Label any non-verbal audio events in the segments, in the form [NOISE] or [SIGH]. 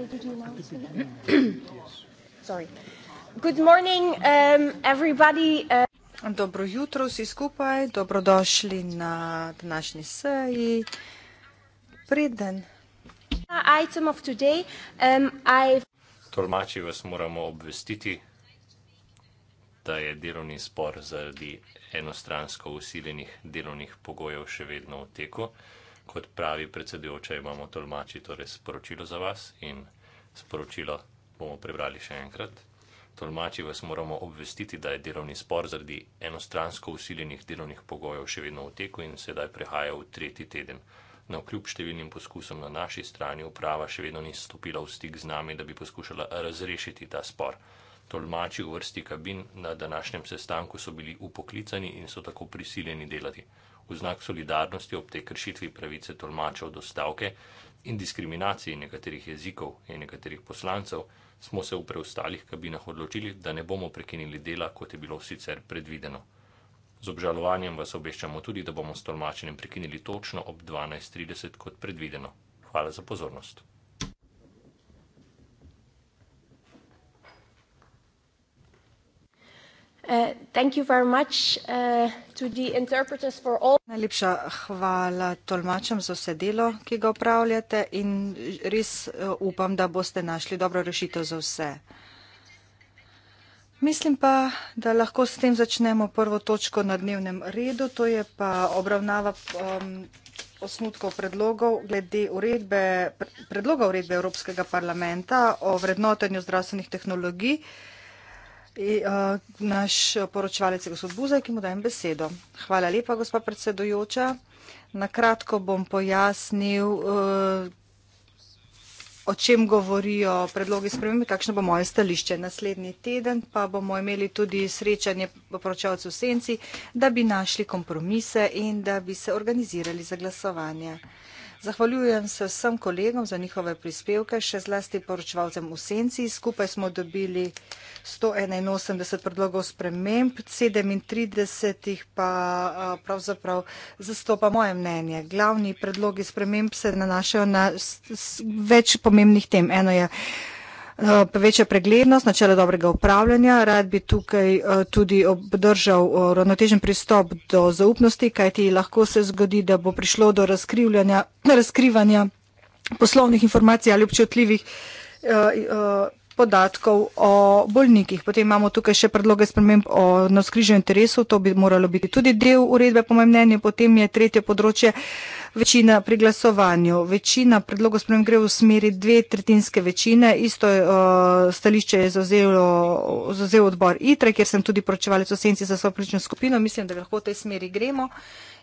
Um, uh, Dobro jutro vsi skupaj, dobrodošli na današnji seji. Preden. Um, Tolmači vas moramo obvestiti, da je delovni spor zaradi enostransko usiljenih delovnih pogojev še vedno v teku kot pravi predsedujoča, imamo tolmači torej sporočilo za vas in sporočilo bomo prebrali še enkrat. Tolmači vas moramo obvestiti, da je delovni spor zaradi enostransko usiljenih delovnih pogojev še vedno v teku in sedaj prehaja v tretji teden. Na kljub številnim poskusom na naši strani uprava še vedno ni stopila v stik z nami, da bi poskušala razrešiti ta spor. Tolmači v vrsti kabin na današnjem sestanku so bili upoklicani in so tako prisiljeni delati v znak solidarnosti ob tej kršitvi pravice tolmačev do stavke in diskriminaciji nekaterih jezikov in nekaterih poslancev, smo se v preostalih kabinah odločili, da ne bomo prekinili dela, kot je bilo sicer predvideno. Z obžalovanjem vas obveščamo tudi, da bomo s tolmačenjem prekinili točno ob 12.30 kot predvideno. Hvala za pozornost. Uh, thank you very much uh, to the interpreters for all. Najlepša hvala tolmačem za vse delo, ki ga upravljate in res uh, upam, da boste našli dobro rešitev za vse. Mislim pa, da lahko s tem začnemo prvo točko na dnevnem redu, to je pa obravnava um, osnutkov predlogov glede uredbe, predloga uredbe Evropskega parlamenta o vrednotenju zdravstvenih tehnologij, uh, Eh, naš poročevalec je gospod Buzaj, ki mu dajem besedo. Hvala lepa, gospa predsedojoča. Nakratko bom pojasnil, eh, o čem govorijo predlogi spremembe, kakšno bo moje stališče. Naslednji teden pa bomo imeli tudi srečanje poročevalcev v senci, da bi našli kompromise in da bi se organizirali za glasovanje. Zahvaljujem se vsem kolegom za njihove prispevke, še zlasti poročevalcem v senci. Skupaj smo dobili 181 predlogov sprememb, 37 pa pravzaprav zastopa moje mnenje. Glavni predlogi sprememb se nanašajo na več pomembnih tem. Eno je poveča eh, preglednost, načela dobrega upravljanja. Rad bi tukaj eh, tudi obdržal eh, ravnotežen pristop do zaupnosti, kajti lahko se zgodi, da bo prišlo do [CLEARS THROAT] razkrivanja poslovnih informacij ali občutljivih podatkov o bolnikih. Potem imamo tukaj še predloge sprememb o naskrižju interesov, to bi moralo biti tudi del uredbe, po mojem mnenju. Potem je tretje področje večina pri glasovanju. Večina predlogov sprem gre v smeri dve tretjinske večine. Isto uh, stališče je zauzel odbor ITRE, kjer sem tudi pročevalec osenci za svojo politično skupino. Mislim, da lahko v tej smeri gremo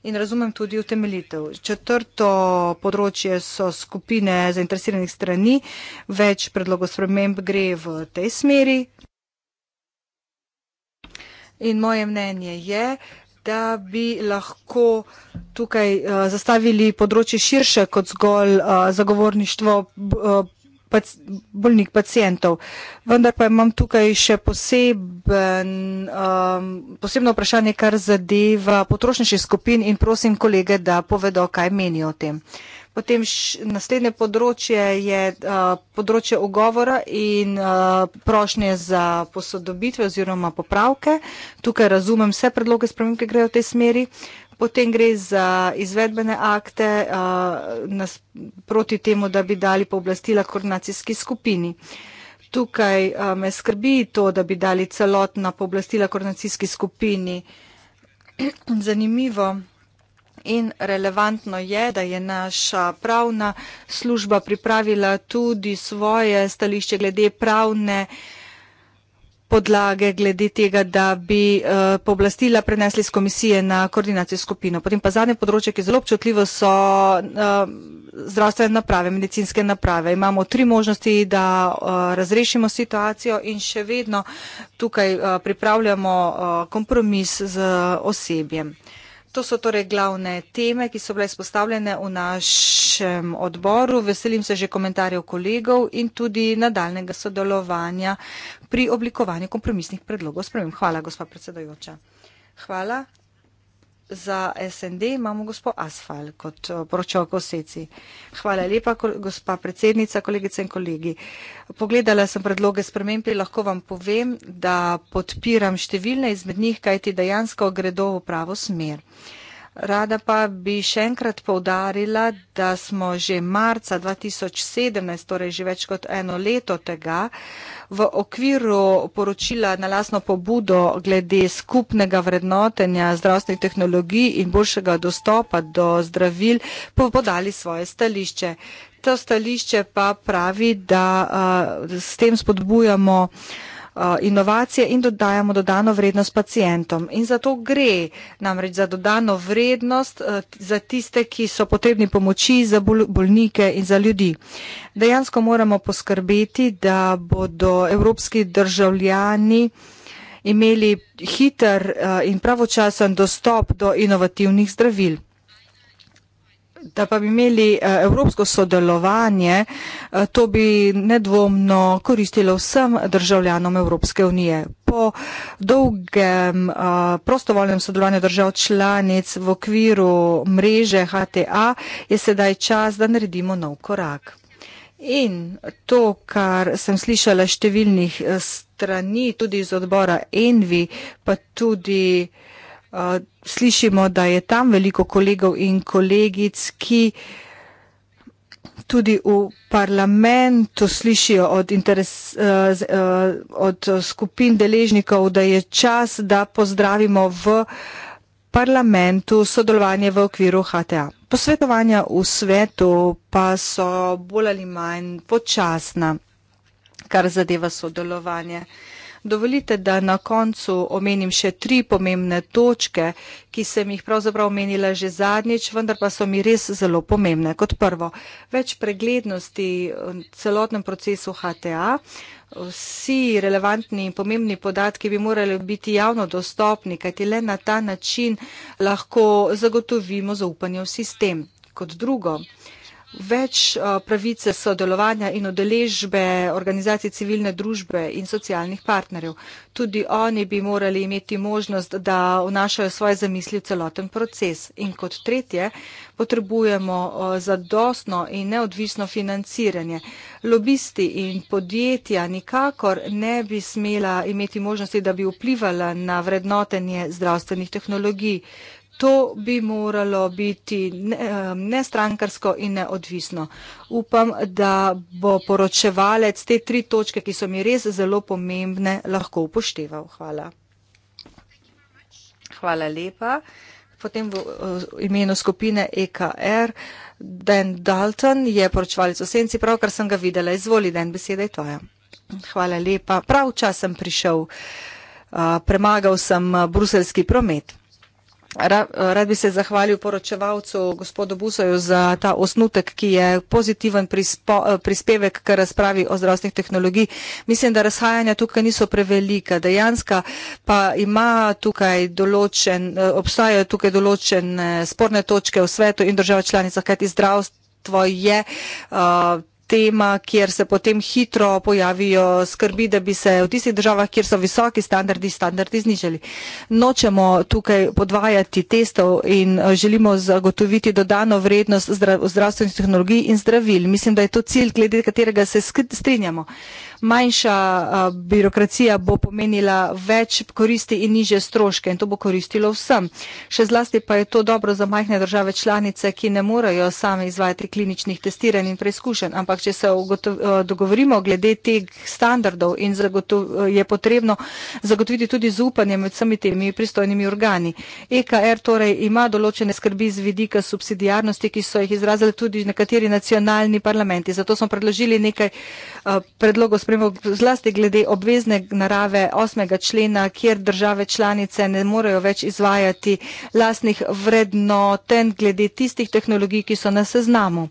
in razumem tudi utemeljitev. Četrto področje so skupine zainteresiranih strani. Več predlogov sprem gre v tej smeri. In moje mnenje je, da bi lahko tukaj uh, zastavili področje širše kot zgolj uh, zagovorništvo uh, pac bolnik pacijentov. Vendar pa imam tukaj še poseben, um, posebno vprašanje, kar zadeva potrošniških skupin in prosim kolege, da povedo, kaj menijo o tem. Uh, Potem š, naslednje področje je uh, področje ogovora in uh, prošnje za posodobitve oziroma popravke. Tukaj razumem vse predloge spremembe, ki grejo v tej smeri. Potem gre za izvedbene akte uh, nas, proti temu, da bi dali pooblastila koordinacijski skupini. Tukaj uh, me skrbi to, da bi dali celotna pooblastila koordinacijski skupini. [CLEARS THROAT] Zanimivo in relevantno je, da je naša pravna služba pripravila tudi svoje stališče glede pravne podlage glede tega, da bi uh, eh, poblastila prenesli z komisije na koordinacijsko skupino. Potem pa zadnje področje, ki je zelo občutljivo, so uh, zdravstvene naprave, medicinske naprave. Imamo tri možnosti, da uh, razrešimo situacijo in še vedno tukaj uh, pripravljamo uh, kompromis z osebjem. Uh, To so torej glavne teme, ki so bile izpostavljene v našem odboru. Veselim se že komentarjev kolegov in tudi nadaljnega sodelovanja pri oblikovanju kompromisnih predlogov. Spremem. Hvala, gospa predsedajoča. Hvala za SND imamo gospod Asfal kot eh, poročal koseci. Hvala lepa, gospa predsednica, kolegice in kolegi. Pogledala sem predloge spremembe, lahko vam povem, da podpiram številne izmed njih, kajti dejansko gredo v pravo smer. Uh, Rada pa bi še enkrat povdarila, da smo že marca 2017, torej že več kot eno leto tega, v okviru poročila na lasno pobudo glede skupnega vrednotenja zdravstvenih tehnologij in boljšega dostopa do zdravil podali svoje stališče. To stališče pa pravi, da uh, s tem spodbujamo uh, Eh, inovacije in dodajamo dodano vrednost pacijentom. In zato gre namreč za dodano vrednost eh, za tiste, ki so potrebni pomoči, za bolnike in za ljudi. Dejansko moramo poskrbeti, da bodo evropski državljani imeli hiter eh, in pravočasen dostop do inovativnih zdravil da pa bi imeli eh, evropsko sodelovanje, eh, to bi nedvomno koristilo vsem državljanom Evropske unije. Po dolgem eh, prostovoljnem sodelovanju držav članic v okviru mreže HTA je sedaj čas, da naredimo nov korak. In to, kar sem slišala številnih strani, tudi iz odbora Envi, pa tudi Eh, slišimo, da je tam veliko kolegov in kolegic, ki tudi v parlamentu slišijo od, interes, uh, uh, od skupin deležnikov, da je čas, da pozdravimo v parlamentu sodelovanje v okviru HTA. Posvetovanja v svetu pa so bolj ali manj počasna, kar zadeva sodelovanje. Uh, Dovolite, da na koncu omenim še tri pomembne točke, ki sem jih pravzaprav omenila že zadnjič, vendar pa so mi res zelo pomembne. Kot prvo, več preglednosti v celotnem procesu HTA. Vsi relevantni in pomembni podatki bi morali biti javno dostopni, kajti le na ta način lahko zagotovimo zaupanje v sistem. Kot drugo, več eh, pravice sodelovanja in odeležbe organizacij civilne družbe in socialnih partnerjev. Tudi oni bi morali imeti možnost, da vnašajo svoje zamisli v celoten proces. In kot tretje, potrebujemo eh, zadostno in neodvisno financiranje. Lobisti in podjetja nikakor ne bi smela imeti možnosti, da bi vplivala na vrednotenje zdravstvenih tehnologij. To bi moralo biti nestrankarsko in neodvisno. Upam, da bo poročevalec te tri točke, ki so mi res zelo pomembne, lahko upošteval. Hvala. Hvala lepa. Potem eh, v imenu skupine EKR, Dan Dalton je poročevalec v senci, pravkar sem ga videla. Izvoli, Dan, beseda je tvoja. Hvala lepa. Prav čas sem prišel. Eh, premagal sem eh, bruselski promet. Rad bi se zahvalil poročevalcu gospodu Busoju za ta osnutek, ki je pozitiven eh, prispevek k razpravi o zdravstvenih tehnologij. Mislim, da razhajanja tukaj niso prevelika. Dejanska pa ima tukaj določen, eh, obstajajo tukaj določene sporne točke v svetu in državah članicah, kajti zdravstvo je uh, tema, kjer se potem hitro pojavijo skrbi, da bi se v tistih državah, kjer so visoki standardi, standardi znižali. Nočemo tukaj podvajati testov in eh, želimo zagotoviti dodano vrednost zdravstvenih tehnologij in zdravil. Mislim, da je to cilj, glede katerega se strinjamo. Uh, manjša birokracija bo pomenila več koristi in niže stroške in to bo koristilo vsem. Še zlasti pa je to dobro za majhne države članice, ki ne morejo sami izvajati kliničnih testiranj in preizkušenj, ampak če se dogovorimo glede teh standardov in je potrebno zagotoviti tudi zaupanje med vsemi temi pristojnimi organi. EKR er torej ima določene skrbi z vidika subsidijarnosti, ki so jih izrazili tudi nekateri nacionalni parlamenti. Zato smo predložili nekaj predlogov spremembo, zlasti glede obvezne narave 8. člena, kjer države članice ne morejo več izvajati lastnih vrednoten glede tistih tehnologij, ki so na seznamu.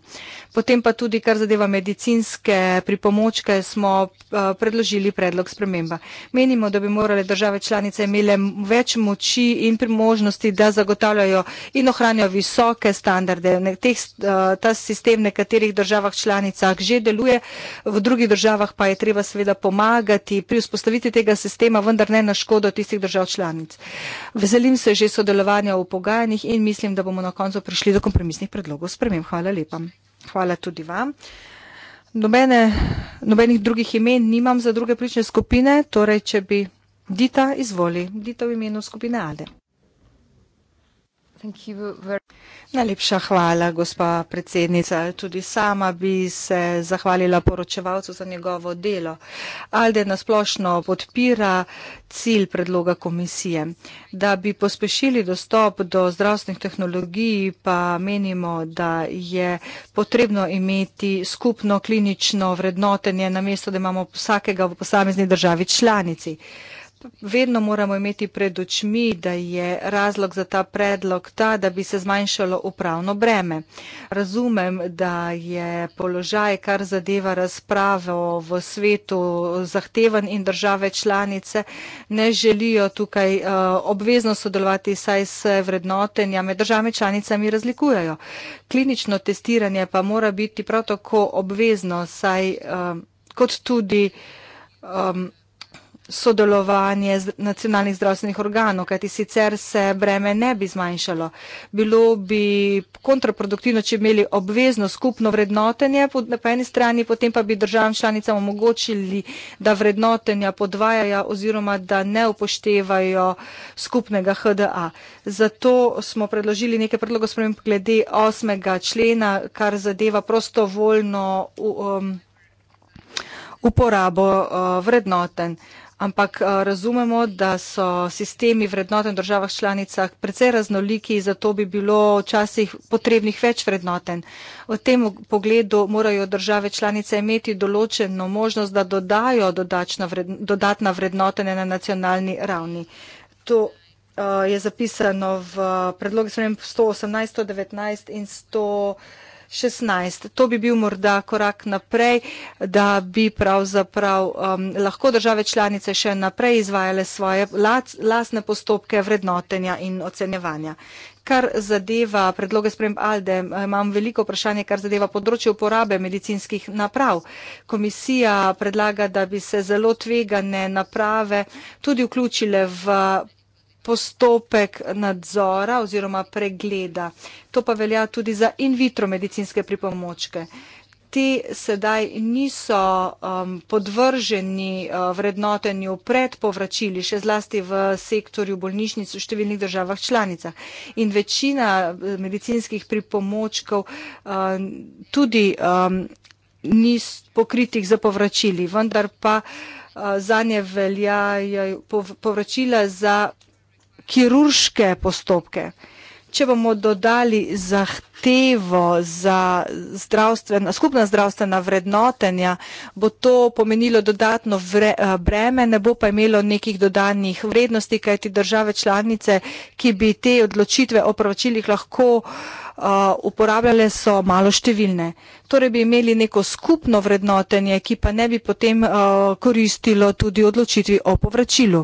Potem pa tudi, kar zadeva medicinske pripomočke, smo eh, predložili predlog sprememba. Menimo, da bi morale države članice imele več moči in primožnosti, da zagotavljajo in ohranjajo visoke standarde. Teh, eh, ta sistem nekaterih državah članicah že deluje, v drugih državah pa je treba seveda pomagati pri vzpostavitvi tega sistema, vendar ne na škodo tistih držav članic. Veselim se že sodelovanja v pogajanjih in mislim, da bomo na koncu prišli do kompromisnih predlogov sprememb. Hvala lepa. Hvala tudi vam. Nobene, nobenih drugih imen nimam za druge prične skupine, torej če bi Dita izvoli, Dita v imenu skupine Ade. Najlepša hvala, gospa predsednica. Tudi sama bi se zahvalila poročevalcu za njegovo delo. Alde nasplošno podpira cilj predloga komisije. Da bi pospešili dostop do zdravstvenih tehnologij, pa menimo, da je potrebno imeti skupno klinično vrednotenje, namesto da imamo vsakega v posamezni državi članici vedno moramo imeti pred očmi, da je razlog za ta predlog ta, da bi se zmanjšalo upravno breme. Razumem, da je položaj, kar zadeva razpravo v svetu zahteven in države članice ne želijo tukaj eh, obvezno sodelovati, saj se vrednotenja med državami članicami razlikujejo. Klinično testiranje pa mora biti prav tako obvezno, saj eh, kot tudi sodelovanje nacionalnih zdravstvenih organov, kajti sicer se breme ne bi zmanjšalo. Bilo bi kontraproduktivno, če bi imeli obvezno skupno vrednotenje na eni strani, potem pa bi državam članicam omogočili, da vrednotenja podvajajo oziroma da ne upoštevajo skupnega HDA. Zato smo predložili nekaj predlogov sprememb glede 8. člena, kar zadeva prostovoljno um, uporabo uh, vrednoten. Uh, ampak eh, razumemo, da so sistemi vrednot v državah članicah precej raznoliki, zato bi bilo včasih potrebnih več vrednoten. V tem pogledu morajo države članice imeti določeno možnost, da dodajo dodatna vrednotene na nacionalni ravni. To eh, je zapisano v predlogi 118, 119 in 100. 16. To bi bil morda korak naprej, da bi pravzaprav um, lahko države članice še naprej izvajale svoje las, lasne postopke vrednotenja in ocenjevanja. Kar zadeva predloge sprememb ALDE, imam veliko vprašanje, kar zadeva področje uporabe medicinskih naprav. Komisija predlaga, da bi se zelo tvegane naprave tudi vključile v postopek nadzora oziroma pregleda. To pa velja tudi za in vitro medicinske pripomočke. Ti sedaj niso um, podvrženi uh, vrednotenju pred povračili, še zlasti v sektorju bolnišnic v številnih državah članicah. In večina uh, medicinskih pripomočkov uh, tudi um, ni pokritih za povračili, vendar pa uh, za nje veljajo povračila za kirurške postopke. Če bomo dodali zahtevo za zdravstvena, skupna zdravstvena vrednotenja, bo to pomenilo dodatno vre, eh, breme, ne bo pa imelo nekih dodanjih vrednosti, kajti države članice, ki bi te odločitve o pravčilih lahko uh, Uh, uporabljale so malo številne. Torej bi imeli neko skupno vrednotenje, ki pa ne bi potem uh, koristilo tudi odločitvi o povračilu.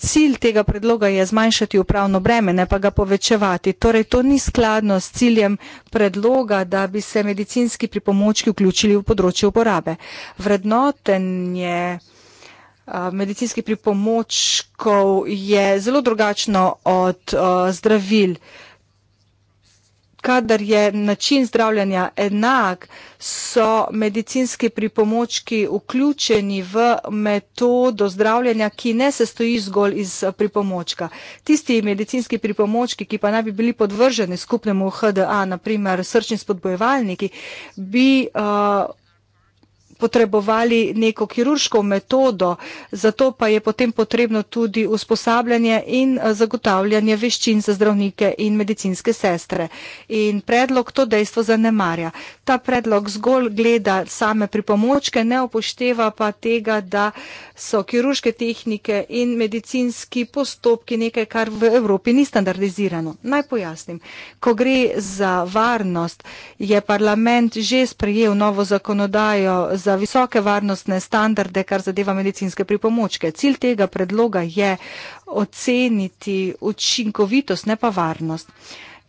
Cilj tega predloga je zmanjšati upravno breme, ne pa ga povečevati. Torej to ni skladno s ciljem predloga, da bi se medicinski pripomočki vključili v področje uporabe. Vrednotenje uh, medicinskih pripomočkov je zelo drugačno od zdravil kadar je način zdravljenja enak, so medicinski pripomočki vključeni v metodo zdravljenja, ki ne se stoji zgolj iz eh, pripomočka. Tisti medicinski pripomočki, ki pa naj bi bili podvrženi skupnemu HDA, naprimer srčni spodbojevalniki, bi uh, potrebovali neko kirurško metodo, zato pa je potem potrebno tudi usposabljanje in eh, zagotavljanje veščin za zdravnike in medicinske sestre. In predlog to dejstvo zanemarja ta predlog zgolj gleda same pripomočke, ne upošteva pa tega, da so kirurške tehnike in medicinski postopki nekaj, kar v Evropi ni standardizirano. Naj pojasnim. Ko gre za varnost, je parlament že sprejel novo zakonodajo za visoke varnostne standarde, kar zadeva medicinske pripomočke. Cilj tega predloga je oceniti učinkovitost, ne pa varnost.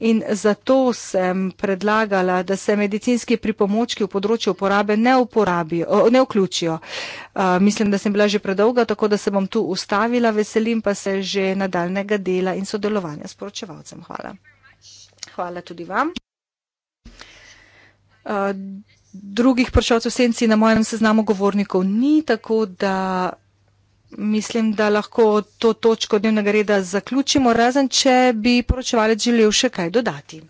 In zato sem predlagala, da se medicinski pripomočki v področju uporabe ne, ne vključijo. Uh, mislim, da sem bila že predolga, tako da se bom tu ustavila. Veselim pa se že nadaljnega dela in sodelovanja s poročevalcem. Hvala. Hvala tudi vam. Uh, drugih vprašalcev senci na mojem seznamu govornikov ni, tako da mislim, da lahko to točko dnevnega reda zaključimo, razen če bi poročevalec želel še kaj dodati.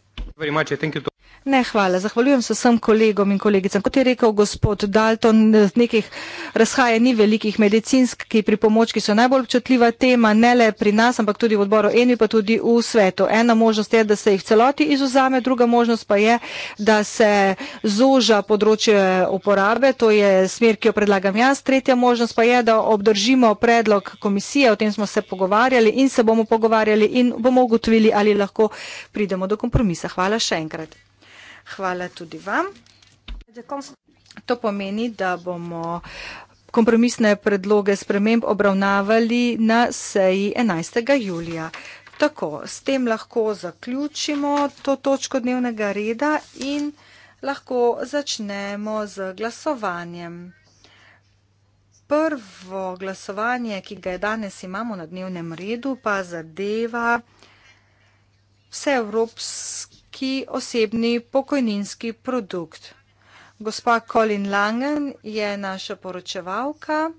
Ne, hvala. Zahvaljujem se vsem kolegom in kolegicam. Kot je rekel gospod Dalton, nekih razhaje ni velikih medicinskih pripomočki, so najbolj občutljiva tema, ne le pri nas, ampak tudi v odboru ENI, pa tudi v svetu. Ena možnost je, da se jih celoti izuzame, druga možnost pa je, da se zoža področje uporabe, to je smer, ki jo predlagam jaz. Tretja možnost pa je, da obdržimo predlog komisije, o tem smo se pogovarjali in se bomo pogovarjali in bomo ugotovili, ali lahko pridemo do kompromisa. Hvala. Hvala še enkrat. Hvala tudi vam. To pomeni, da bomo kompromisne predloge sprememb obravnavali na seji 11. julija. Tako, s tem lahko zaključimo to točko dnevnega reda in lahko začnemo z glasovanjem. Prvo glasovanje, ki ga je danes imamo na dnevnem redu, pa zadeva vse evropske ki osebni pokojninski produkt. Gospa Colin Langen je naša poročevalka.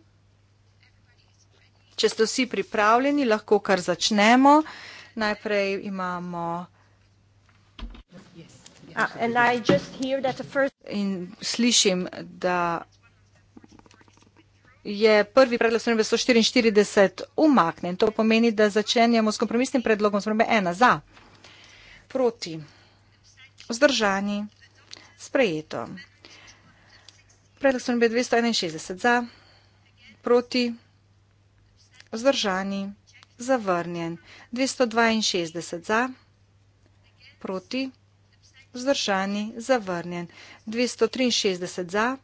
Če ste vsi pripravljeni, lahko kar začnemo. Najprej imamo. Ah, In slišim, da je prvi predlog spremembe 144 umaknjen. To pomeni, da začenjamo s kompromisnim predlogom spremembe 1 za. Proti. Vzdržani. Sprejeto. Predlog so nebe 261 za, proti, vzdržani, zavrnjen. 262 za, proti, vzdržani, zavrnjen. 263 za,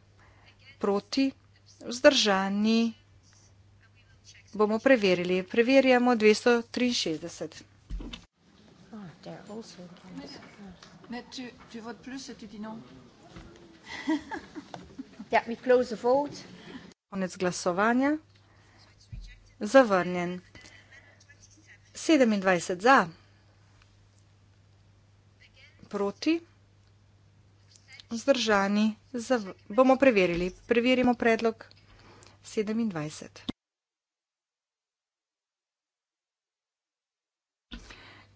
proti, vzdržani, bomo preverili. Preverjamo 263. Oh, Mais tu, tu votes plus et tu dis non. That [LAUGHS] we close the vote. Konec glasovanja. Zavrnjen. 27 za. Proti. Zdržani. Zav bomo preverili. Preverimo predlog. 27.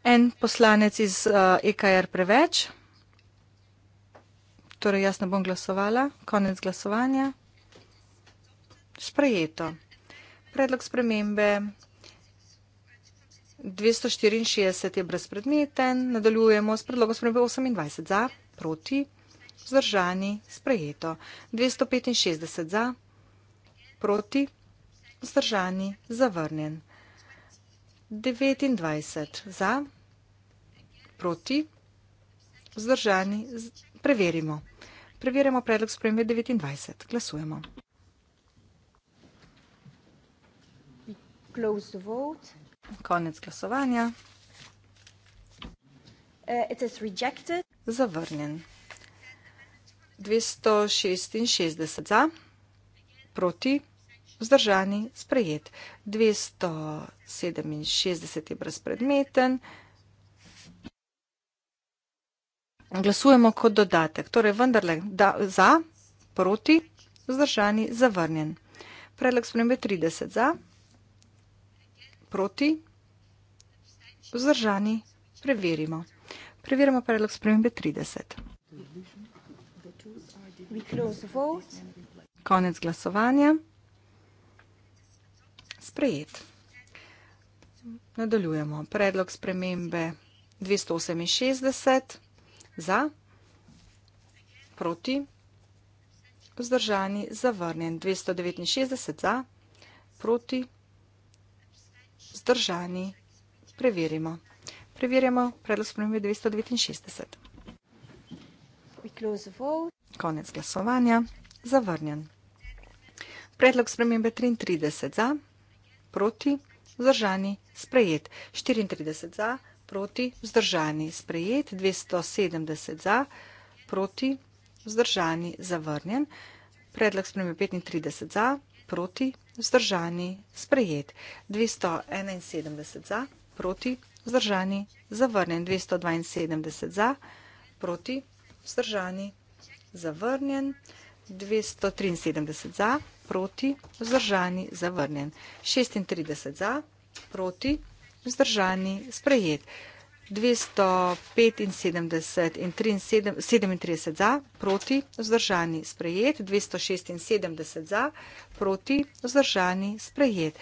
En poslanec iz uh, EKR preveč. Torej, jaz ne bom glasovala. Konec glasovanja. Sprejeto. Predlog spremembe 264 je brezpredmeten. Nadaljujemo s predlogom spremembe 28 za, proti, vzdržani, sprejeto. 265 za, proti, vzdržani, zavrnjen. 29 za, proti, vzdržani. Preverimo. Preverjamo predlog spremembe 29. Glasujemo. Konec glasovanja. Uh, Zavrnjen. 266 za, proti, vzdržani, sprejet. 267 je brezpredmeten. Glasujemo kot dodatek. Torej, vendarle da, za, proti, vzdržani, zavrnjen. Predlog spremembe 30 za, proti, vzdržani, preverimo. Preverimo predlog spremembe 30. Konec glasovanja sprejet. Nadaljujemo. Predlog spremembe 268 za, proti, vzdržani, zavrnjen. 269 za, proti, vzdržani. Preverimo. Preverjamo predlog spremembe 269. Konec glasovanja. Zavrnjen. Predlog spremembe 33 za proti, vzdržani, sprejet. 34 za, proti, vzdržani, sprejet. 270 za, proti, vzdržani, zavrnjen. Predlog spremembe 35 za, proti, vzdržani, sprejet. 271 za, proti, vzdržani, zavrnjen. 272 za, proti, vzdržani, zavrnjen. 273 za, proti, vzdržani, zavrnjen. 36 za, proti, vzdržani, sprejet. 275 in 37, 37 za, proti, vzdržani, sprejet. 276 za, proti, vzdržani, sprejet.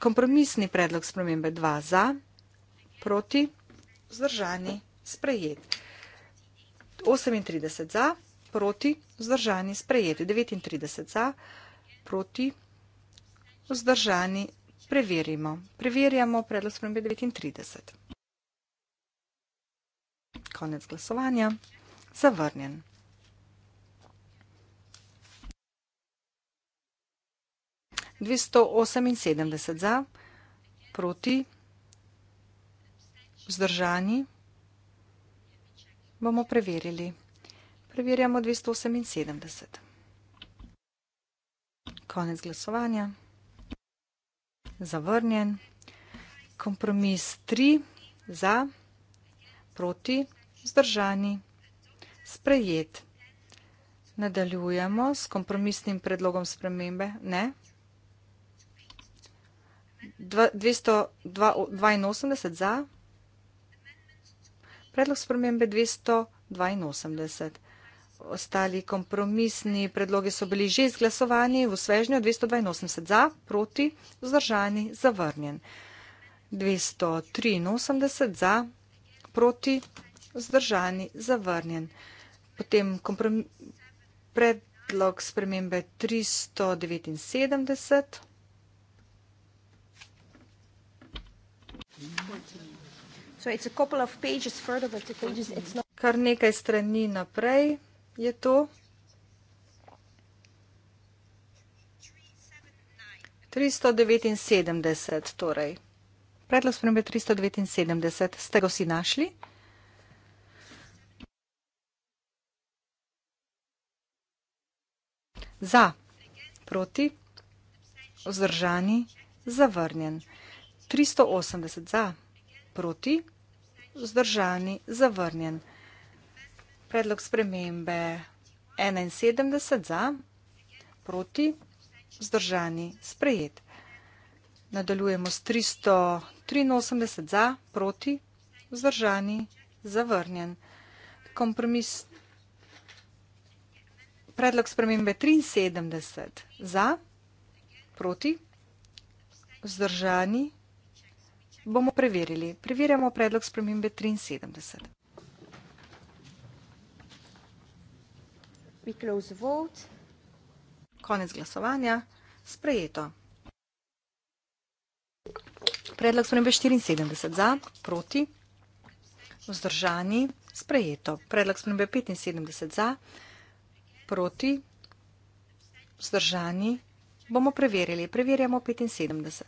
Kompromisni predlog spremembe 2 za, proti, vzdržani, sprejet. 38 za, proti, vzdržani, sprejeti 39 za, proti, vzdržani, preverimo. Preverjamo predlog spremembe 39. Konec glasovanja. Zavrnjen. Dvesto oseminsedemdeset za, proti, vzdržani, bomo preverili preverjamo 278. Konec glasovanja. Zavrnjen. Kompromis 3 za, proti, vzdržani, sprejet. Nadaljujemo s kompromisnim predlogom spremembe. Ne. 282 za. Predlog spremembe 282. Ostali kompromisni predlogi so bili že izglasovani v svežnju 282 za, proti, vzdržani, zavrnjen. 283 za, proti, vzdržani, zavrnjen. Potem predlog spremembe 379. Kar nekaj strani naprej je to. Tristo devetinsedemdeset, torej. Predlog spremembe tristo devetinsedemdeset, ste ga vsi našli? Za, proti, vzdržani, zavrnjen. Tristo osemdeset za, proti, vzdržani, zavrnjen. Predlog spremembe 71 za, proti, vzdržani, sprejet. Nadaljujemo s 383 za, proti, vzdržani, zavrnjen. Kompromis. Predlog spremembe 73 za, proti, vzdržani, bomo preverili. Preverjamo predlog spremembe 73. We close the vote. Konec glasovanja. Sprejeto. Predlog spremembe 74 za, proti, vzdržani, sprejeto. Predlog spremembe 75 za, proti, vzdržani, bomo preverili. Preverjamo 75.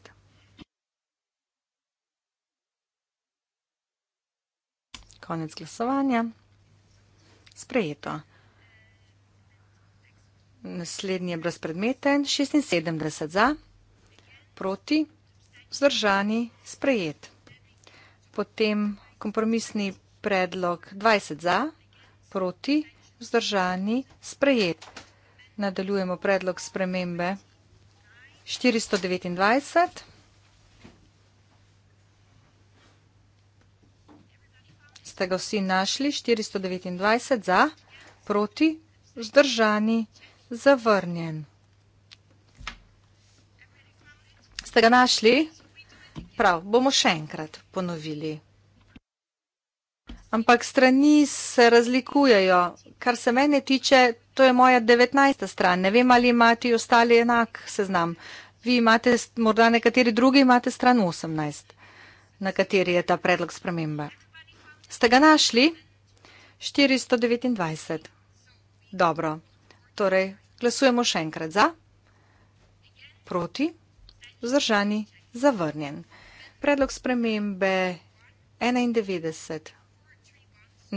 Konec glasovanja. Sprejeto. Naslednji je brezpredmeten, 76 za, proti, vzdržani, sprejet. Potem kompromisni predlog 20 za, proti, vzdržani, sprejet. Nadaljujemo predlog spremembe 429. Ste ga vsi našli? 429 za, proti, vzdržani, sprejet zavrnjen. Ste ga našli? Prav, bomo še enkrat ponovili. Ampak strani se razlikujejo. Kar se mene tiče, to je moja 19. stran. Ne vem, ali imate ostali enak seznam. Vi imate, morda nekateri drugi imate stran 18, na kateri je ta predlog spremembe. Ste ga našli? 429. Dobro. Torej, glasujemo še enkrat za, proti, vzdržani, zavrnjen. Predlog spremembe 91,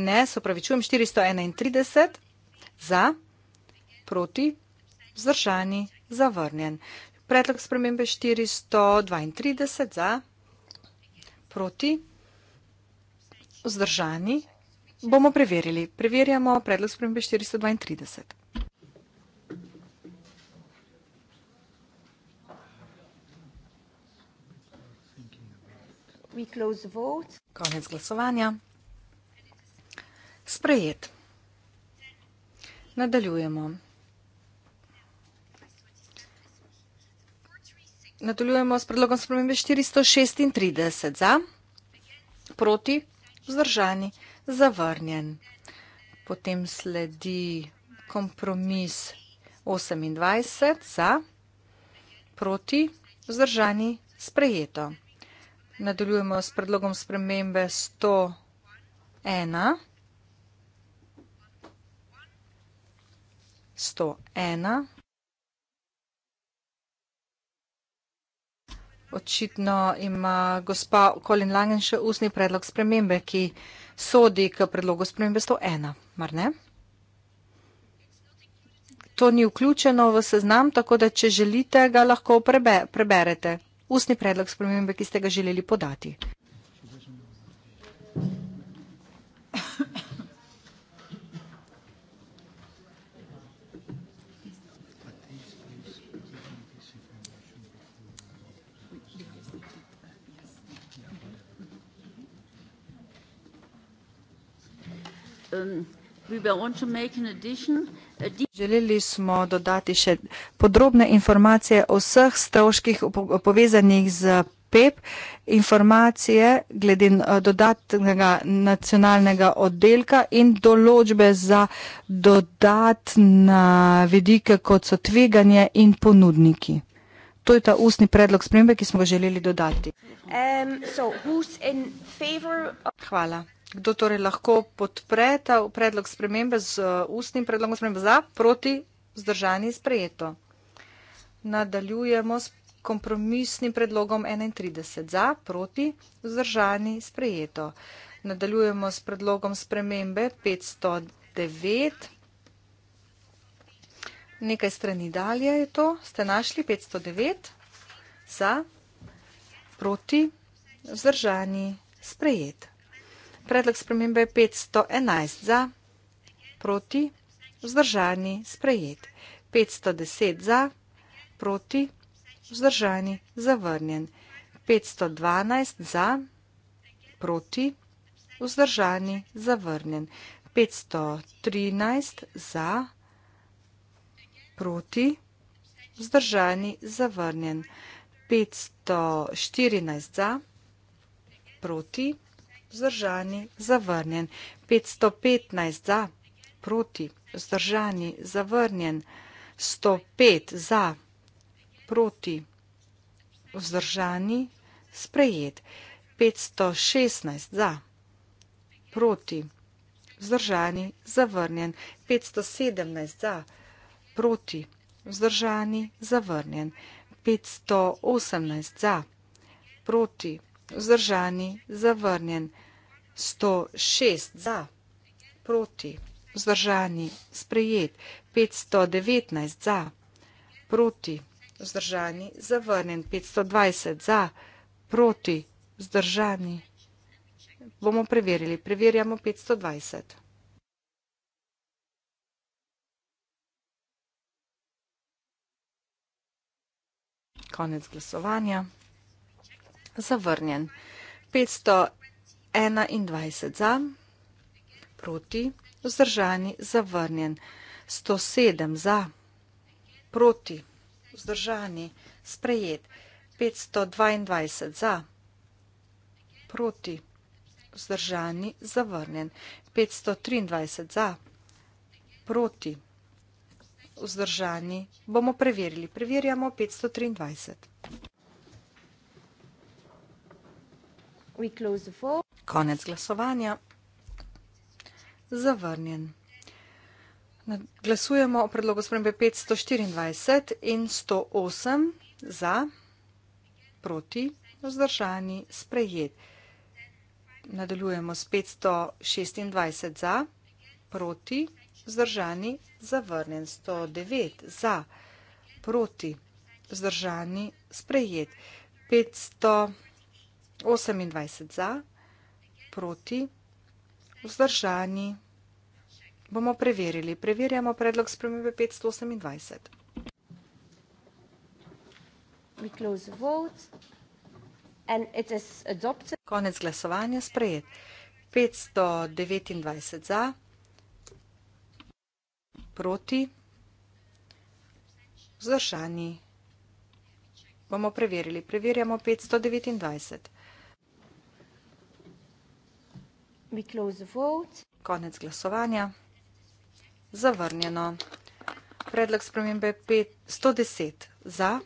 ne, sopravičujem, 431, za, proti, vzdržani, zavrnjen. Predlog spremembe 432, za, proti, vzdržani, bomo preverili. Preverjamo predlog spremembe 432. Konec glasovanja. Sprejet. Nadaljujemo. Nadaljujemo s predlogom spremembe 436 za, proti, vzdržani, zavrnjen. Potem sledi kompromis 28 za, proti, vzdržani, sprejeto. Nadaljujemo s predlogom spremembe sto ena. Sto ena. Očitno ima gospa Colin Langen še ustni predlog spremembe, ki sodi k predlogu spremembe sto ena, mar ne? To ni vključeno v seznam, tako da če želite, ga lahko prebe, preberete ustni predlog spremembe, ki ste ga želeli podati. Um, we were on to make an addition Želeli smo dodati še podrobne informacije o vseh stroških povezanih z PEP, e informacije glede eh, dodatnega nacionalnega oddelka in določbe za dodatna vidike, kot so tveganje in ponudniki. To je ta ustni predlog spremembe, ki smo ga želeli dodati. Um, so, Hvala. Kdo torej lahko podpre ta predlog spremembe z uh, ustnim predlogom spremembe za, proti, zdržani, sprejeto. Nadaljujemo s kompromisnim predlogom 31 za, proti, zdržani, sprejeto. Nadaljujemo s predlogom spremembe 509. Nekaj strani dalje je to. Ste našli 509 za, proti, zdržani, sprejeto. Predlog spremembe je 511 za, proti, vzdržani, sprejet. 510 za, proti, vzdržani, zavrnjen. 512 za, proti, vzdržani, zavrnjen. 513 za, proti, vzdržani, zavrnjen. 514 za, proti, vzdržani, zavrnjen vzdržani, zavrnjen. 515 za, proti, vzdržani, zavrnjen. 105 za, proti, vzdržani, sprejet. 516 za, proti, vzdržani, zavrnjen. 517 za, proti, vzdržani, zavrnjen. 518 za, proti, vzdržani, zavrnjen vzdržani, zavrnjen. 106 za, proti, vzdržani, sprejet. 519 za, proti, vzdržani, zavrnjen. 520 za, proti, vzdržani. Bomo preverili. Preverjamo 520. Konec glasovanja zavrnjen. 521 za, proti, vzdržani, zavrnjen. 107 za, proti, vzdržani, sprejet. 522 za, proti, vzdržani, zavrnjen. 523 za, proti, vzdržani. Bomo preverili. Preverjamo 523. Konec glasovanja. Zavrnjen. Glasujemo o predlogu spremembe 524 in 108 za, proti, vzdržani, sprejet. Nadaljujemo s 526 za, proti, vzdržani, zavrnjen. 109 za, proti, vzdržani, sprejet. 500. 28 za, proti, vzdržani. Bomo preverili. Preverjamo predlog spremembe 528. We close the vote and it is adopted. Konec glasovanja sprejet. 529 za, proti, vzdržani. Bomo preverili. Preverjamo 529. We close the vote. Konec glasovanja. Zavrnjeno. Predlog spremembe 110 za,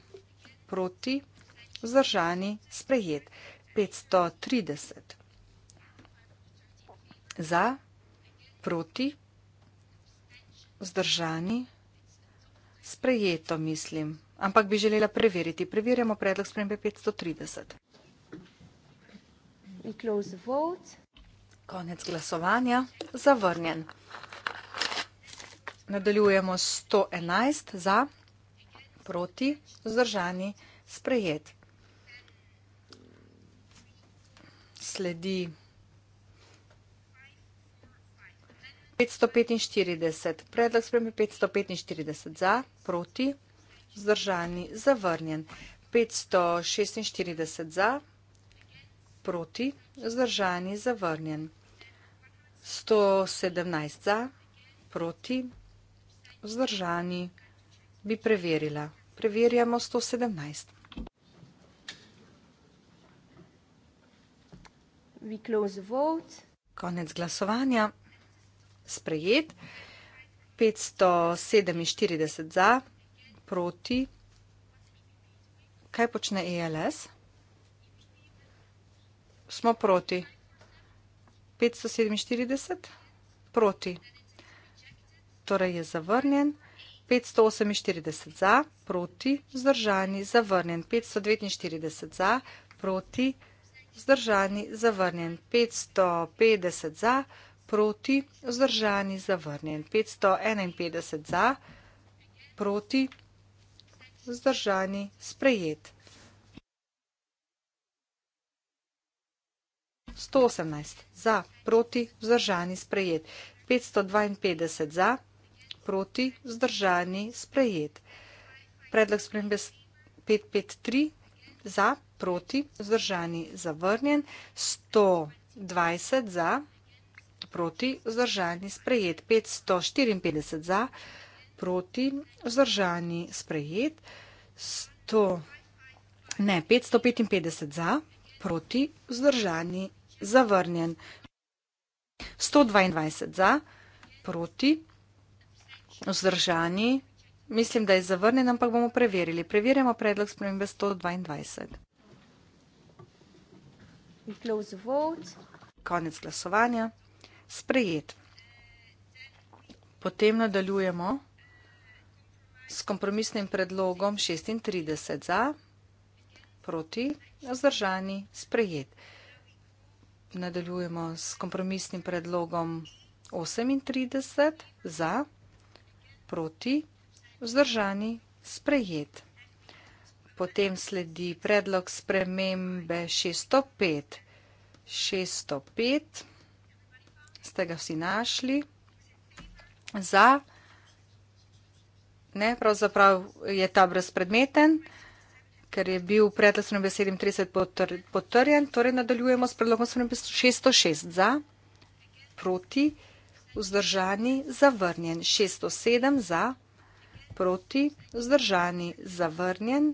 proti, vzdržani, sprejet. 530 za, proti, vzdržani, sprejeto, mislim. Ampak bi želela preveriti. Preverjamo predlog spremembe 530. We close the vote. Konec glasovanja. Zavrnjen. Nadaljujemo 111 za, proti, vzdržani, sprejet. Sledi 545. Predlog spremlja 545 za, proti, vzdržani, zavrnjen. 546 za, proti, vzdržani vzdržani, zavrnjen. 117 za, proti, vzdržani, bi preverila. Preverjamo 117. We close vote. Konec glasovanja. Sprejet. 547 za, proti. Kaj počne ELS? smo proti. 547 proti. Torej je zavrnjen. 548 za, proti, vzdržani, zavrnjen. 549 za, proti, vzdržani, zavrnjen. 550 za, proti, vzdržani, zavrnjen. 551 za, proti, vzdržani, sprejet. 118 za, proti vzdržani sprejet. 552 za, proti vzdržani sprejet. Predlog spremembe 553 za, proti vzdržani zavrnjen. 120 za, proti vzdržani sprejet. 554 za, proti vzdržani sprejet. 100, ne, 555 za, proti vzdržani sprejet zavrnjen. 122 za, proti, vzdržani. Mislim, da je zavrnjen, ampak bomo preverili. Preverjamo predlog spremembe 122. Konec glasovanja. Sprejet. Potem nadaljujemo s kompromisnim predlogom 36 za, proti, vzdržani, sprejet nadaljujemo s kompromisnim predlogom 38 za, proti, vzdržani, sprejet. Potem sledi predlog spremembe 605. 605 ste ga vsi našli za. Ne, pravzaprav je ta brezpredmeten. Ker je bil predlog sprem besedi 30 potr potrjen, torej nadaljujemo s predlogom sprem 606 za, proti, vzdržani, zavrnjen. 607 za, proti, vzdržani, zavrnjen.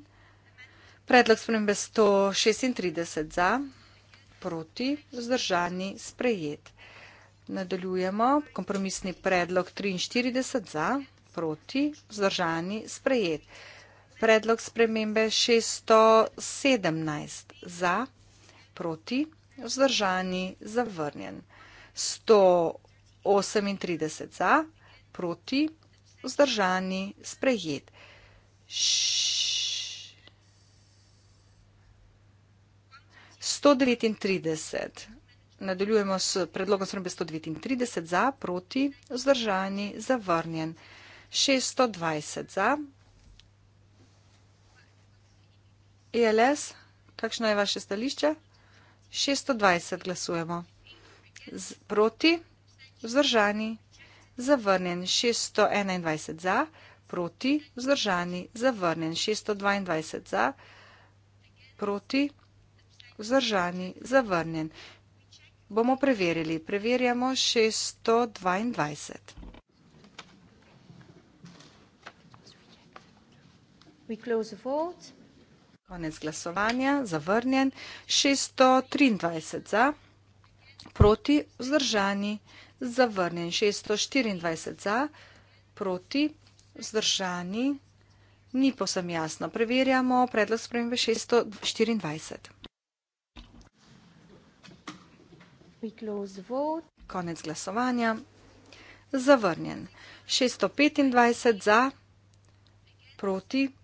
Predlog sprem 136 za, proti, vzdržani, sprejet. Nadaljujemo kompromisni predlog 43 za, proti, vzdržani, sprejet. Predlog spremembe 617 za, proti, vzdržani, zavrnjen. 138 za, proti, vzdržani, sprejet. Š... 139. Nadaljujemo s predlogom spremembe 139 za, proti, vzdržani, zavrnjen. 620 za, ELS, kakšno je vaše stališče? 620 glasujemo. Z, proti, vzdržani, zavrnjen 621 za, proti, vzdržani, zavrnjen 622 za, proti, vzdržani, zavrnjen. Bomo preverili. Preverjamo 622. We close the vote. Konec glasovanja, zavrnjen, 623 za, proti vzdržani, zavrnjen, 624 za, proti vzdržani, ni posem jasno. Preverjamo predlog spremembe 624. Konec glasovanja, zavrnjen, 625 za, proti vzdržani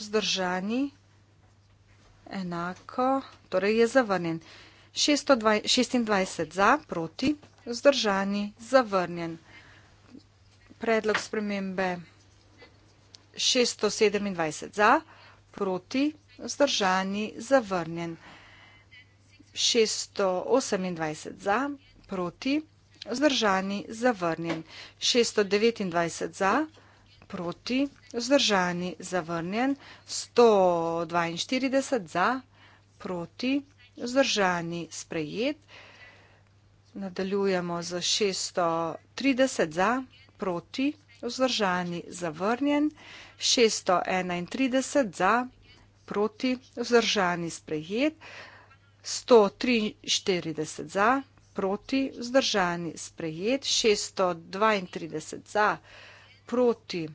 vzdržani, enako, torej je zavrnjen. 626 za, proti, vzdržani, zavrnjen. Predlog spremembe 627 za, proti, vzdržani, zavrnjen. 628 za, proti, vzdržani, zavrnjen. 629 za, proti, vzdržani, zavrnjen proti, vzdržani, zavrnjen, 142 za, proti, vzdržani, sprejet. Nadaljujemo z 630 za, proti, vzdržani, zavrnjen, 631 za, proti, vzdržani, sprejet, 143 za, proti, vzdržani, sprejet, 632 za, proti, vzdržani, sprejet proti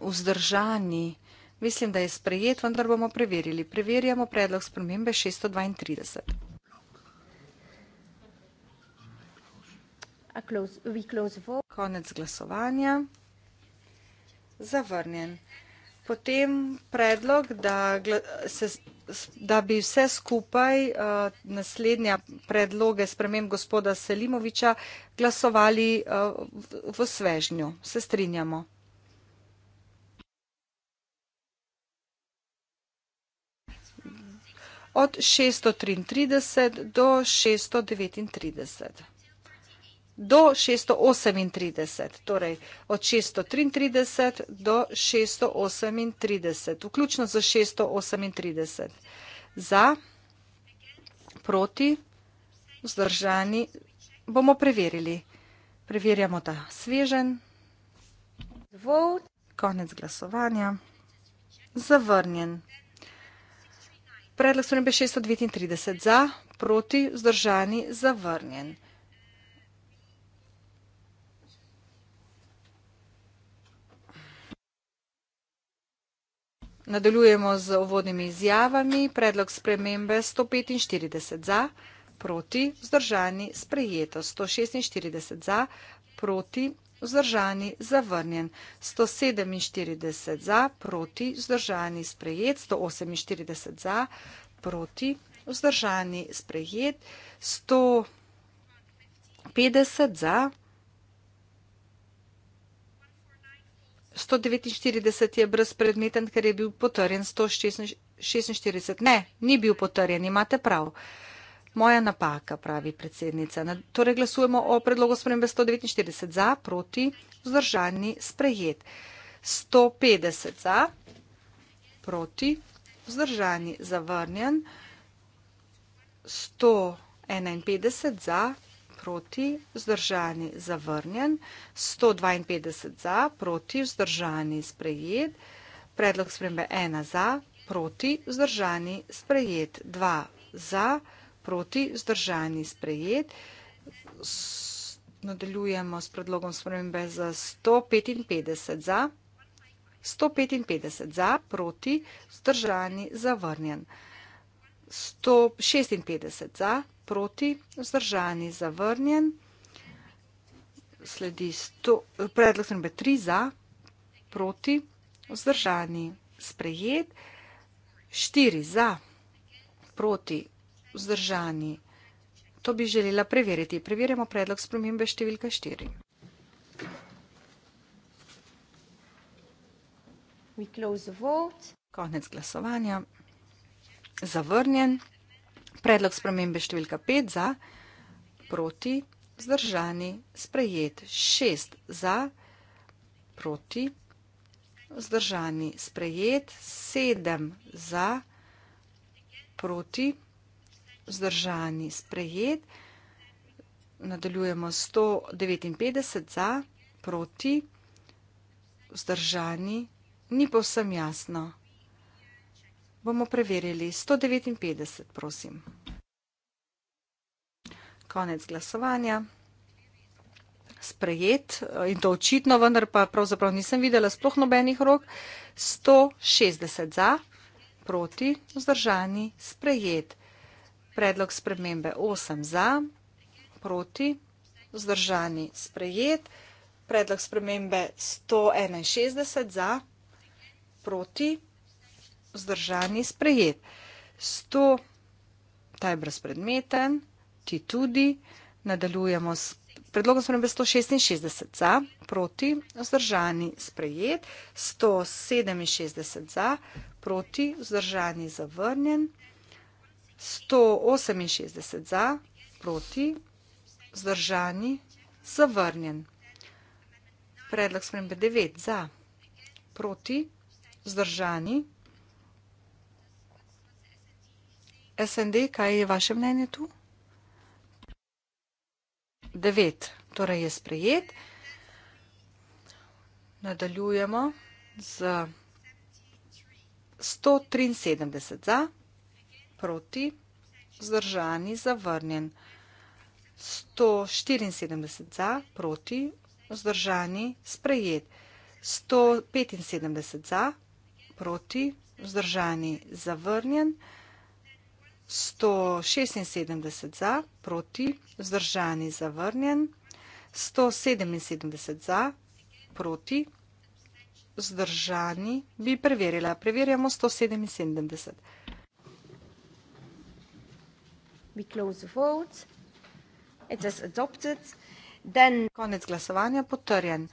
vzdržani. Mislim, da je sprejet, vendar bomo preverili. Preverjamo predlog spremembe 632. Konec glasovanja. Zavrnjen potem predlog, da, se, da bi vse skupaj uh, naslednja predloge spremem gospoda Selimoviča glasovali uh, v, v svežnju. Se strinjamo. Od 633 do 639 do 638, torej od 633 do 638, vključno za 638. Za, proti, vzdržani bomo preverili. Preverjamo ta svežen. Konec glasovanja. Zavrnjen. Predlog so nebe 639. Za, proti, vzdržani, zavrnjen. Nadaljujemo z uvodnimi izjavami. Predlog spremembe 145 za, proti vzdržani sprejeto. 146 za, proti vzdržani zavrnjen. 147 za, proti vzdržani sprejet. 148 za, proti vzdržani sprejet. 150 za, 149 je brezpredmeten, ker je bil potrjen 146. Ne, ni bil potrjen, imate prav. Moja napaka, pravi predsednica. Torej glasujemo o predlogu spremembe 149 za, proti, vzdržani, sprejet. 150 za, proti, vzdržani, zavrnjen. 151 za, proti, vzdržani, zavrnjen, 152 za, proti, vzdržani, sprejet, predlog spremembe 1 za, proti, vzdržani, sprejet, 2 za, proti, vzdržani, sprejet. Nadaljujemo s predlogom spremembe za 155 za, 155 za, proti, vzdržani, zavrnjen. 156 za, proti, vzdržani, zavrnjen. Sledi sto, predlog strenbe 3 za, proti, vzdržani, sprejet. 4 za, proti, vzdržani. To bi želela preveriti. Preverjamo predlog spremembe številka 4. Konec glasovanja. Zavrnjen. Predlog spremembe številka 5 za, proti, vzdržani, sprejet. 6 za, proti, vzdržani, sprejet. 7 za, proti, vzdržani, sprejet. Nadaljujemo 159 za, proti, vzdržani, ni povsem jasno. Bomo preverili. 159, prosim. Konec glasovanja. Sprejet eh, in to očitno, vendar pa pravzaprav nisem videla sploh nobenih rok. 160 za, proti, vzdržani, sprejet. Predlog spremembe 8 za, proti, vzdržani, sprejet. Predlog spremembe 161 za, proti, vzdržani, sprejet vzdržani sprejet. 100, ta je brezpredmeten, ti tudi. Nadaljujemo s predlogom spremembe 166 za, proti, vzdržani sprejet, 167 za, proti, vzdržani zavrnjen, 168 za, proti, vzdržani zavrnjen. Predlog spremembe 9 za, proti, vzdržani zavrnjen. SND, kaj je vaše mnenje tu? Devet, torej je sprejet. Nadaljujemo z 173 za, proti, vzdržani, zavrnjen. 174 za, proti, vzdržani, sprejet. 175 za, proti, vzdržani, zavrnjen. 176 za, proti, vzdržani, zavrnjen, 177 za, proti, vzdržani, bi preverila. Preverjamo 177. We close the votes. It is adopted. Then... Konec glasovanja potrjen.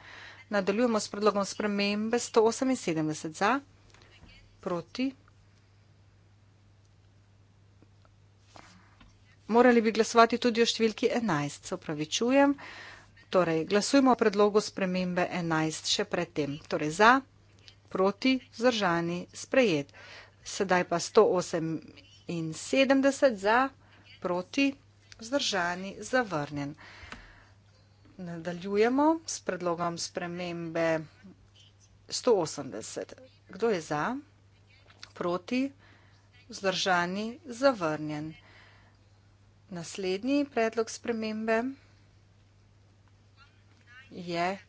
Nadaljujemo s predlogom spremembe 178 za, proti, vzdržani. Morali bi glasovati tudi o številki 11, se upravičujem. Torej, glasujmo o predlogu spremembe 11 še predtem. Torej, za, proti, vzdržani, sprejet. Sedaj pa 178 za, proti, vzdržani, zavrnjen. Nadaljujemo s predlogom spremembe 180. Kdo je za, proti, vzdržani, zavrnjen. Naslednji predlog spremembe je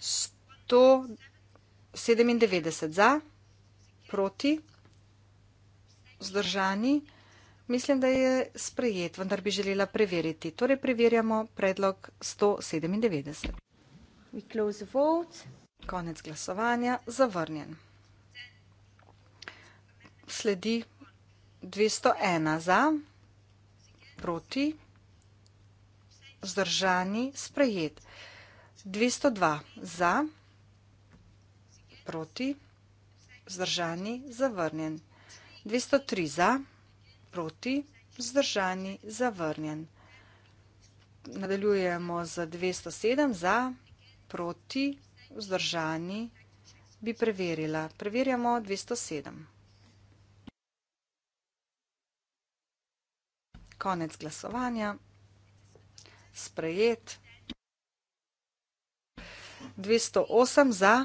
197 za, proti, vzdržani. Mislim, da je sprejet, vendar bi želela preveriti. Torej preverjamo predlog 197. Konec glasovanja, zavrnjen. Sledi 201 za, proti, vzdržani, sprejet. 202 za, proti, vzdržani, zavrnjen. 203 za, proti, vzdržani, zavrnjen. Nadaljujemo z 207 za, proti, vzdržani, bi preverila. Preverjamo 207. Konec glasovanja. Sprejet. 208 za,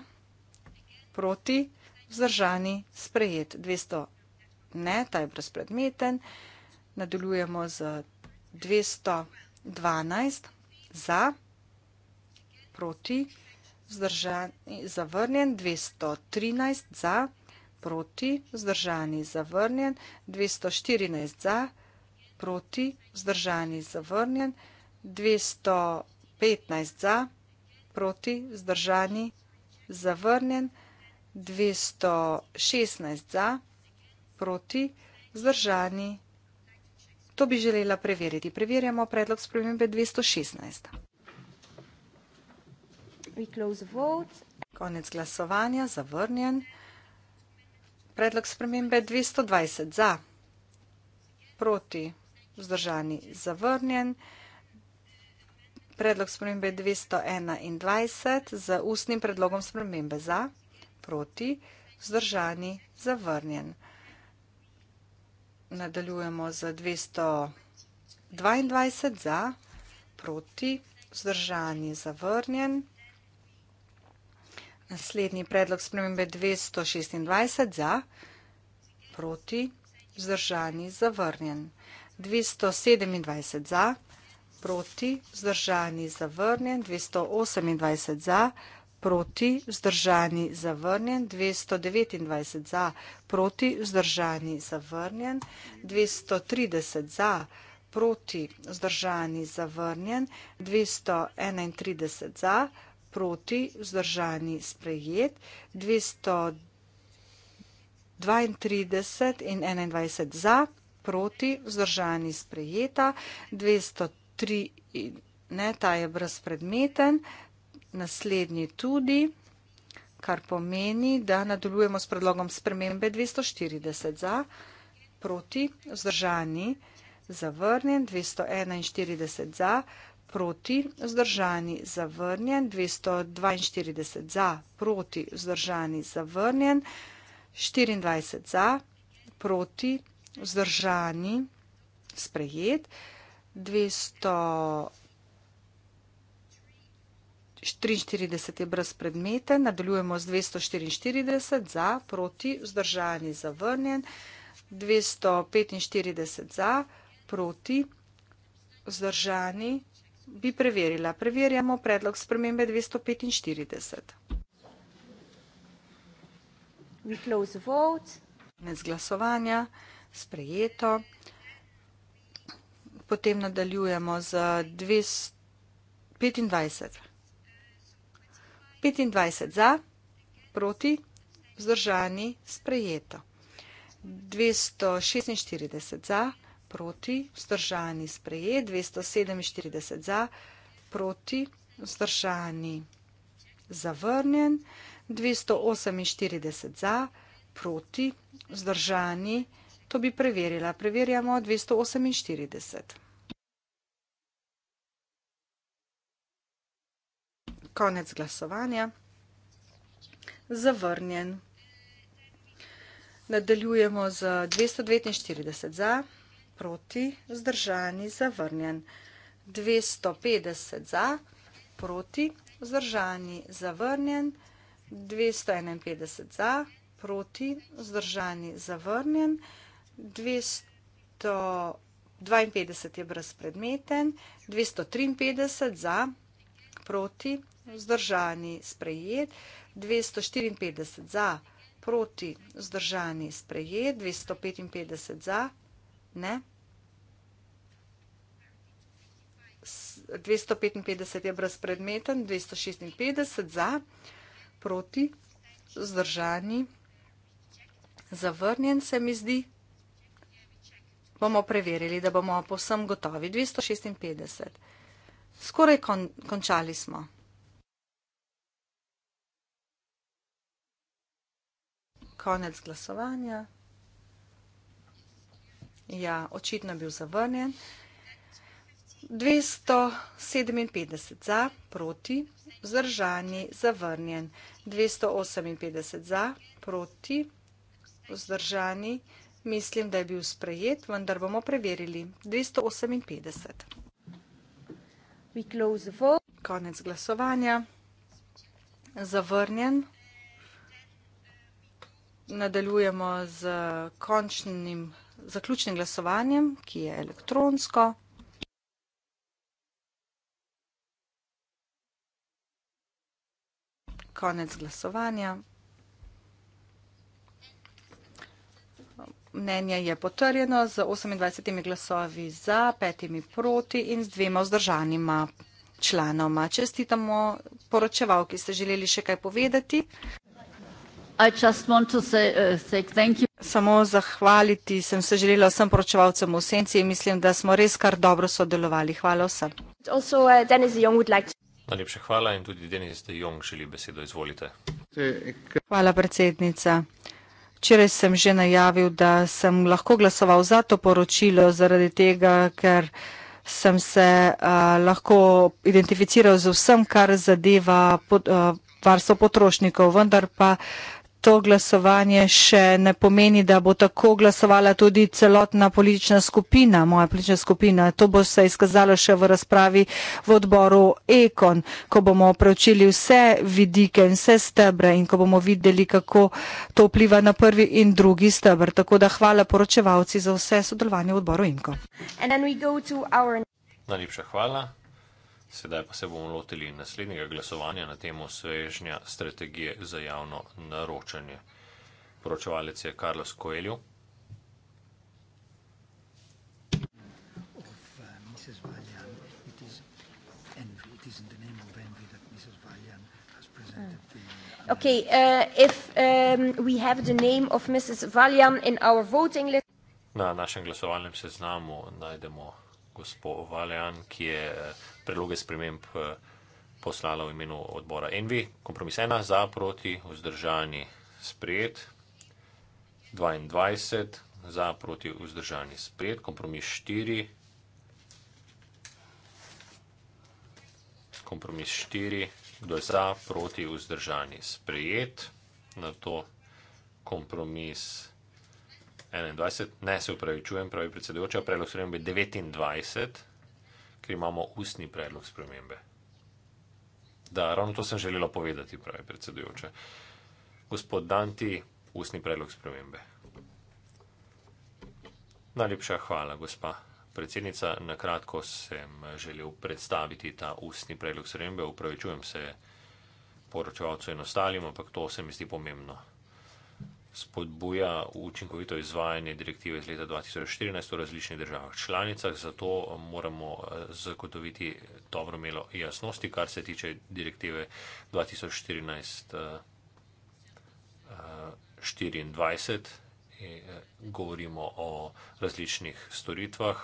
proti, vzdržani, sprejet. 200 ne, ta je brezpredmeten. Nadaljujemo z 212 za, proti, vzdržani, zavrnjen. 213 za, proti, vzdržani, zavrnjen. 214 za, proti proti, vzdržani zavrnjen, 215 za, proti, vzdržani zavrnjen, 216 za, proti, vzdržani. To bi želela preveriti. Preverjamo predlog spremembe 216. We close vote. Konec glasovanja, zavrnjen. Predlog spremembe 220 za, proti, vzdržani. Zavrnjen. Predlog spremembe 221 z ustnim predlogom spremembe za, proti, vzdržani, zavrnjen. Nadaljujemo z 222 za, proti, vzdržani, zavrnjen. Naslednji predlog spremembe 226 za, proti, vzdržani, zavrnjen. 227 za, proti, vzdržani, zavrnjen, 228 za, proti, vzdržani, zavrnjen, 229 za, proti, vzdržani, zavrnjen, 230 za, proti, vzdržani, zavrnjen, 231 za, proti, vzdržani, sprejet, 232 in 21 za, proti, vzdržani sprejeta, 203, ne, ta je brezpredmeten, naslednji tudi, kar pomeni, da nadaljujemo s predlogom spremembe 240 za, proti, vzdržani, zavrnjen, 241 za, proti, vzdržani, zavrnjen, 242 za, proti, vzdržani, zavrnjen, 24 za, proti, vzdržani, sprejet, dvesto triinštirideset je brezpredmeten, nadaljujemo z dvesto štiriinštirideset za, proti, vzdržani, zavrnjen, dvesto petinštirideset za, proti, vzdržani, bi preverila. Preverjamo predlog spremembe dvesto petinštirideset. We close the vote. Konec glasovanja sprejeto. Potem nadaljujemo z 25. 25 za, proti, vzdržani, sprejeto. 246 za, proti, vzdržani, sprejeto. 247 za, proti, vzdržani, zavrnjen. 248 za, proti, vzdržani, sprejeto. To bi preverila. Preverjamo 248. Konec glasovanja. Zavrnjen. Nadaljujemo z 249 za, proti, zdržani, zavrnjen. 250 za, proti, zdržani, zavrnjen. 251 za, proti, zdržani, zavrnjen. 252 je brezpredmeten, 253 za, proti, vzdržani, sprejet, 254 za, proti, vzdržani, sprejet, 255 za, ne. 255 je brezpredmeten, 256 za, proti, vzdržani, zavrnjen se mi zdi bomo preverili, da bomo povsem gotovi. 256. Skoraj kon končali smo. Konec glasovanja. Ja, očitno je bil zavrnjen. 257 za, proti, vzdržani, zavrnjen. 258 za, proti, vzdržani. Mislim, da je bil sprejet, vendar bomo preverili. 258. Konec glasovanja. Zavrnjen. Nadaljujemo z končnim, zaključnim glasovanjem, ki je elektronsko. Konec glasovanja. mnenje je potrjeno z 28 glasovi za, petimi proti in z dvema vzdržanima članoma. Čestitamo poročevalki, ste želeli še kaj povedati? Uh, Samo zahvaliti sem se želela vsem poročevalcem v Senci in mislim, da smo res kar dobro sodelovali. Hvala vsem. Uh, Najlepša hvala in tudi Denis de Jong želi besedo. Izvolite. Hvala, predsednica. Včeraj sem že najavil, da sem lahko glasoval za to poročilo, zaradi tega, ker sem se uh, lahko identificiral z vsem, kar zadeva pod, uh, varstvo potrošnikov, vendar pa uh, to glasovanje še ne pomeni, da bo tako glasovala tudi celotna politična skupina, moja politična skupina. To bo se izkazalo še v razpravi v odboru Ekon, ko bomo preučili vse vidike in vse stebre in ko bomo videli, kako to vpliva na prvi in drugi stebr. Tako da hvala poročevalci za vse sodelovanje v odboru Imko. Najlepša hvala. Sedaj pa se bomo lotili naslednjega glasovanja na temo svežnja strategije za javno naročanje. Poročevalec je Carlos Coelho. Uh, okay, uh, if, um, list... Na našem glasovalnem seznamu najdemo gospod Valjan, ki je uh, predloge sprememb eh, poslala v imenu odbora Envi. Kompromis ena za proti vzdržani sprejet. 22 za proti vzdržani sprejet. Kompromis 4. Kompromis 4. Kdo je za proti vzdržani sprejet. Na to kompromis 21. Ne se upravičujem, pravi predsedujoča. Predlog sprejem bi 29 ker imamo ustni predlog spremembe. Da, ravno to sem želela povedati, pravi predsedujoče. Gospod Danti, ustni predlog spremembe. Najlepša hvala, gospa predsednica. Na kratko sem želel predstaviti ta ustni predlog spremembe. Upravičujem se poročevalcu in ostalim, ampak to se mi zdi pomembno spodbuja učinkovito izvajanje direktive iz leta 2014 v različnih državah članicah, zato moramo eh, zagotoviti dobro melo jasnosti, kar se tiče direktive 2014-24. Eh, eh, govorimo o različnih storitvah,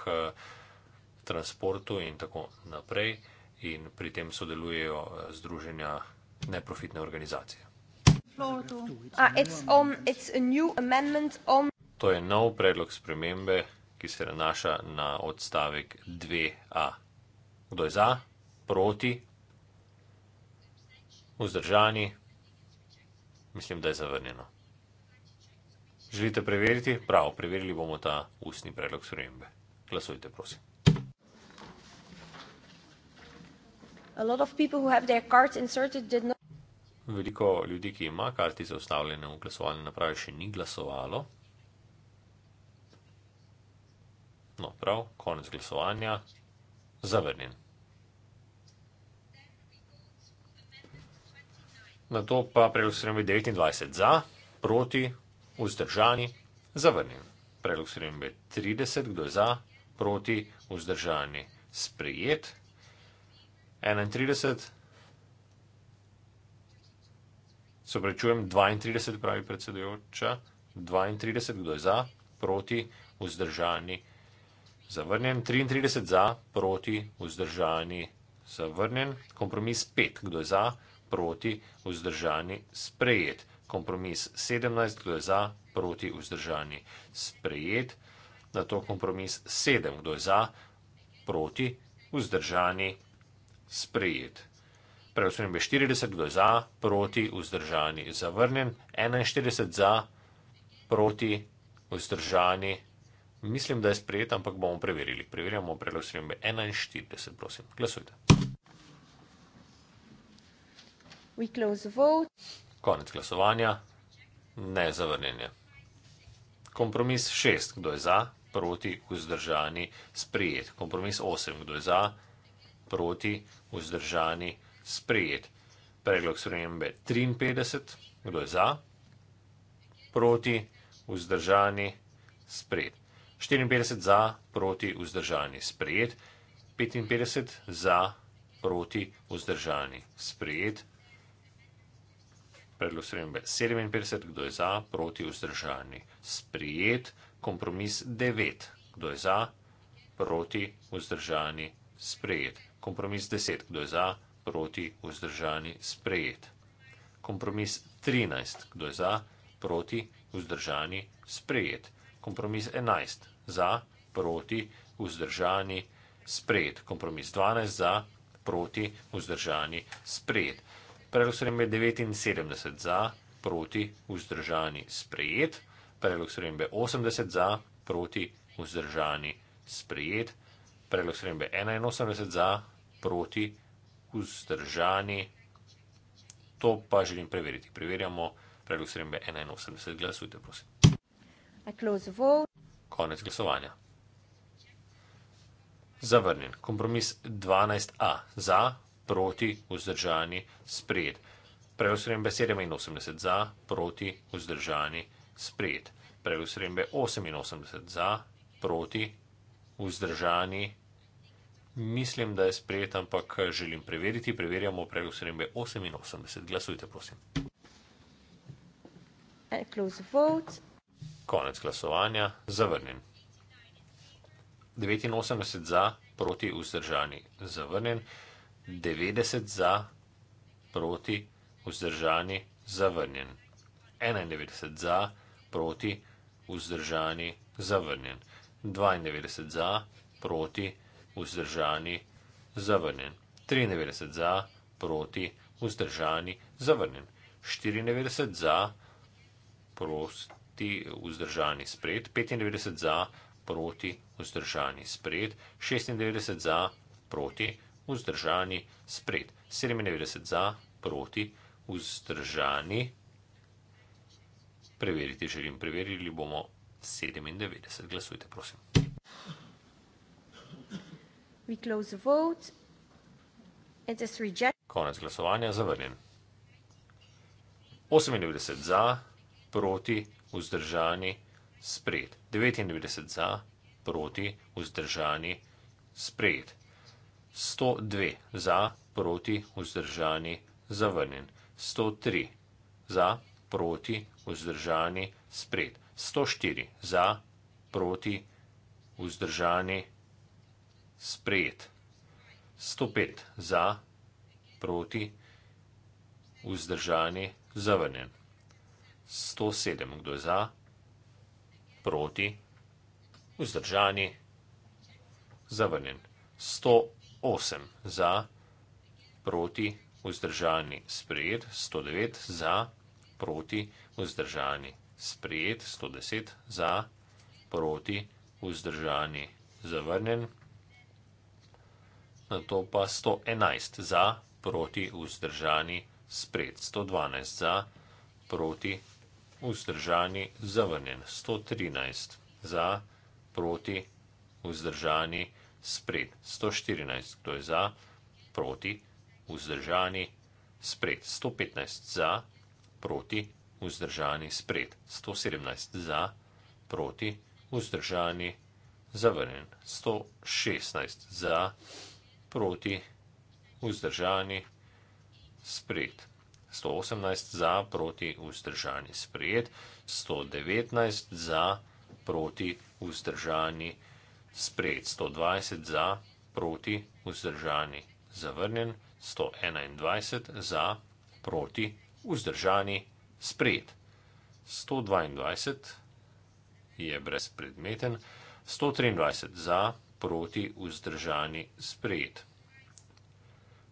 transportu in tako naprej in pri tem sodelujejo združenja neprofitne organizacije. To je nov predlog spremembe, ki se nanaša na odstavek 2a. Kdo je za, proti, vzdržani, mislim, da je zavrnjeno. Želite preveriti? Prav, preverili bomo ta ustni predlog spremembe. Glasujte, prosim. A lot of people who have their cards inserted did not veliko ljudi, ki ima kartice vstavljene v glasovalne naprave, še ni glasovalo. No, prav, konec glasovanja, zavrnjen. Na to pa predlog 29 za, proti, vzdržani, zavrnjen. Predlog 30, kdo je za, proti, vzdržani, sprejet. 31, Se prečujem, 32 pravi predsedujoča, 32 kdo je za, proti, vzdržani, zavrnjen, 33 za, proti, vzdržani, zavrnjen, kompromis 5, kdo je za, proti, vzdržani, sprejet, kompromis 17, kdo je za, proti, vzdržani, sprejet, na to kompromis 7, kdo je za, proti, vzdržani, sprejet preračunam je 40, kdo je za, proti, vzdržani, zavrnjen, 41 za, proti, vzdržani. Mislim, da je sprejet, ampak bomo preverili. Preverjamo predlog srednje 41, prosim. Glasujte. Konec glasovanja. Ne zavrnjenje. Kompromis 6. Kdo je za? Proti vzdržani sprejet. Kompromis 8. Kdo je za? Proti vzdržani sprejet sprejet. Predlog spremembe 53, kdo je za, proti, vzdržani, sprejet. 54 za, proti, vzdržani, sprejet. 55 za, proti, vzdržani, sprejet. Predlog spremembe 57, kdo je za, proti, vzdržani, sprejet. Kompromis 9, kdo je za, proti, vzdržani, sprejet. Kompromis 10, kdo je za, proti, vzdržani, sprejet proti, vzdržani, sprejet. Kompromis 13, kdo je za, proti, vzdržani, sprejet. Kompromis 11, za, proti, vzdržani, sprejet. Kompromis 12, za, proti, vzdržani, sprejet. Predlog sprejembe 79 za, proti, vzdržani, sprejet. Predlog sprejembe 80 za, proti, vzdržani, sprejet. Predlog sprejembe 81 za, proti, vzdržani, sprejet vzdržani. To pa želim preveriti. Preverjamo predlog sredbe 81. Glasujte, prosim. Konec glasovanja. Zavrnjen. Kompromis 12a. Za, proti, vzdržani, sprejet. Predlog sredbe 87. Za, proti, vzdržani, sprejet. Predlog sredbe 88. Za, proti, vzdržani, sprejet. Mislim, da je sprejet, ampak eh, želim preveriti. Preverjamo predlog srembe 88. Glasujte, prosim. Konec glasovanja. Zavrnjen. 89 za, proti vzdržani. Zavrnjen. 90 za, proti vzdržani. Zavrnjen. 91 za, proti vzdržani. Zavrnjen. 92 za, proti vzdržani vzdržani, zavrnjen. 93 za, proti, vzdržani, zavrnjen. 94 za, proti, vzdržani, spred. 95 za, proti, vzdržani, spred. 96 za, proti, vzdržani, spred. 97 za, proti, vzdržani. Preveriti želim, preverili bomo 97. Glasujte, prosim. We close the vote. It is reject- Konec glasovanja, zavrnjen. 98 za, proti, vzdržani, sprejet. 99 za, proti, vzdržani, sprejet. 102 za, proti, vzdržani, zavrnjen. 103 za, proti, vzdržani, sprejet. 104 za, proti, vzdržani sprejet. 105 za, proti, vzdržani, zavrnjen. 107, kdo je za, proti, vzdržani, zavrnjen. 108 za, proti, vzdržani, sprejet. 109 za, proti, vzdržani, sprejet. 110 za, proti, vzdržani, zavrnjen na to pa 111 za, proti vzdržani, spred 112 za, proti vzdržani, zavrnjen 113 za, proti vzdržani, spred 114, kdo je za, proti vzdržani, spred 115 za, proti vzdržani, spred 117 za, proti vzdržani, zavrnjen 116 za, proti vzdržani, proti, vzdržani, sprejet. 118 za, proti, vzdržani, sprejet. 119 za, proti, vzdržani, sprejet. 120 za, proti, vzdržani, zavrnjen. 121 za, proti, vzdržani, sprejet. 122 je brezpredmeten. 123 za, proti, vzdržani, sprejet.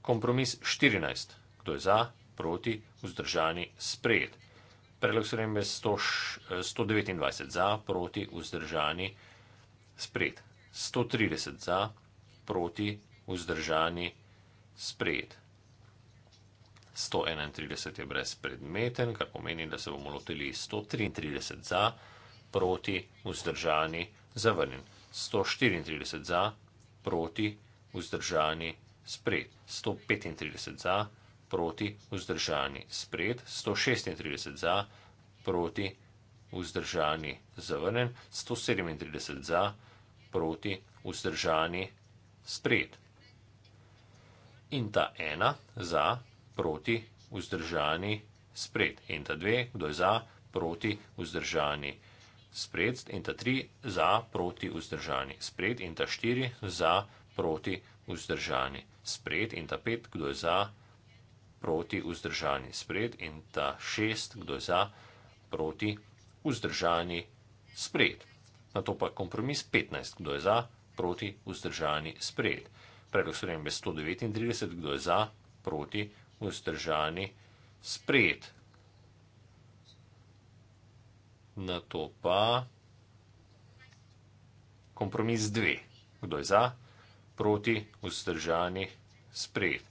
Kompromis 14. Kdo je za, proti, vzdržani, sprejet. Predlog sprejembe 129 eh, za, proti, vzdržani, sprejet. 130 za, proti, vzdržani, sprejet. 131 je brezpredmeten, kar pomeni, da se bomo lotili 133 za, proti, vzdržani, zavrnjen. 134 za, proti, vzdržani, sprejet sprejet 135 za, proti vzdržani sprejet 136 za, proti vzdržani zavrnen 137 za, proti vzdržani sprejet. In ta ena za, proti vzdržani sprejet. In ta dve, kdo je za, proti vzdržani sprejet. In ta tri za, proti vzdržani sprejet. In ta štiri za, proti vzdržani sprejet vzdržani, spred in ta pet, kdo je za, proti vzdržani, spred in ta šest, kdo je za, proti vzdržani, spred. Na to pa kompromis 15, kdo je za, proti vzdržani, spred. Predlog sprejembe 139, kdo je za, proti vzdržani, spred. Na to pa kompromis 2, kdo je za, proti, vzdržani, sprejet.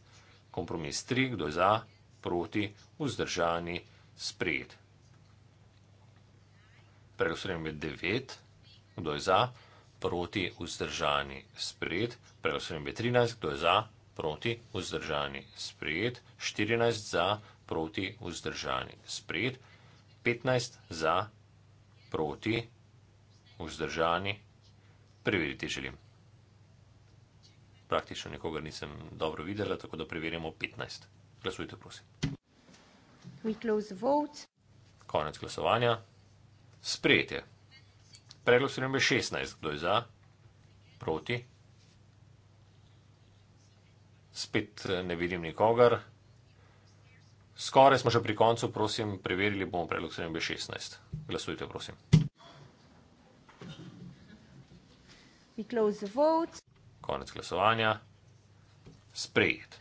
Kompromis 3, kdo za, proti, vzdržani, sprejet. Preglasujem med 9, kdo je za, proti, vzdržani, sprejet. Preglasujem med 13, kdo je za, proti, vzdržani, sprejet. 14 za, proti, vzdržani, sprejet. 15 za, proti, vzdržani, preveriti želim praktično nikogar nisem dobro videla, tako da preverjamo 15. Glasujte, prosim. Konec glasovanja. Sprejetje. Predlog se nebe 16. Kdo je za? Proti? Spet eh, ne vidim nikogar. Skoraj smo že pri koncu, prosim, preverili bomo predlog se nebe 16. Glasujte, prosim. We close the vote. Konec glasovanja. Sprejet.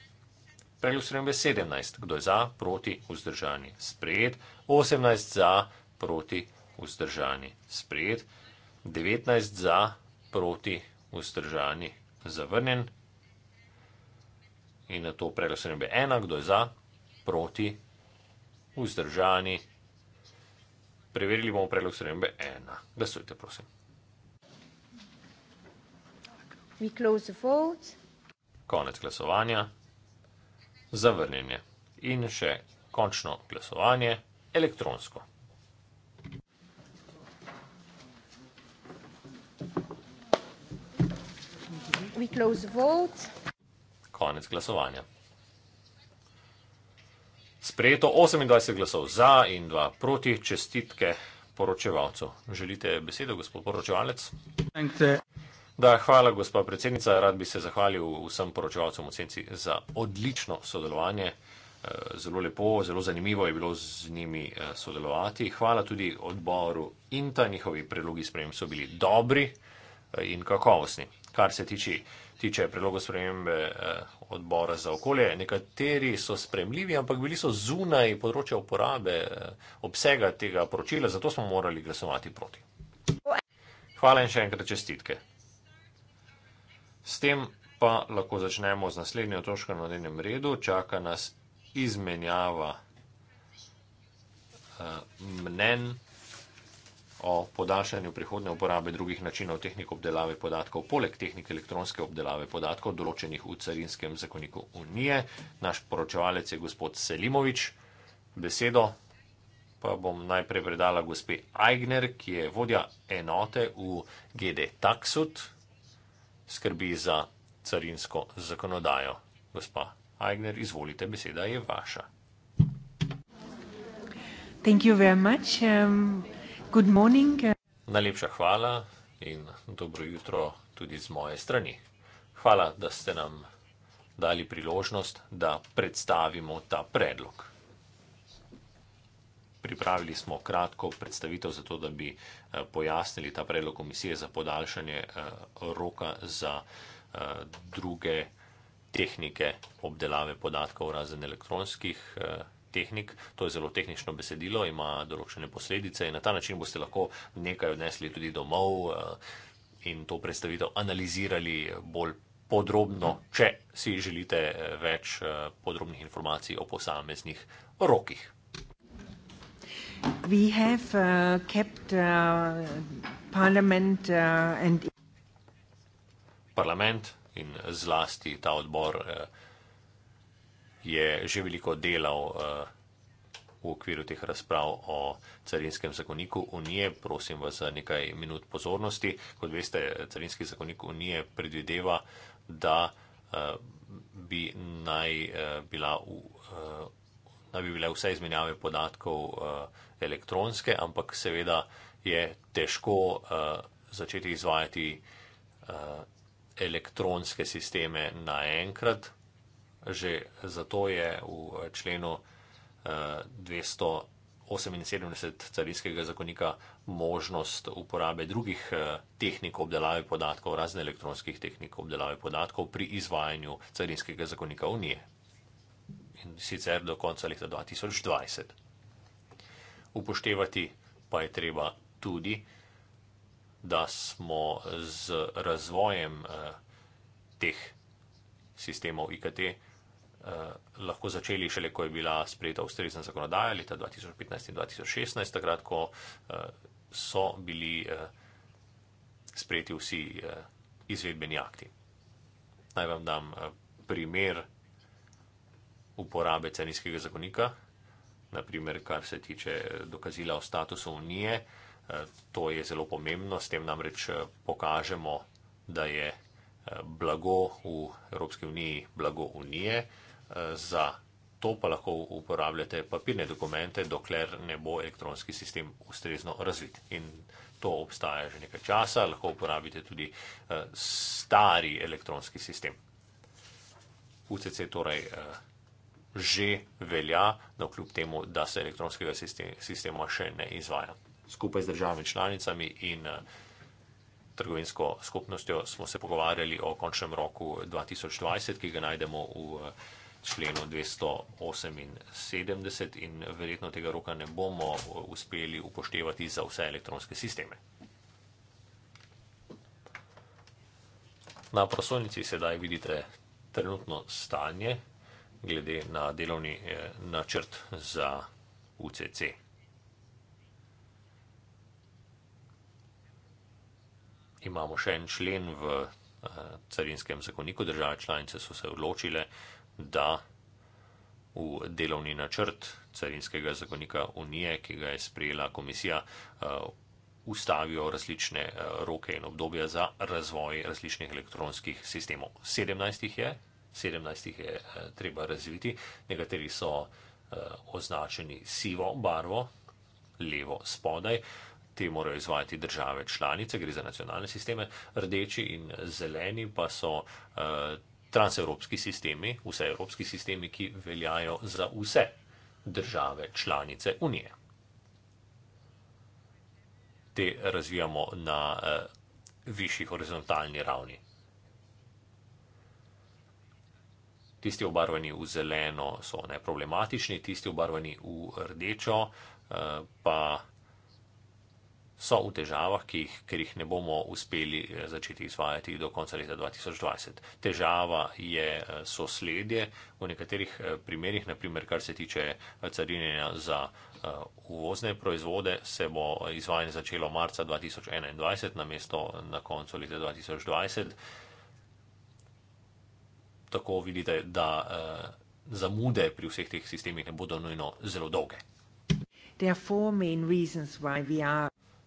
Predlog sprejem je 17. Kdo je za, proti, vzdržani, sprejet. 18 za, proti, vzdržani, sprejet. 19 za, proti, vzdržani, zavrnjen. In na to predlog sprejem je 1. Kdo je za, proti, vzdržani. Preverili bomo predlog sprejem je 1. Glasujte, prosim. We close the vote. Konec glasovanja. Zavrnjenje. In še končno glasovanje elektronsko. We close the vote. Konec glasovanja. Sprejeto 28 glasov za in 2 proti čestitke poročevalcu. Želite besedo, gospod poročevalec? Thank you. Da, hvala, gospa predsednica. Rad bi se zahvalil vsem poročevalcem v senci za odlično sodelovanje. Eh, zelo lepo, zelo zanimivo je bilo z njimi eh, sodelovati. Hvala tudi odboru in ta njihovi predlogi sprejem so bili dobri eh, in kakovostni. Kar se tiče, tiče predlogov spremembe odbora za okolje, nekateri so spremljivi, ampak bili so zunaj področja uporabe obsega tega poročila, zato smo morali glasovati proti. Hvala in še enkrat čestitke. S tem pa lahko začnemo z naslednjo točko na dnevnem redu. Čaka nas izmenjava eh, mnen o podaljšanju prihodne uporabe drugih načinov tehnik obdelave podatkov, poleg tehnik elektronske obdelave podatkov, določenih v carinskem zakoniku Unije. Naš poročevalec je gospod Selimovič. Besedo pa bom najprej predala gospe Aigner, ki je vodja enote v GD Taksut skrbi za carinsko zakonodajo. Gospa Aigner, izvolite, beseda je vaša. Um, Najlepša hvala in dobro jutro tudi z moje strani. Hvala, da ste nam dali priložnost, da predstavimo ta predlog pripravili smo kratko predstavitev za to, da bi eh, pojasnili ta predlog komisije za podaljšanje eh, roka za eh, druge tehnike obdelave podatkov razen elektronskih tehnik. To je zelo tehnično besedilo, ima določene posledice in na ta način boste lahko nekaj odnesli tudi domov in to predstavitev analizirali bolj podrobno, če si želite več podrobnih informacij o posameznih rokih. We have uh, kept uh, parliament uh, and parliament in zlasti ta odbor uh, je že veliko delal uh, v okviru teh razprav o carinskem zakoniku Unije. Prosim vas za nekaj minut pozornosti. Kot veste, carinski zakonik Unije predvideva, da uh, bi naj uh, bila v. Uh, naj bi bile vse izmenjave podatkov eh, elektronske, ampak seveda je težko eh, začeti izvajati eh, elektronske sisteme naenkrat. Že zato je v členu 278 carinskega zakonika možnost uporabe drugih tehnik obdelave podatkov, razne elektronskih tehnik obdelave podatkov pri izvajanju carinskega zakonika Unije in sicer do konca leta 2020. Upoštevati pa je treba tudi, da smo z razvojem eh, teh sistemov IKT eh, lahko začeli šele, ko je bila sprejeta ustrezna zakonodaja leta 2015 in 2016, takrat, ko eh, so bili eh, sprejeti vsi eh, izvedbeni akti. Naj vam dam eh, primer. Eh, uporabe carinskega zakonika, naprimer kar se tiče dokazila o statusu unije. Eh, to je zelo pomembno, s tem namreč eh, pokažemo, da je eh, blago v Evropski uniji blago unije. Za to pa lahko uporabljate papirne dokumente, dokler ne bo elektronski sistem ustrezno razvit. In to obstaja že nekaj časa, lahko uporabite tudi stari elektronski sistem. UCC torej že velja, da kljub temu, da se elektronskega sistema še ne izvaja. Skupaj z državami članicami in eh, trgovinsko skupnostjo smo se pogovarjali o končnem roku 2020, ki ga najdemo v eh, členu 278 in verjetno tega roka ne bomo eh, uspeli upoštevati za vse elektronske sisteme. Na prosojnici sedaj vidite trenutno stanje glede na delovni eh, načrt za UCC. Imamo še en člen v eh, carinskem zakoniku. Države članice so se odločile, da v delovni načrt carinskega zakonika Unije, ki ga je sprejela komisija, eh, ustavijo različne roke in obdobja za razvoj različnih elektronskih sistemov. 17 jih je, 17 jih je eh, treba razviti, nekateri so eh, označeni sivo barvo, levo spodaj, te morajo izvajati države članice, gre za nacionalne sisteme, rdeči in eh, zeleni pa so transevropski sistemi, vse evropski sistemi, ki veljajo za vse države članice Unije. Te razvijamo na višji horizontalni ravni. Tisti obarvani v zeleno so neproblematični, tisti obarvani v rdečo eh, pa so v težavah, ki jih, ker jih ne bomo uspeli eh, začeti izvajati do konca leta 2020. Težava je eh, sosledje v nekaterih primerjih, naprimer kar se tiče carinjenja za uvozne proizvode, se bo izvajanje začelo marca 2021 na mesto na koncu leta 2020 tako vidite, da uh, zamude pri vseh teh sistemih ne bodo nujno zelo dolge.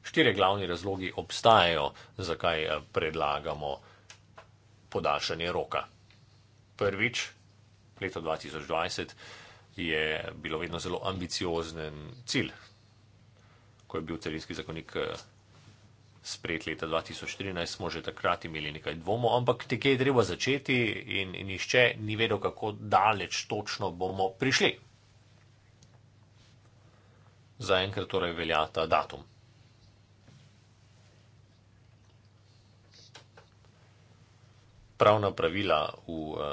Štiri glavni razlogi obstajajo, zakaj eh, predlagamo podaljšanje roka. Prvič, leto 2020 je bilo vedno zelo ambiciozen cilj, ko je bil carinski zakonik eh, sprejet leta 2013, smo že takrat imeli nekaj dvomov, ampak tekaj je treba začeti in nišče ni vedel, kako daleč točno bomo prišli. Zaenkrat torej velja ta datum. Pravna pravila v eh,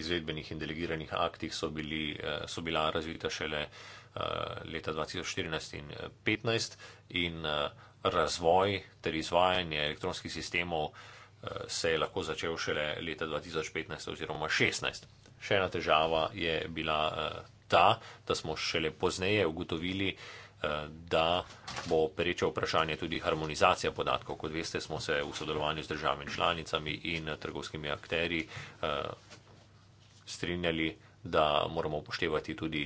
izvedbenih in delegiranih aktih so, bili, eh, so bila razvita šele eh, leta 2014 in 2015 in razvoj ter izvajanje elektronskih sistemov eh, se je lahko začel šele leta 2015 oziroma 2016. Še ena težava je bila eh, ta, da smo šele pozneje ugotovili, eh, da bo pereče vprašanje tudi harmonizacija podatkov. Kot veste, smo se v sodelovanju z državami članicami in trgovskimi akteri strinjali, da moramo upoštevati tudi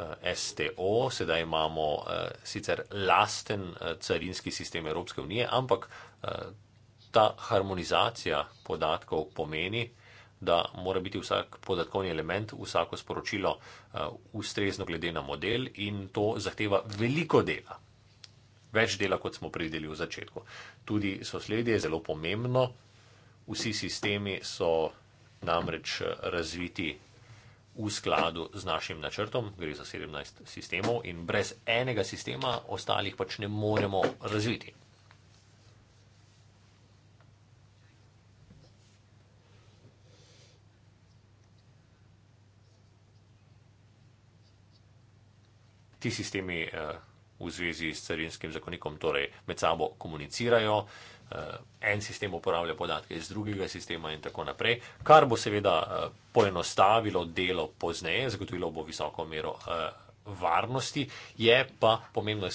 Eh, STO, sedaj imamo uh, sicer lasten uh, carinski sistem Evropske unije, ampak uh, ta harmonizacija podatkov pomeni, da mora biti vsak podatkovni element, vsako sporočilo uh, ustrezno glede na model in to zahteva veliko dela. Več dela, kot smo predeli v začetku. Tudi sosledje je zelo pomembno. Vsi sistemi so namreč razviti v skladu z našim načrtom, gre za 17 sistemov in brez enega sistema ostalih pač ne moremo razviti. Ti sistemi eh, v zvezi s carinskim zakonikom torej med sabo komunicirajo, Eh, en sistem uporablja podatke iz drugega sistema in tako naprej, kar bo seveda eh, poenostavilo delo pozneje, zagotovilo bo visoko mero eh, varnosti, je pa pomembno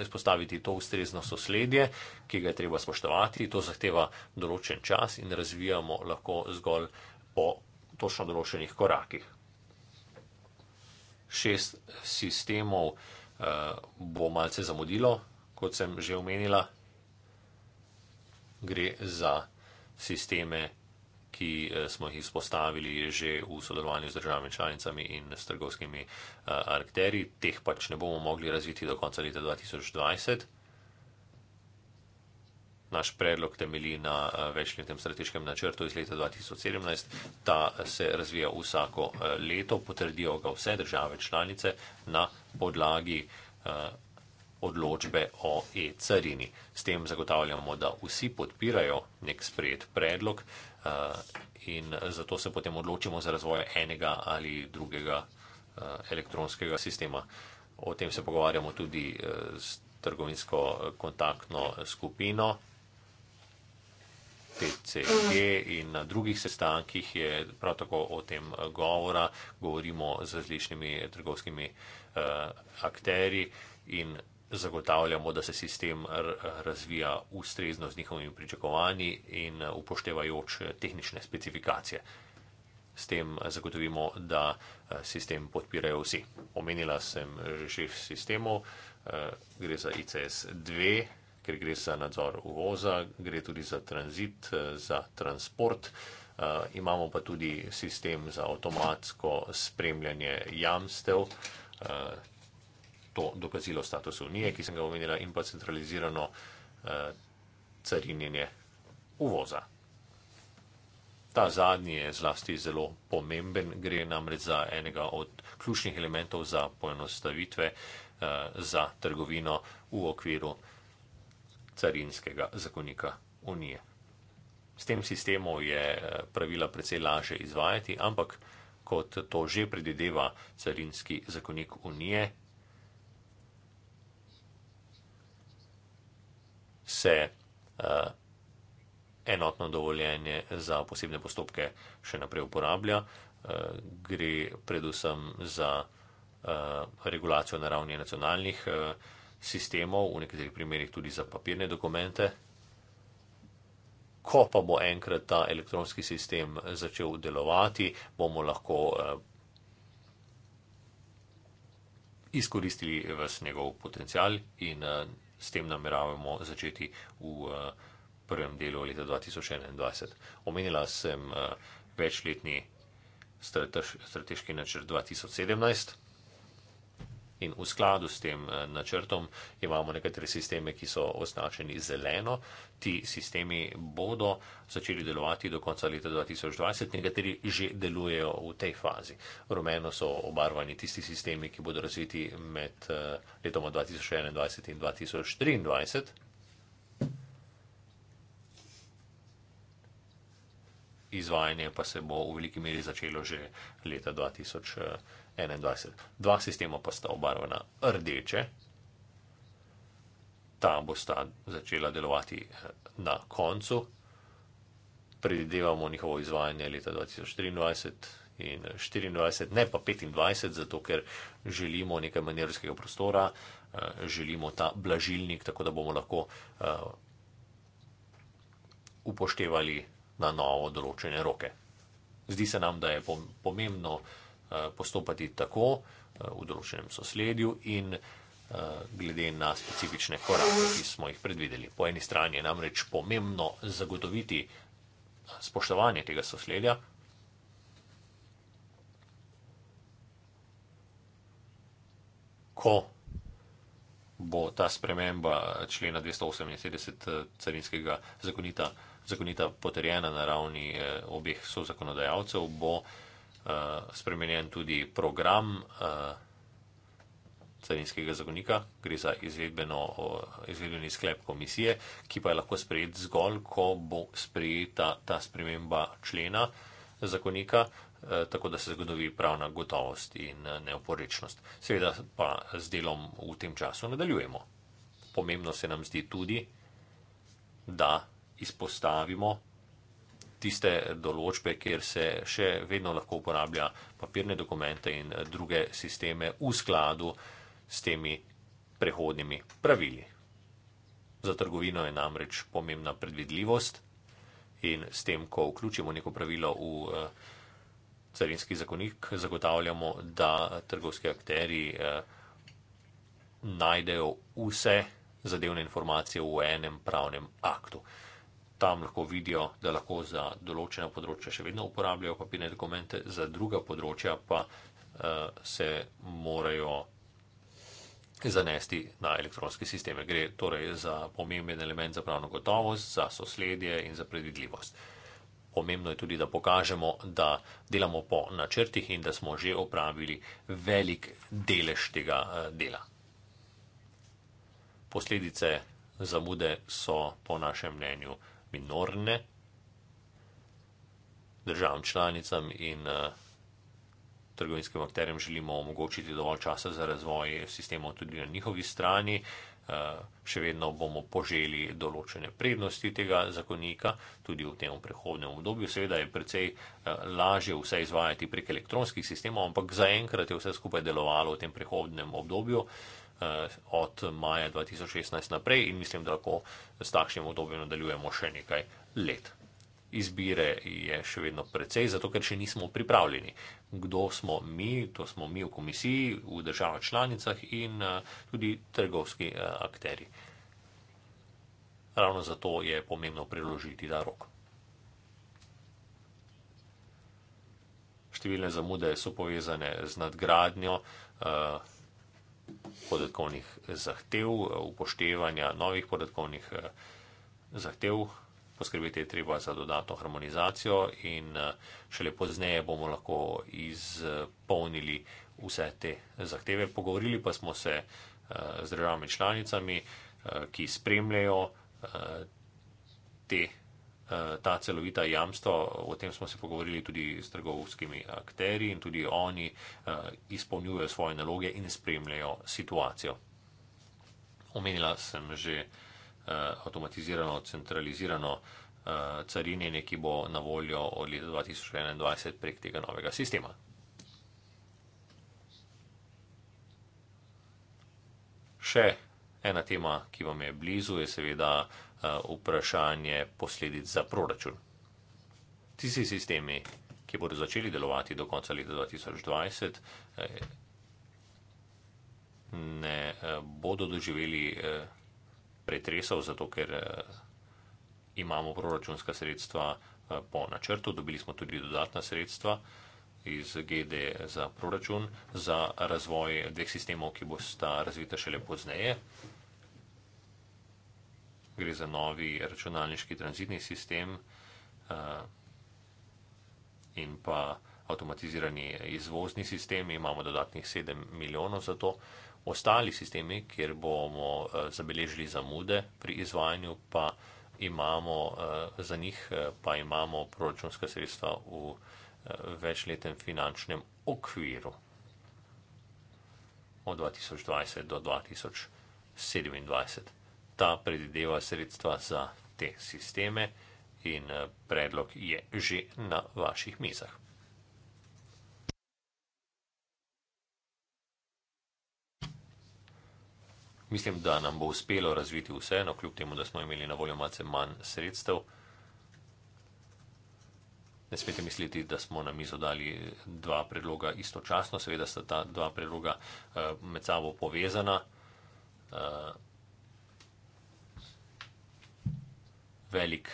izpostaviti to ustrezno sosledje, ki ga je treba spoštovati, to zahteva določen čas in razvijamo lahko zgolj po točno določenih korakih. Šest sistemov bo malce zamudilo, kot sem že omenila gre za sisteme, ki eh, smo jih izpostavili že v sodelovanju z državami članicami in s trgovskimi eh, arkterji. Teh pač ne bomo mogli razviti do konca leta 2020. Naš predlog temelji na eh, večletnem strateškem načrtu iz leta 2017. Ta se razvija vsako leto, potrdijo ga vse države članice na podlagi odločbe o e-carini. S tem zagotavljamo, da vsi podpirajo nek sprejet predlog uh, in zato se potem odločimo za razvoj enega ali drugega uh, elektronskega sistema. O tem se pogovarjamo tudi uh, s trgovinsko kontaktno skupino. TCG in na drugih sestankih je prav tako o tem govora, govorimo z različnimi trgovskimi uh, akteri in zagotavljamo, da se sistem razvija ustrezno z njihovimi pričakovanji in upoštevajoč tehnične specifikacije. S tem zagotovimo, da eh, sistem podpirajo vsi. Omenila sem že šest sistemov, eh, gre za ICS 2, ker gre za nadzor uvoza, gre tudi za tranzit, eh, za transport. Uh, imamo pa tudi sistem za avtomatsko spremljanje jamstev, uh, to dokazilo statusa Unije, ki sem ga omenila, in pa centralizirano eh, carinjenje uvoza. Ta zadnji je zlasti zelo pomemben, gre namreč za enega od ključnih elementov za poenostavitve eh, za trgovino v okviru carinskega zakonika Unije. S tem sistemom je eh, pravila precej laže izvajati, ampak kot to že predideva carinski zakonik Unije, se uh, enotno dovoljenje za posebne postopke še naprej uporablja. Uh, gre predvsem za uh, regulacijo na ravni nacionalnih uh, sistemov, v nekaterih primerjih tudi za papirne dokumente. Ko pa bo enkrat ta elektronski sistem začel delovati, bomo lahko uh, izkoristili vse njegov potencial in uh, s tem nameravamo začeti v eh, prvem delu leta 2021. Omenila sem eh, večletni strateški načrt 2017. In v skladu s tem eh, načrtom imamo nekatere sisteme, ki so označeni zeleno. Ti sistemi bodo začeli delovati do konca leta 2020, nekateri že delujejo v tej fazi. Rumeno so obarvani tisti sistemi, ki bodo razviti med eh, letoma 2021 in 2023. Izvajanje pa se bo v veliki meri začelo že leta 2020. 21. Dva sistema pa sta obarvana rdeče, ta bosta začela delovati eh, na koncu. Predvidevamo njihovo izvajanje leta 2023 in 2024, eh, ne pa 2025, zato ker želimo nekaj manjerskega prostora, eh, želimo ta blažilnik, tako da bomo lahko upoštevali na novo določene roke. Zdi se nam, da je pomembno uh, Eh, postopati tako eh, v določenem sosledju in eh, glede na specifične korake, ki smo jih predvideli. Po eni strani je namreč pomembno zagotoviti spoštovanje tega sosledja, ko bo ta sprememba člena 278 carinskega zakonita, zakonita potrjena na ravni obeh sozakonodajalcev, bo Eh, spremenjen tudi program eh, carinskega zagonika, gre za izvedbeno, eh, izvedbeni sklep komisije, ki pa je lahko sprejet zgolj, ko bo sprejeta ta sprememba člena zakonika, tako da se zagotovi pravna gotovost in neoporečnost. Seveda pa z delom v tem času nadaljujemo. Pomembno se nam zdi tudi, da izpostavimo tiste določbe, kjer se še vedno lahko uporablja papirne dokumente in druge sisteme v skladu s temi prehodnimi pravili. Za trgovino je namreč pomembna predvidljivost in s tem, ko vključimo neko pravilo v eh, carinski zakonik, zagotavljamo, da trgovski akteri eh, najdejo vse zadevne informacije v enem pravnem aktu tam lahko vidijo, da lahko za določena področja še vedno uporabljajo papirne dokumente, za druga področja pa uh, se morajo zanesti na elektronske sisteme. Gre torej za pomemben element za pravno gotovost, za sosledje in za predvidljivost. Pomembno je tudi, da pokažemo, da delamo po načrtih in da smo že opravili velik delež tega eh, dela. Posledice zamude so po našem mnenju minorne državam članicam in uh, trgovinskim akterjem želimo omogočiti dovolj časa za razvoj sistemov tudi na njihovi strani. Uh, še vedno bomo poželi določene prednosti tega zakonika, tudi v tem prehodnem obdobju. Seveda je precej uh, lažje vse izvajati prek elektronskih sistemov, ampak zaenkrat je vse skupaj delovalo v tem prehodnem obdobju. Uh, Eh, od maja 2016 naprej in mislim, da lahko s takšnim obdobjem nadaljujemo še nekaj let. Izbire je še vedno precej, zato ker še nismo pripravljeni. Kdo smo mi? To smo mi v komisiji, v državah članicah in eh, tudi trgovski eh, akteri. Ravno zato je pomembno priložiti ta rok. Številne zamude so povezane z nadgradnjo. Uh, podatkovnih zahtev, upoštevanja novih podatkovnih eh, zahtev. Poskrbeti je treba za dodatno harmonizacijo in eh, šele pozneje bomo lahko izpolnili vse te zahteve. Pogovorili pa smo se eh, z državami članicami, ki spremljajo te zahteve Eh, ta celovita jamstva. O tem smo se pogovorili tudi s trgovskimi akteri in tudi oni eh, izpolnjujejo svoje naloge in spremljajo situacijo. Omenila sem že eh, avtomatizirano, centralizirano carinjenje, ki bo na voljo od leta 2021 prek tega novega sistema. Še ena tema, ki vam je blizu, je seveda uh, Eh, vprašanje posledic za proračun. Tisi sistemi, ki bodo začeli delovati do konca leta 2020, eh, ne eh, bodo doživeli pretresov, zato ker imamo proračunska sredstva po načrtu, dobili smo tudi dodatna sredstva iz GD za proračun za razvoj dveh sistemov, ki bo sta razvita šele pozneje gre za novi računalniški tranzitni sistem uh, in pa avtomatizirani izvozni sistem. Imamo dodatnih 7 milijonov za to. Ostali sistemi, kjer bomo uh, zabeležili zamude pri izvajanju, pa imamo uh, za njih, uh, pa imamo proračunska sredstva v uh, večletnem finančnem okviru od 2020 do 2027 ta predideva sredstva za te sisteme in eh, predlog je že na vaših mizah. Mislim, da nam bo uspelo razviti vse, no kljub temu, da smo imeli na voljo malce manj sredstev. Ne smete misliti, da smo na mizo dali eh, dva predloga istočasno, seveda sta ta dva predloga eh, med sabo povezana. velik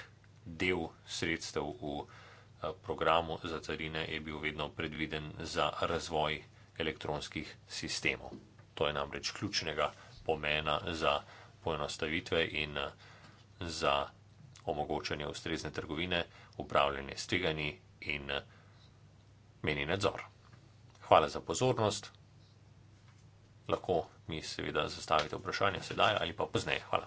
del sredstev v eh, programu za carine je bil vedno predviden za razvoj elektronskih sistemov. To je namreč ključnega pomena za poenostavitve in eh, za omogočanje ustrezne trgovine, upravljanje stiganji in eh, meni nadzor. Hvala za pozornost. Lahko mi seveda zastavite vprašanje sedaj ali pa pozneje. Hvala.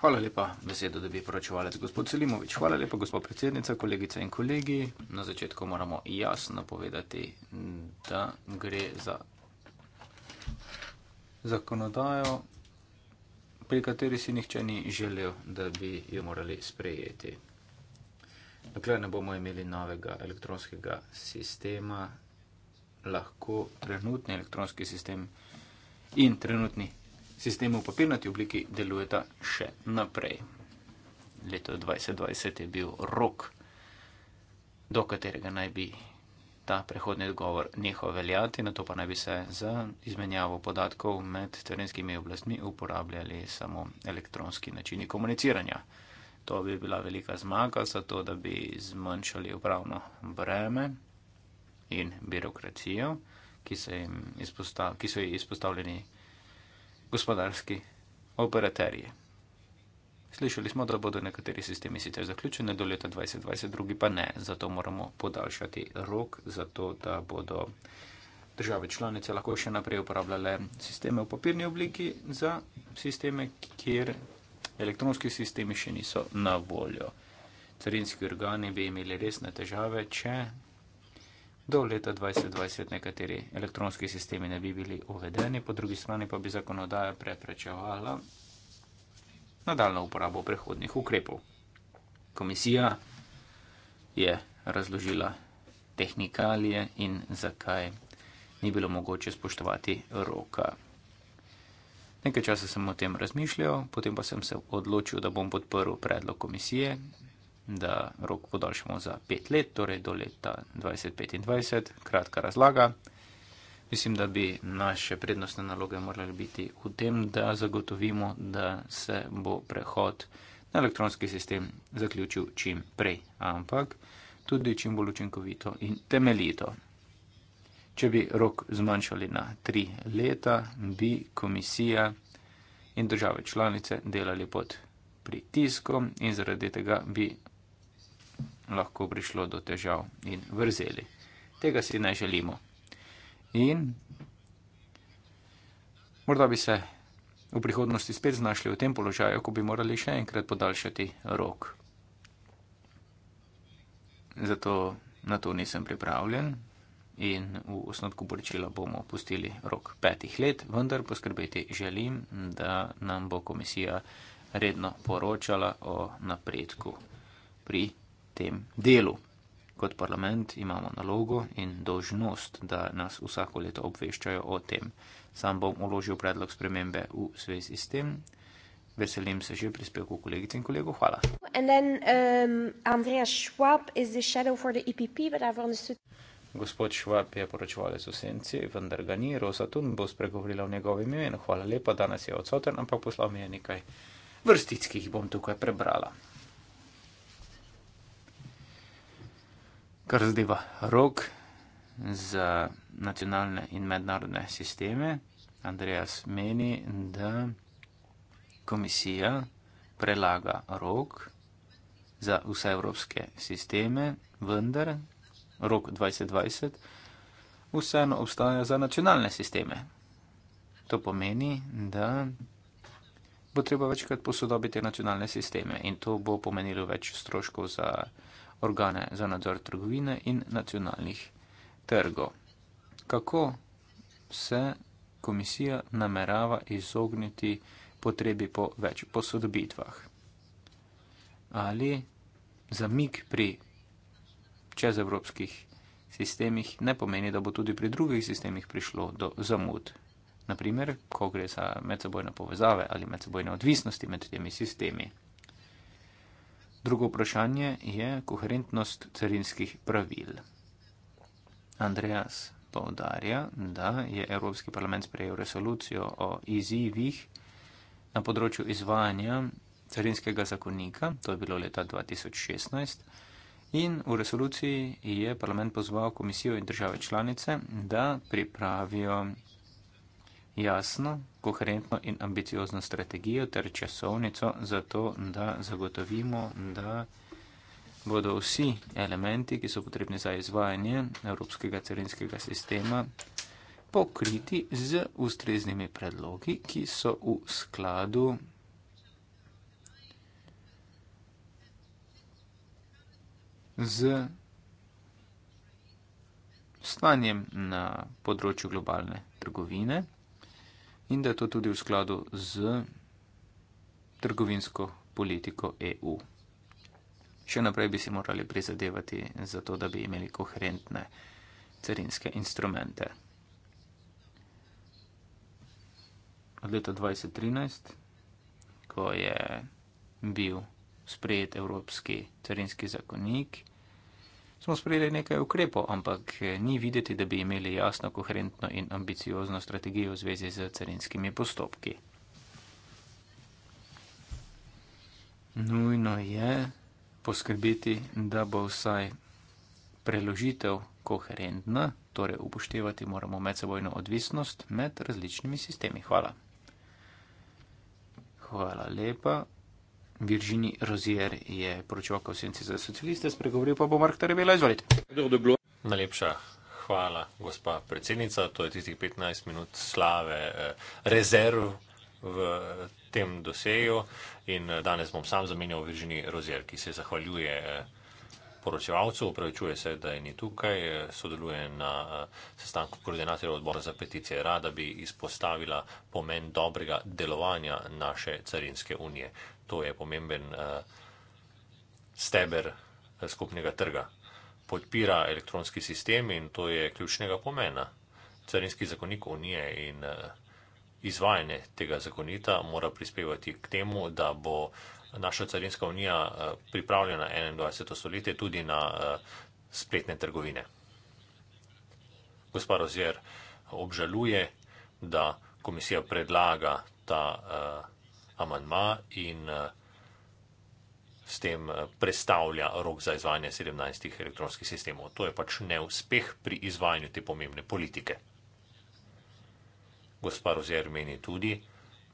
Hvala lepa, besedo, da bi poročevalec gospod Selimovič. Hvala lepa, gospod predsednica, kolegice in kolegi. Na začetku moramo jasno povedati, da gre za zakonodajo, pri kateri si nihče ni želel, da bi jo morali sprejeti. Dokler ne bomo imeli novega elektronskega sistema, lahko trenutni elektronski sistem in trenutni sistemu v papirnati obliki delujeta še naprej. Leto 2020 je bil rok, do katerega naj bi ta prehodni dogovor nehal veljati, na to pa naj bi se za izmenjavo podatkov med terenskimi oblastmi uporabljali samo elektronski načini komuniciranja. To bi bila velika zmaga, zato da bi zmanjšali upravno breme in birokracijo, ki so jih izpostav, izpostavljeni gospodarski operaterji. Slišali smo, da bodo nekateri sistemi sicer zaključeni do leta 2020, drugi pa ne. Zato moramo podaljšati rok, zato da bodo države članice lahko še naprej uporabljale sisteme v papirni obliki za sisteme, kjer elektronski sistemi še niso na voljo. Carinski organi bi imeli resne težave, če do leta 2020 nekateri elektronski sistemi ne bi bili uvedeni, po drugi strani pa bi zakonodaja preprečevala nadaljno uporabo prehodnih ukrepov. Komisija je razložila tehnikalije in zakaj ni bilo mogoče spoštovati roka. Nekaj časa sem o tem razmišljal, potem pa sem se odločil, da bom podprl predlog komisije, da rok podaljšamo za pet let, torej do leta 2025. Kratka razlaga. Mislim, da bi naše prednostne naloge morali biti v tem, da zagotovimo, da se bo prehod na elektronski sistem zaključil čim prej, ampak tudi čim bolj učinkovito in temeljito. Če bi rok zmanjšali na tri leta, bi komisija in države članice delali pod pritiskom in zaradi tega bi lahko prišlo do težav in vrzeli. Tega si ne želimo. In morda bi se v prihodnosti spet znašli v tem položaju, ko bi morali še enkrat podaljšati rok. Zato na to nisem pripravljen in v osnotku poročila bomo pustili rok petih let, vendar poskrbeti želim, da nam bo komisija redno poročala o napredku pri tem delu. Kot parlament imamo nalogo in dožnost, da nas vsako leto obveščajo o tem. Sam bom uložil predlog spremembe v zvezi s tem. Veselim se že prispevku kolegic in kolegov. Hvala. Then, um, Schwab EPP, e understood... Gospod Švab je poročevalec v senci, vendar ga ni. Rosa Tun bo spregovorila v njegovem imenu. Hvala lepa, danes je odsoten, ampak poslal mi je nekaj vrstic, ki jih bom tukaj prebrala. kar zadeva rok za nacionalne in mednarodne sisteme. Andreas meni, da komisija prelaga rok za vse evropske sisteme, vendar rok 2020 vseeno obstaja za nacionalne sisteme. To pomeni, da bo treba večkrat posodobiti nacionalne sisteme in to bo pomenilo več stroškov za organe za nadzor trgovine in nacionalnih trgov. Kako se komisija namerava izogniti potrebi po več posodobitvah? Ali zamik pri čezevropskih sistemih ne pomeni, da bo tudi pri drugih sistemih prišlo do zamud? Naprimer, ko gre za medsebojne povezave ali medsebojne odvisnosti med temi sistemi. Drugo vprašanje je koherentnost carinskih pravil. Andreas povdarja, da je Evropski parlament sprejel resolucijo o izzivih na področju izvajanja carinskega zakonika, to je bilo leta 2016, in v resoluciji je parlament pozval komisijo in države članice, da pripravijo jasno, koherentno in ambiciozno strategijo ter časovnico za to, da zagotovimo, da bodo vsi elementi, ki so potrebni za izvajanje Evropskega carinskega sistema, pokriti z ustreznimi predlogi, ki so v skladu z stanjem na področju globalne trgovine in da je to tudi v skladu z trgovinsko politiko EU. Še naprej bi si morali prizadevati za to, da bi imeli koherentne carinske instrumente. Od leta 2013, ko je bil sprejet Evropski carinski zakonik, smo sprejeli nekaj ukrepov, ampak eh, ni videti, da bi imeli jasno, koherentno in ambiciozno strategijo v zvezi z carinskimi postopki. Nujno je poskrbeti, da bo vsaj preložitev koherentna, torej upoštevati moramo medsebojno odvisnost med različnimi sistemi. Hvala. Hvala lepa. Virginij Rozier je poročal v senci za socialiste, spregovoril pa bo Mark Tarevela. Izvolite. Najlepša hvala, gospa predsednica. To je tistih 15 minut slave eh, rezerv v eh, tem doseju in eh, danes bom sam zamenjal Virginij Rozier, ki se zahvaljuje. Eh, poročevalcu, upravičuje se, da je ni tukaj, eh, sodeluje na eh, sestanku koordinatorja odbora za peticije. Rada bi izpostavila pomen dobrega delovanja naše carinske unije to je pomemben uh, steber eh, skupnega trga. Podpira elektronski sistem in to je ključnega pomena. Carinski zakonik Unije in uh, izvajanje tega zakonita mora prispevati k temu, da bo naša carinska unija uh, pripravljena 21. stoletje tudi na uh, spletne trgovine. Gospa Rozier obžaluje, da komisija predlaga ta. Uh, amanma in eh, s tem eh, predstavlja rok za izvajanje 17 elektronskih sistemov. To je pač neuspeh pri izvajanju te pomembne politike. Gospa Rozier meni tudi,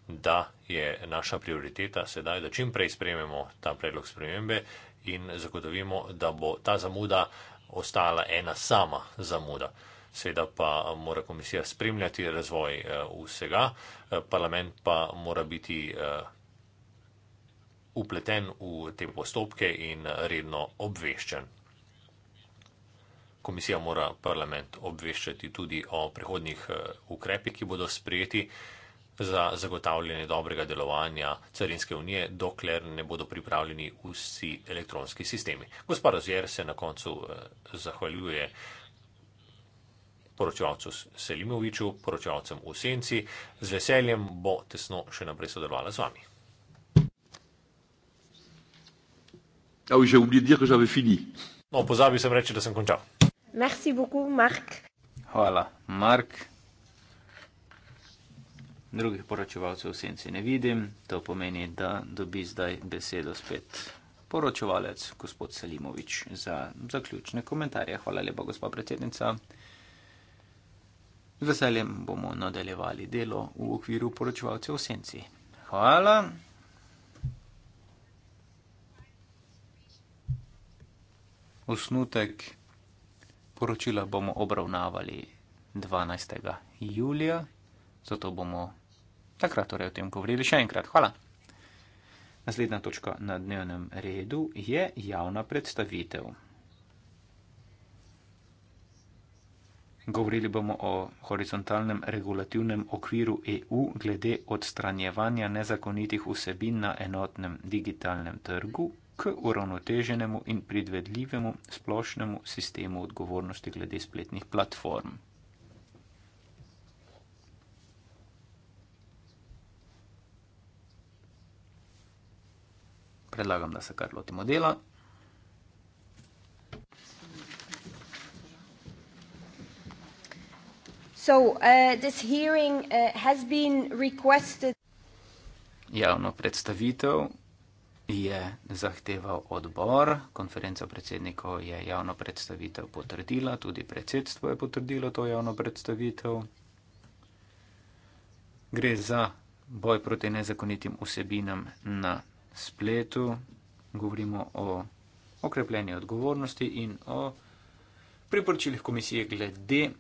da je naša prioriteta sedaj, da čim prej sprejmemo ta predlog spremembe in zagotovimo, da bo ta zamuda ostala ena sama zamuda seveda pa mora komisija spremljati razvoj eh, vsega, eh, parlament pa mora biti eh, upleten v te postopke in redno obveščen. Komisija mora parlament obveščati tudi o prihodnjih ukrepih, ki bodo sprejeti za zagotavljanje dobrega delovanja carinske unije, dokler ne bodo pripravljeni vsi elektronski sistemi. Gospod Razjer se na koncu zahvaljuje poročevalcu Selimoviču, poročevalcem v Senci. Z veseljem bo tesno še naprej sodelovala z vami. Ja, oui, j'ai oublié de dire que j'avais fini. No, pozabil sem reči, da sem končal. Merci beaucoup, Marc. Hvala, Mark. Drugih poročevalcev v Senci ne vidim, to pomeni, da dobi zdaj besedo spet poročevalec gospod Selimovič za zaključne komentarje. Hvala lepa, gospod predsednica. Z veseljem bomo nadaljevali delo v okviru poročevalcev v senci. Hvala. Osnutek poročila bomo obravnavali 12. julija, zato bomo takrat torej o tem govorili še enkrat. Hvala. Naslednja točka na dnevnem redu je javna predstavitev. Govorili bomo o horizontalnem regulativnem okviru EU glede odstranjevanja nezakonitih vsebin na enotnem digitalnem trgu k uravnoteženemu in pridvedljivemu splošnemu sistemu odgovornosti glede spletnih platform. Predlagam, da se kar lotimo dela. So, uh, hearing, uh, requested... Javno predstavitev je zahteval odbor, konferenca predsednikov je javno predstavitev potrdila, tudi predsedstvo je potrdilo to javno predstavitev. Gre za boj proti nezakonitim vsebinam na spletu, govorimo o okrepljeni odgovornosti in o priporočilih komisije glede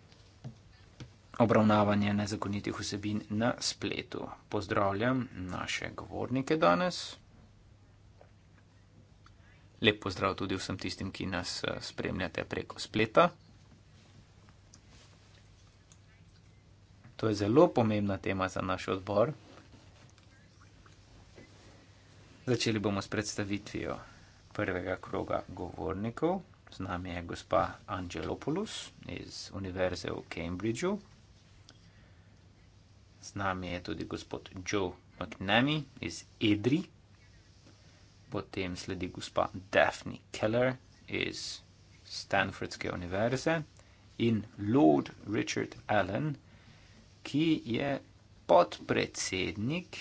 obravnavanje nezakonitih vsebin na spletu. Pozdravljam naše govornike danes. Lep pozdrav tudi vsem tistim, ki nas eh, spremljate preko spleta. To je zelo pomembna tema za naš odbor. Začeli bomo s predstavitvijo prvega kroga govornikov. Z nami je gospa Angelopoulos iz Univerze v Cambridgeu. Z nami je tudi gospod Joe McNamee iz Edri, potem sledi gospa Daphne Keller iz Stanfordske univerze in Lord Richard Allen, ki je podpredsednik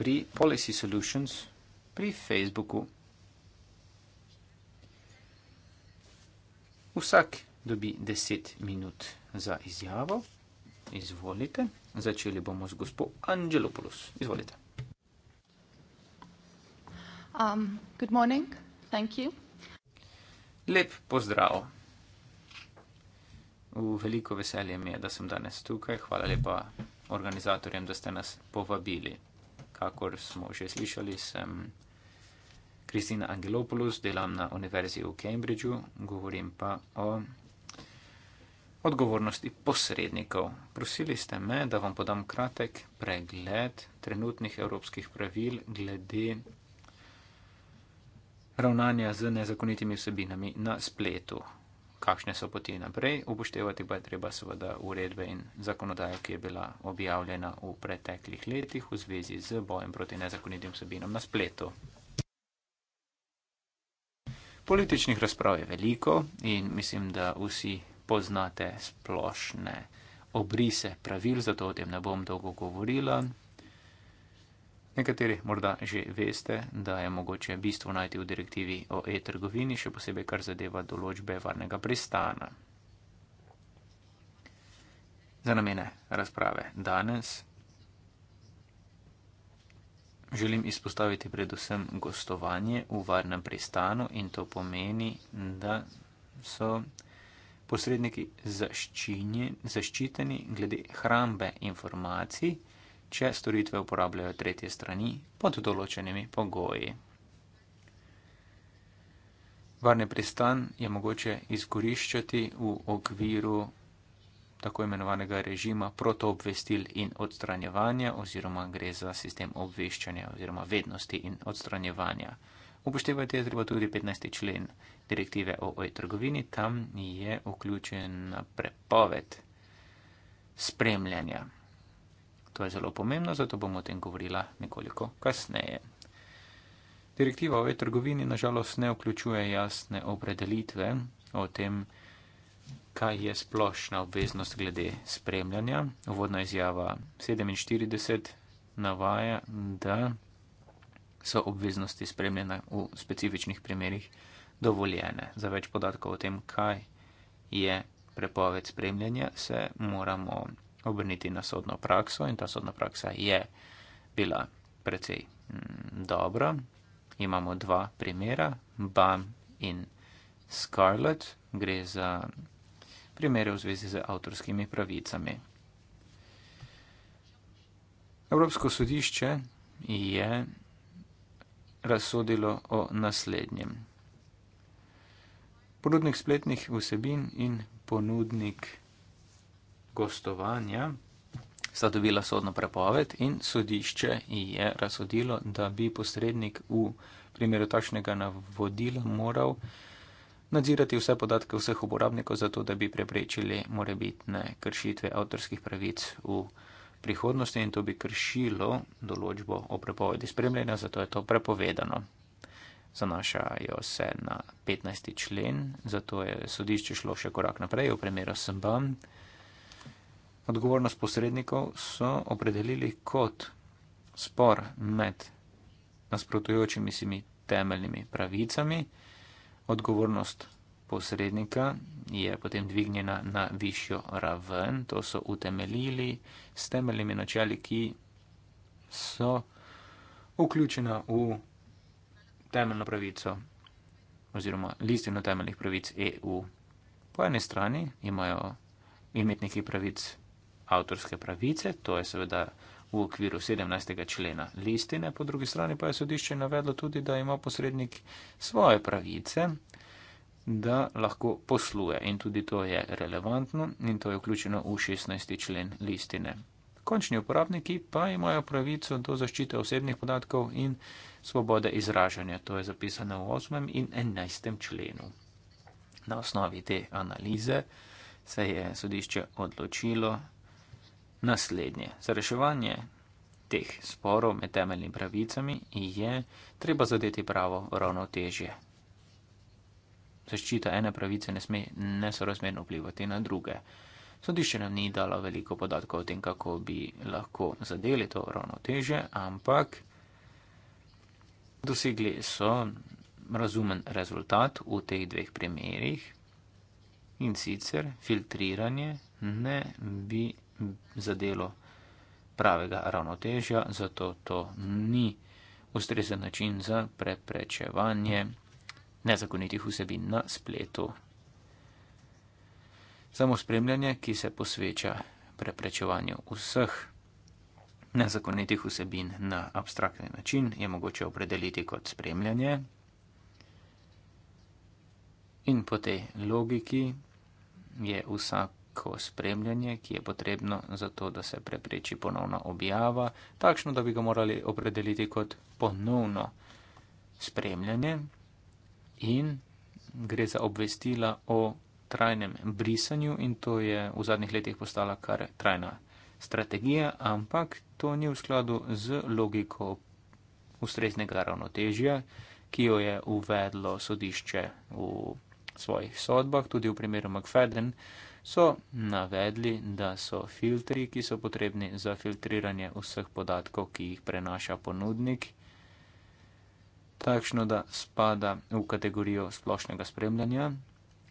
pri Policy Solutions pri Facebooku. Vsak dobi 10 minut za izjavo. Izvolite. Začeli bomo z gospo Angelopoulos. Izvolite. Um, good morning. Thank you. Lep pozdrav. V veliko veselje mi je, da sem danes tukaj. Hvala lepa organizatorjem, da ste nas povabili. Kakor smo že slišali, sem Kristina Angelopoulos, delam na Univerzi v Cambridgeu, govorim pa o odgovornosti posrednikov. Prosili ste me, da vam podam kratek pregled trenutnih evropskih pravil glede ravnanja z nezakonitimi vsebinami na spletu. Kakšne so poti naprej? Upoštevati pa je treba seveda uredbe in zakonodajo, ki je bila objavljena v preteklih letih v zvezi z bojem proti nezakonitim vsebinam na spletu. Političnih razprav je veliko in mislim, da vsi poznate splošne obrise pravil, zato o tem ne bom dolgo govorila. Nekateri morda že veste, da je mogoče bistvo najti v direktivi o e-trgovini, še posebej kar zadeva določbe varnega pristana. Za namene razprave danes želim izpostaviti predvsem gostovanje v varnem pristanu in to pomeni, da so posredniki zaščiteni glede hrambe informacij, če storitve uporabljajo tretje strani pod določenimi pogoji. Varni pristan je mogoče izkoriščati v okviru tako imenovanega režima protoobvestil in odstranjevanja oziroma gre za sistem obveščanja oziroma vednosti in odstranjevanja. Upoštevati je treba tudi 15. člen direktive o e-trgovini, tam je vključena prepoved spremljanja. To je zelo pomembno, zato bom o tem govorila nekoliko kasneje. Direktiva o e-trgovini nažalost ne vključuje jasne opredelitve o tem, kaj je splošna obveznost glede spremljanja. Uvodna izjava 47 navaja, da so obveznosti spremljene v specifičnih primerjih dovoljene. Za več podatkov o tem, kaj je prepoved spremljanja, se moramo obrniti na sodno prakso in ta sodna praksa je bila precej mm, dobra. Imamo dva primera, BAM in Scarlet, gre za primere v zvezi z avtorskimi pravicami. Evropsko sodišče je razsodilo o naslednjem. Ponudnik spletnih vsebin in ponudnik gostovanja sta dobila sodno prepoved in sodišče je razsodilo, da bi posrednik v primeru takšnega navodila moral nadzirati vse podatke vseh uporabnikov, zato da bi preprečili morebitne kršitve avtorskih pravic v prihodnosti in to bi kršilo določbo o prepovedi spremljanja, zato je to prepovedano. Zanašajo se na 15. člen, zato je sodišče šlo še korak naprej v primeru SMBAM. Odgovornost posrednikov so opredelili kot spor med nasprotujočimi si temeljnimi pravicami, odgovornost posrednika je potem dvignjena na višjo raven. To so utemeljili s temeljnimi načeli, ki so vključena v temeljno pravico oziroma listino temeljnih pravic EU. Po eni strani imajo imetniki pravic avtorske pravice, to je seveda v okviru 17. člena listine, po drugi strani pa je sodišče navedlo tudi, da ima posrednik svoje pravice, da lahko posluje in tudi to je relevantno in to je vključeno v 16. člen listine. Končni uporabniki pa imajo pravico do zaščite osebnih podatkov in svobode izražanja. To je zapisano v 8. in 11. členu. Na osnovi te analize se je sodišče odločilo naslednje. Za reševanje teh sporov med temeljnimi pravicami je treba zadeti pravo ravnotežje zaščita ene pravice ne sme nesorazmerno vplivati na druge. Sodišče nam ni dalo veliko podatkov o tem, kako bi lahko zadeli to ravnoteže, ampak dosegli so razumen rezultat v teh dveh primerjih in sicer filtriranje ne bi zadelo pravega ravnotežja, zato to ni ustrezen način za preprečevanje. Mm nezakonitih vsebin na spletu. Samo spremljanje, ki se posveča preprečevanju vseh nezakonitih vsebin na abstraktni način, je mogoče opredeliti kot spremljanje. In po tej logiki je vsako spremljanje, ki je potrebno za to, da se prepreči ponovna objava, takšno, da bi ga morali opredeliti kot ponovno spremljanje in gre za obvestila o trajnem brisanju in to je v zadnjih letih postala kar trajna strategija, ampak to ni v skladu z logiko ustreznega ravnotežja, ki jo je uvedlo sodišče v svojih sodbah, tudi v primeru McFadden, so navedli, da so filtri, ki so potrebni za filtriranje vseh podatkov, ki jih prenaša ponudnik, takšno, da spada v kategorijo splošnega spremljanja,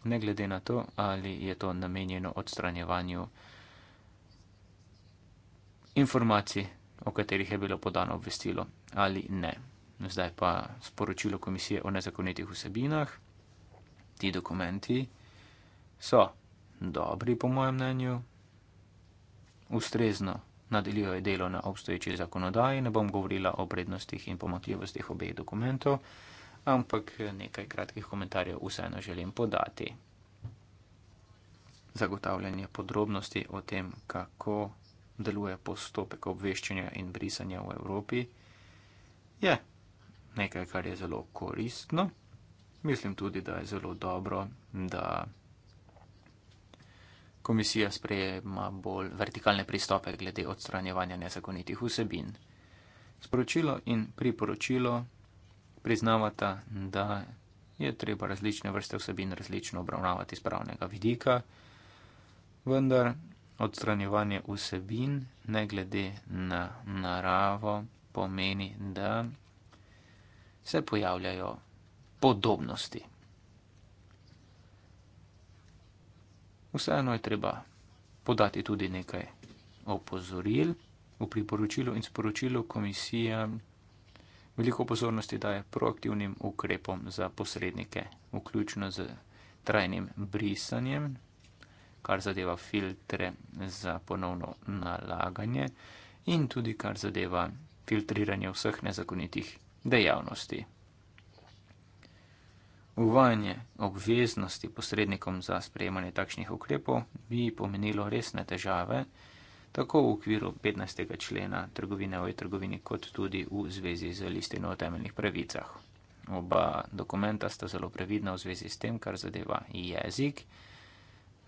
ne glede na to, ali je to namenjeno odstranjevanju informacij, o katerih je bilo podano obvestilo ali ne. Zdaj pa sporočilo komisije o nezakonitih vsebinah. Ti dokumenti so dobri, po mojem mnenju, ustrezno nadaljuje delo na obstoječi zakonodaji. Ne bom govorila o prednostih in pomakljivostih obeh dokumentov, ampak nekaj kratkih komentarjev vseeno želim podati. Zagotavljanje podrobnosti o tem, kako deluje postopek obveščanja in brisanja v Evropi, je nekaj, kar je zelo koristno. Mislim tudi, da je zelo dobro, da komisija sprejema bolj vertikalne pristope glede odstranjevanja nezakonitih vsebin. Sporočilo in priporočilo priznavata, da je treba različne vrste vsebin različno obravnavati z pravnega vidika, vendar odstranjevanje vsebin ne glede na naravo pomeni, da se pojavljajo podobnosti vseeno je treba podati tudi nekaj opozoril v priporočilu in sporočilu komisije. Veliko pozornosti daje proaktivnim ukrepom za posrednike, vključno z trajnim brisanjem, kar zadeva filtre za ponovno nalaganje in tudi kar zadeva filtriranje vseh nezakonitih dejavnosti. Uvajanje obveznosti posrednikom za sprejemanje takšnih ukrepov bi pomenilo resne težave, tako v okviru 15. člena trgovine o e-trgovini, kot tudi v zvezi z listino o temeljnih pravicah. Oba dokumenta sta zelo previdna v zvezi s tem, kar zadeva jezik,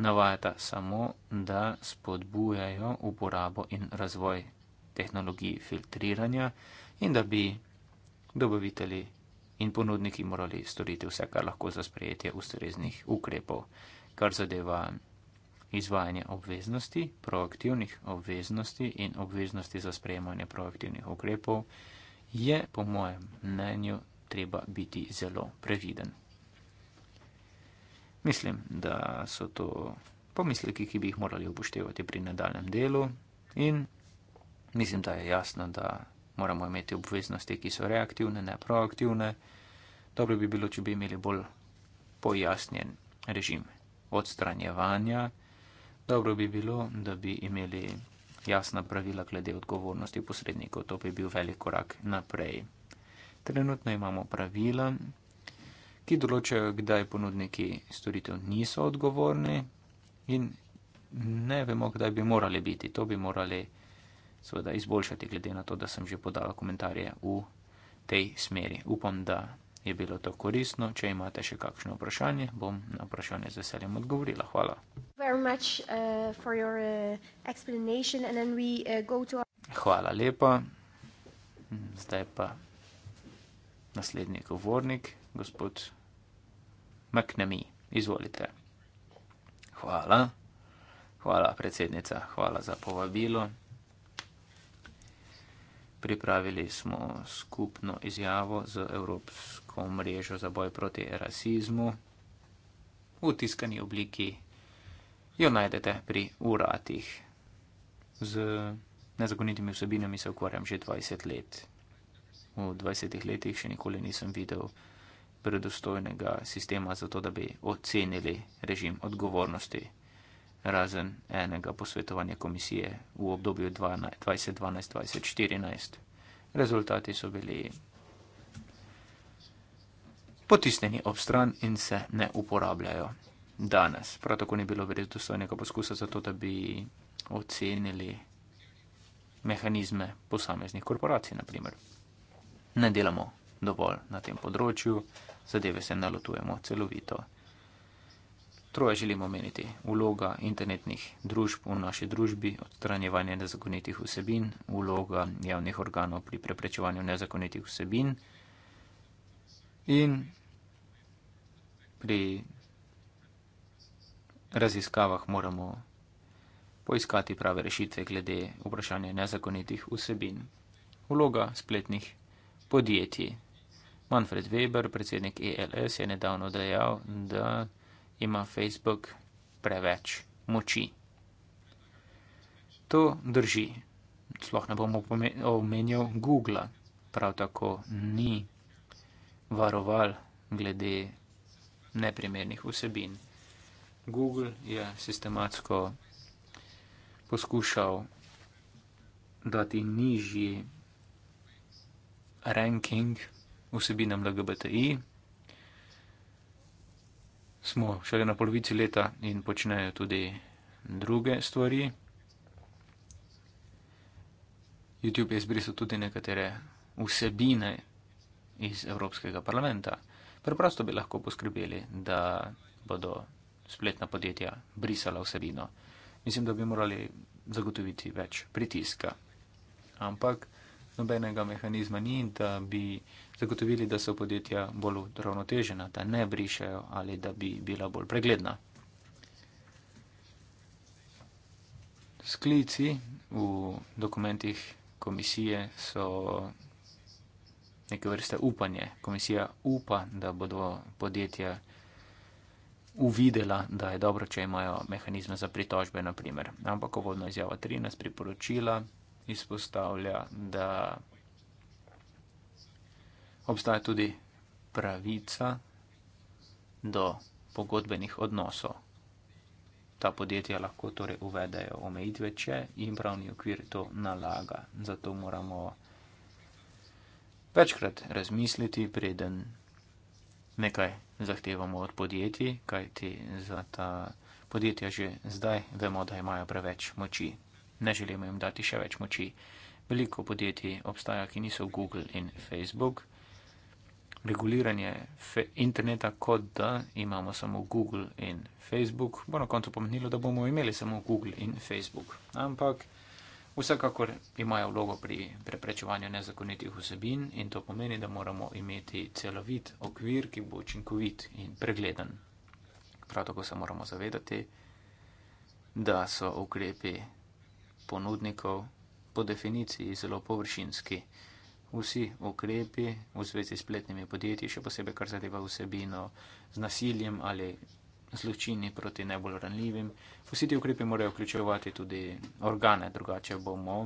navajata samo, da spodbujajo uporabo in razvoj tehnologij filtriranja in da bi dobavitelji in ponudniki morali storiti vse, kar lahko za sprejetje ustreznih ukrepov, kar zadeva izvajanje obveznosti, proaktivnih obveznosti in obveznosti za sprejemanje proaktivnih ukrepov, je po mojem mnenju treba biti zelo previden. Mislim, da so to pomisleki, ki bi jih morali upoštevati pri nadaljem delu in mislim, da je jasno, da moramo imeti obveznosti, ki so reaktivne, ne proaktivne. Dobro bi bilo, če bi imeli bolj pojasnjen režim odstranjevanja. Dobro bi bilo, da bi imeli jasna pravila glede odgovornosti posrednikov. To bi bil velik korak naprej. Trenutno imamo pravila, ki določajo, kdaj ponudniki storitev niso odgovorni in ne vemo, kdaj bi morali biti. To bi morali seveda izboljšati, glede na to, da sem že podala komentarje v tej smeri. Upam, da je bilo to koristno. Če imate še kakšno vprašanje, bom na vprašanje z veseljem odgovorila. Hvala. Uh, uh, uh, Hvala lepa. Zdaj pa naslednji govornik, gospod McNamee. Izvolite. Hvala. Hvala, predsednica. Hvala za povabilo. Pripravili smo skupno izjavo z Evropsko mrežo za boj proti rasizmu v tiskani obliki. Jo najdete pri uratih. Z nezakonitimi vsebinami se ukvarjam že 20 let. V 20 letih še nikoli nisem videl predostojnega sistema za to, da bi ocenili režim odgovornosti razen enega posvetovanja komisije v obdobju 2012-2014. Rezultati so bili potisneni ob stran in se ne uporabljajo danes. Prav tako ni bilo verjetnostojnega poskusa za to, da bi ocenili mehanizme posameznih korporacij, naprimer. Ne delamo dovolj na tem področju, zadeve se nalotujemo celovito troje želimo omeniti. Uloga internetnih družb v naši družbi, odstranjevanje nezakonitih vsebin, uloga javnih organov pri preprečevanju nezakonitih vsebin in pri raziskavah moramo poiskati prave rešitve glede vprašanja nezakonitih vsebin. Uloga spletnih podjetij. Manfred Weber, predsednik ELS, je nedavno dejal, da ima Facebook preveč moči. To drži. Sploh ne bom omenjal Google, prav tako ni varoval glede neprimernih vsebin. Google je sistematsko poskušal dati nižji ranking vsebinam LGBTI, smo šele na polovici leta in počnejo tudi druge stvari. YouTube je izbrisal tudi nekatere vsebine iz Evropskega parlamenta. Preprosto bi lahko poskrbeli, da bodo spletna podjetja brisala vsebino. Mislim, da bi morali zagotoviti več pritiska. Ampak nobenega mehanizma ni, da bi zagotovili, da so podjetja bolj uravnotežena, da ne brišajo ali da bi bila bolj pregledna. Sklici v dokumentih komisije so neke vrste upanje. Komisija upa, da bodo podjetja uvidela, da je dobro, če imajo mehanizme za pritožbe, naprimer. Ampak, ko bodo izjava 13 priporočila, izpostavlja, da obstaja tudi pravica do pogodbenih odnosov. Ta podjetja lahko torej uvedejo omejitve, če jim pravni okvir to nalaga. Zato moramo večkrat razmisliti, preden nekaj zahtevamo od podjetij, kajti za ta podjetja že zdaj vemo, da imajo preveč moči. Ne želimo jim dati še več moči. Veliko podjetij obstaja, ki niso Google in Facebook, reguliranje interneta, kot da imamo samo Google in Facebook, bo na koncu pomenilo, da bomo imeli samo Google in Facebook. Ampak vsekakor imajo vlogo pri preprečevanju nezakonitih vsebin in to pomeni, da moramo imeti celovit okvir, ki bo učinkovit in pregleden. Prav tako se moramo zavedati, da so ukrepi ponudnikov po definiciji zelo površinski vsi ukrepi v zvezi s spletnimi podjetji, še posebej kar zadeva vsebino z nasiljem ali zločini proti najbolj ranljivim. Vsi ti ukrepi morajo vključevati tudi organe, drugače bomo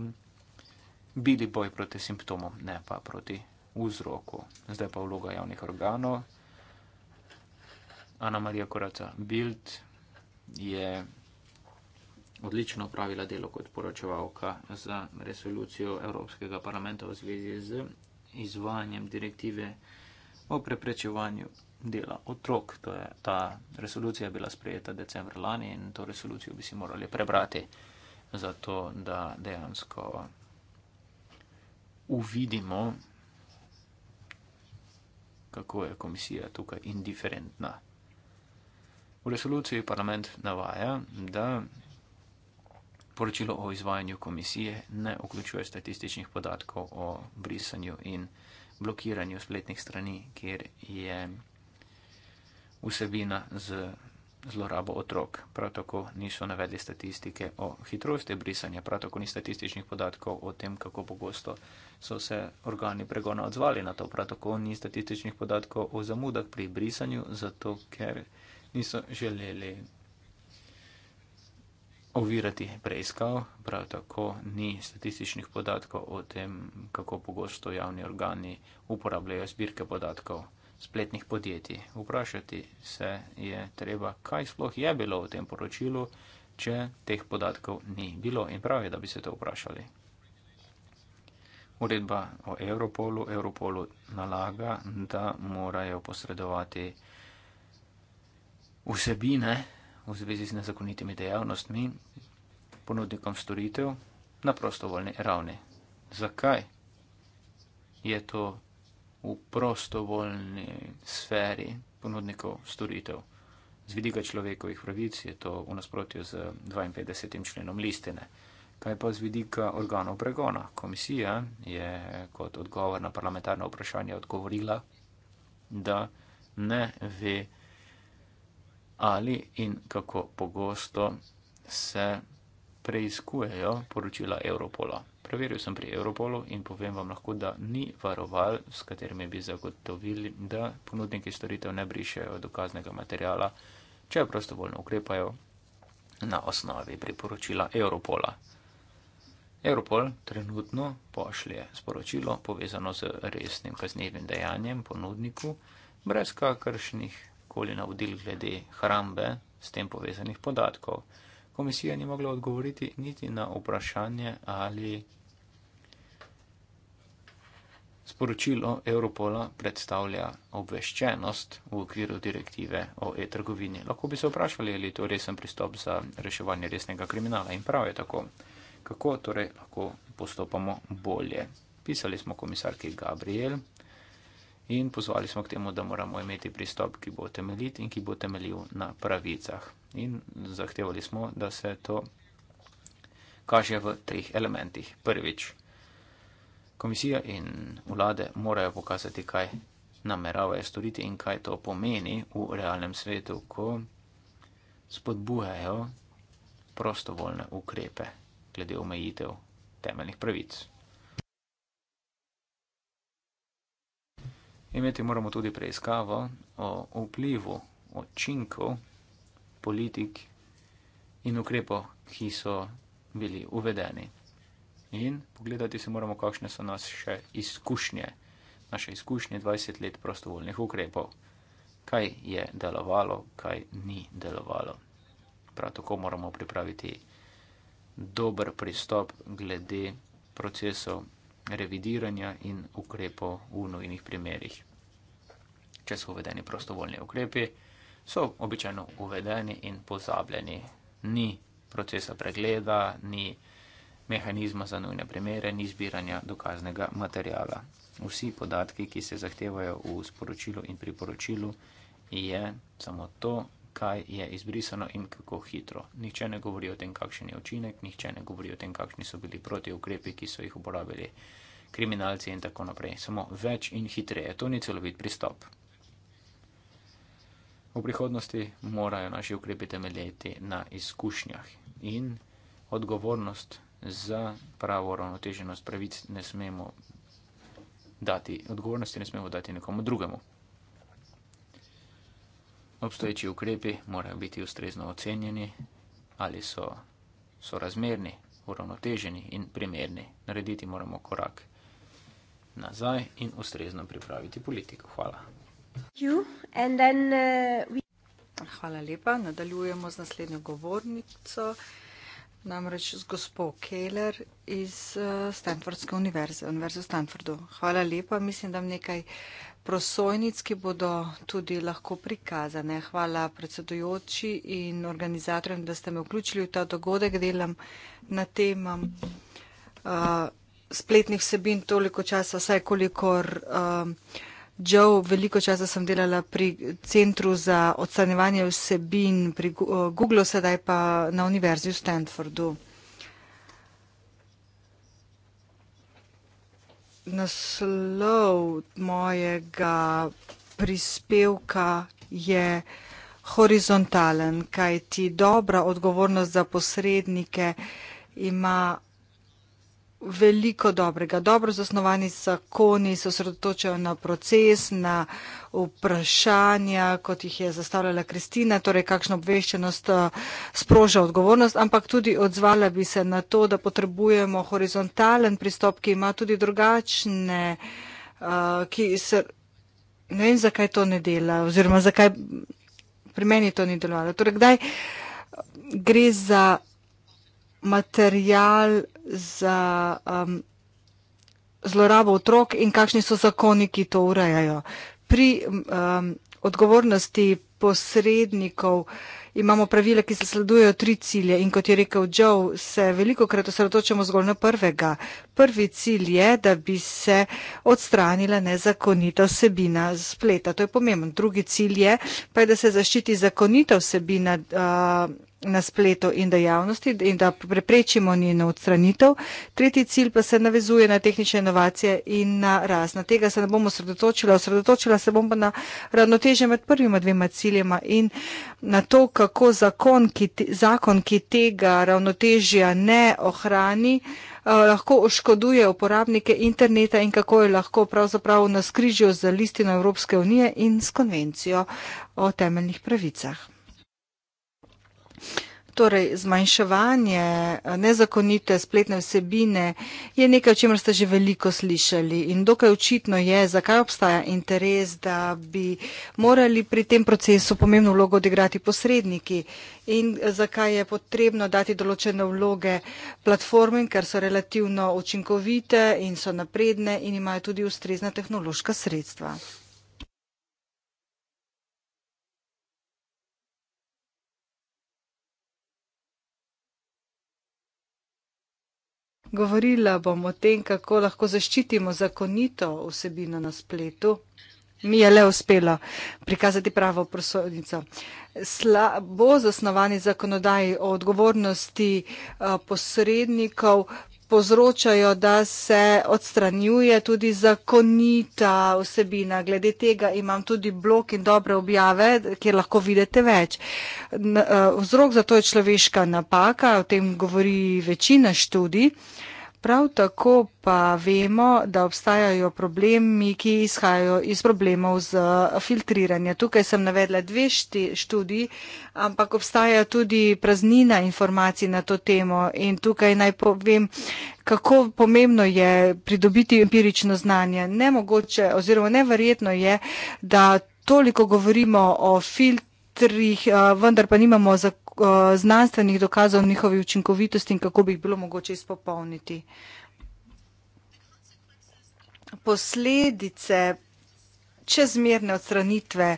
bili boj proti simptomom, ne pa proti vzroku. Zdaj pa vloga javnih organov. Ana Marija Koraca Bild je odlično opravila delo kot poročevalka za resolucijo Evropskega parlamenta v zvezi z izvajanjem direktive o preprečevanju dela otrok. Je, ta resolucija je bila sprejeta decembr lani in to resolucijo bi si morali prebrati, zato da dejansko uvidimo, kako je komisija tukaj indiferentna. V resoluciji parlament navaja, da poročilo o izvajanju komisije ne vključuje statističnih podatkov o brisanju in blokiranju spletnih strani, kjer je vsebina z zlorabo otrok. Prav tako niso navedli statistike o hitrosti brisanja, prav tako ni statističnih podatkov o tem, kako pogosto so se organi pregona odzvali na to. Prav tako ni statističnih podatkov o zamudah pri brisanju, zato ker niso želeli ovirati preiskav, prav tako ni statističnih podatkov o tem, kako pogosto javni organi uporabljajo zbirke podatkov spletnih podjetij. Vprašati se je treba, kaj sploh je bilo v tem poročilu, če teh podatkov ni bilo in prav je, da bi se to vprašali. Uredba o Europolu, Europolu nalaga, da morajo posredovati vsebine, v zvezi z nezakonitimi dejavnostmi ponudnikom storitev na prostovoljni ravni. Zakaj je to v prostovoljni sferi ponudnikov storitev? Z vidika človekovih pravic je to v nasprotju z 52. členom listine. Kaj pa z vidika organov pregona? Komisija je kot odgovor na parlamentarno vprašanje odgovorila, da ne ve, ali in kako pogosto se preizkujejo poročila Europola. Preveril sem pri Europolu in povem vam lahko, da ni varoval, s katerimi bi zagotovili, da ponudniki storitev ne brišajo dokaznega materijala, če prostovoljno ukrepajo na osnovi priporočila Europola. Europol trenutno pošlje sporočilo povezano z resnim kaznevim dejanjem ponudniku brez kakršnih koli navodil glede hrambe s tem povezanih podatkov. Komisija ni mogla odgovoriti niti na vprašanje ali sporočilo Europola predstavlja obveščenost v okviru direktive o e-trgovini. Lahko bi se vprašali, ali je to resen pristop za reševanje resnega kriminala in prav je tako. Kako torej lahko postopamo bolje? Pisali smo komisarki Gabriel in pozvali smo k temu, da moramo imeti pristop, ki bo temeljit in ki bo temeljil na pravicah. In zahtevali smo, da se to kaže v treh elementih. Prvič, komisija in vlade morajo pokazati, kaj nameravajo storiti in kaj to pomeni v realnem svetu, ko spodbujajo prostovoljne ukrepe glede omejitev temeljnih pravic. Imeti moramo tudi preiskavo o vplivu očinkov politik in ukrepov, ki so bili uvedeni. In pogledati si moramo, kakšne so naše izkušnje, naše izkušnje 20 let prostovoljnih ukrepov, kaj je delovalo, kaj ni delovalo. Prav tako moramo pripraviti dober pristop glede procesov revidiranja in ukrepov v nujnih primerjih. Če so uvedeni prostovoljni ukrepi, so običajno uvedeni in pozabljeni. Ni procesa pregleda, ni mehanizma za nujne primere, ni zbiranja dokaznega materijala. Vsi podatki, ki se zahtevajo v sporočilu in priporočilu, je samo to, kaj je izbrisano in kako hitro. Nihče ne govori o tem, kakšen je učinek, nihče ne govori o tem, kakšni so bili proti ukrepi, ki so jih uporabili kriminalci in tako naprej. Samo več in hitreje. To ni celovit pristop. V prihodnosti morajo naši ukrepi temeljiti na izkušnjah in odgovornost za pravo ravnoteženost pravic ne smemo dati, odgovornosti ne smemo dati nekomu drugemu obstoječi ukrepi morajo biti ustrezno ocenjeni, ali so, so razmerni, uravnoteženi in primerni. Narediti moramo korak nazaj in ustrezno pripraviti politiko. Hvala. Uh, Hvala lepa. Nadaljujemo z naslednjo govornico, namreč z gospod Keller iz uh, Stanfordske univerze, Univerze v Stanfordu. Hvala lepa. Mislim, da nekaj. Uh, prosojnic, ki bodo tudi lahko prikazane. Hvala predsedujoči in organizatorjem, da ste me vključili v ta dogodek. Delam na tem uh, eh, spletnih sebin toliko časa, vsaj kolikor. Uh, eh, Joe, veliko časa sem delala pri centru za odstranjevanje vsebin pri eh, Google, sedaj pa na univerzi v Stanfordu. naslov mojega prispevka je horizontalen, kajti dobra odgovornost za posrednike ima veliko dobrega. Dobro zasnovani zakoni se osredotočajo na proces, na vprašanja, kot jih je zastavljala Kristina, torej kakšno obveščenost eh, sproža odgovornost, ampak tudi odzvala bi se na to, da potrebujemo horizontalen pristop, ki ima tudi drugačne, eh, ki se. Ne vem, zakaj to ne dela, oziroma zakaj pri meni to ni delovalo. Torej, kdaj gre za material, za um, zlorabo otrok in kakšni so zakoni, ki to urejajo. Pri um, odgovornosti posrednikov imamo pravila, ki se sledujejo tri cilje in kot je rekel Joe, se veliko krat osredotočamo zgolj na prvega. Prvi cilj je, da bi se odstranila nezakonita vsebina spleta. To je pomembno. Drugi cilj je, pa je, da se zaščiti zakonita vsebina. Uh, na spletu in dejavnosti in da preprečimo njeno odstranitev. Tretji cilj pa se navezuje na tehnične inovacije in na rast. Na tega se ne bomo sredotočila, sredotočila se bom pa na ravnoteže med prvima dvema ciljema in na to, kako zakon, ki, te, zakon, ki tega ravnotežja ne ohrani, eh, lahko oškoduje uporabnike interneta in kako je lahko pravzaprav naskrižil z listino Evropske unije in s konvencijo o temeljnih pravicah. Torej, zmanjševanje eh, nezakonite spletne vsebine je nekaj, o čemer ste že veliko slišali in dokaj očitno je, zakaj obstaja interes, da bi morali pri tem procesu pomembno vlogo odigrati posredniki in eh, zakaj je potrebno dati določene vloge platformim, ker so relativno učinkovite in so napredne in imajo tudi ustrezna tehnološka sredstva. Govorila bom o tem, kako lahko zaščitimo zakonito vsebino na spletu. Mi je le uspelo prikazati pravo prosodnico. Slabo zasnovani zakonodaji o odgovornosti eh, posrednikov povzročajo, da se odstranjuje tudi zakonita vsebina. Glede tega imam tudi blog in dobre objave, kjer lahko vidite več. Eh, vzrok za to je človeška napaka, o tem govori večina študij. Prav tako pa vemo, da obstajajo problemi, ki izhajajo iz problemov z filtriranjem. Tukaj sem navedla dve študij, ampak obstaja tudi praznina informacij na to temo in tukaj naj povem, kako pomembno je pridobiti empirično znanje. Nemogoče oziroma neverjetno je, da toliko govorimo o filtriranju hitrih, vendar pa nimamo znanstvenih dokazov njihovi učinkovitosti in kako bi jih bilo mogoče izpopolniti. Posledice čezmerne odstranitve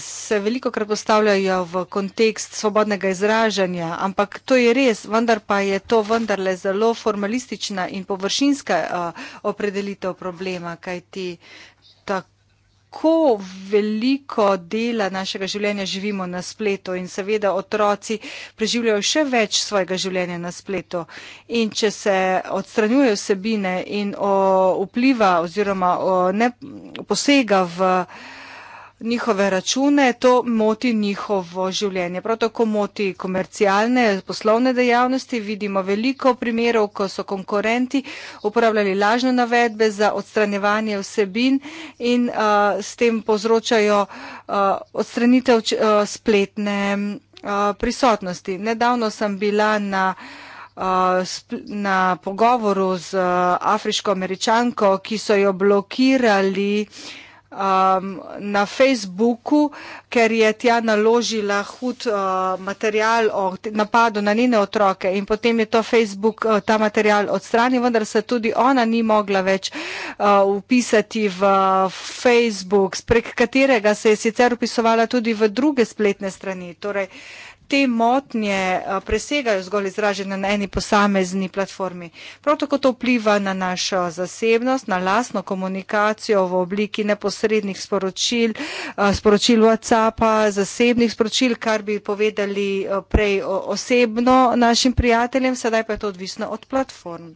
se veliko krat postavljajo v kontekst svobodnega izražanja, ampak to je res, vendar pa je to vendarle zelo formalistična in površinska opredelitev problema, kaj ti tako kako veliko dela našega življenja živimo na spletu in seveda otroci preživljajo še več svojega življenja na spletu. In če se odstranjujejo vsebine in o, vpliva oziroma o, ne posega v njihove račune, to moti njihovo življenje. Prav tako moti komercialne, poslovne dejavnosti. Vidimo veliko primerov, ko so konkurenti uporabljali lažne navedbe za odstranjevanje vsebin in uh, s tem povzročajo uh, odstranitev uh, spletne uh, prisotnosti. Nedavno sem bila na uh, na pogovoru z uh, afriško američanko, ki so jo blokirali uh, um, na Facebooku, ker je tja naložila hud uh, material o napadu na njene otroke in potem je to Facebook uh, ta material odstranil, vendar se tudi ona ni mogla več uh, upisati v uh, Facebook, prek katerega se je sicer upisovala tudi v druge spletne strani. Torej, uh, te motnje eh, presegajo zgolj izražene na eni posamezni platformi. Prav tako to vpliva na našo zasebnost, na lasno komunikacijo v obliki neposrednih sporočil, eh, sporočil WhatsAppa, zasebnih sporočil, kar bi povedali eh, prej osebno našim prijateljem, sedaj pa je to odvisno od platform.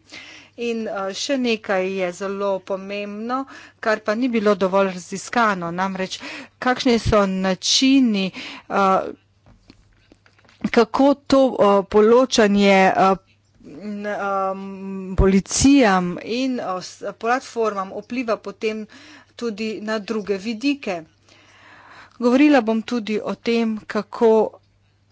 In še nekaj je zelo pomembno, kar pa ni bilo dovolj raziskano, namreč kakšni so načini, kako to uh, poločanje uh, um, policijam in uh, platformam vpliva potem tudi na druge vidike. Govorila bom tudi o tem, kako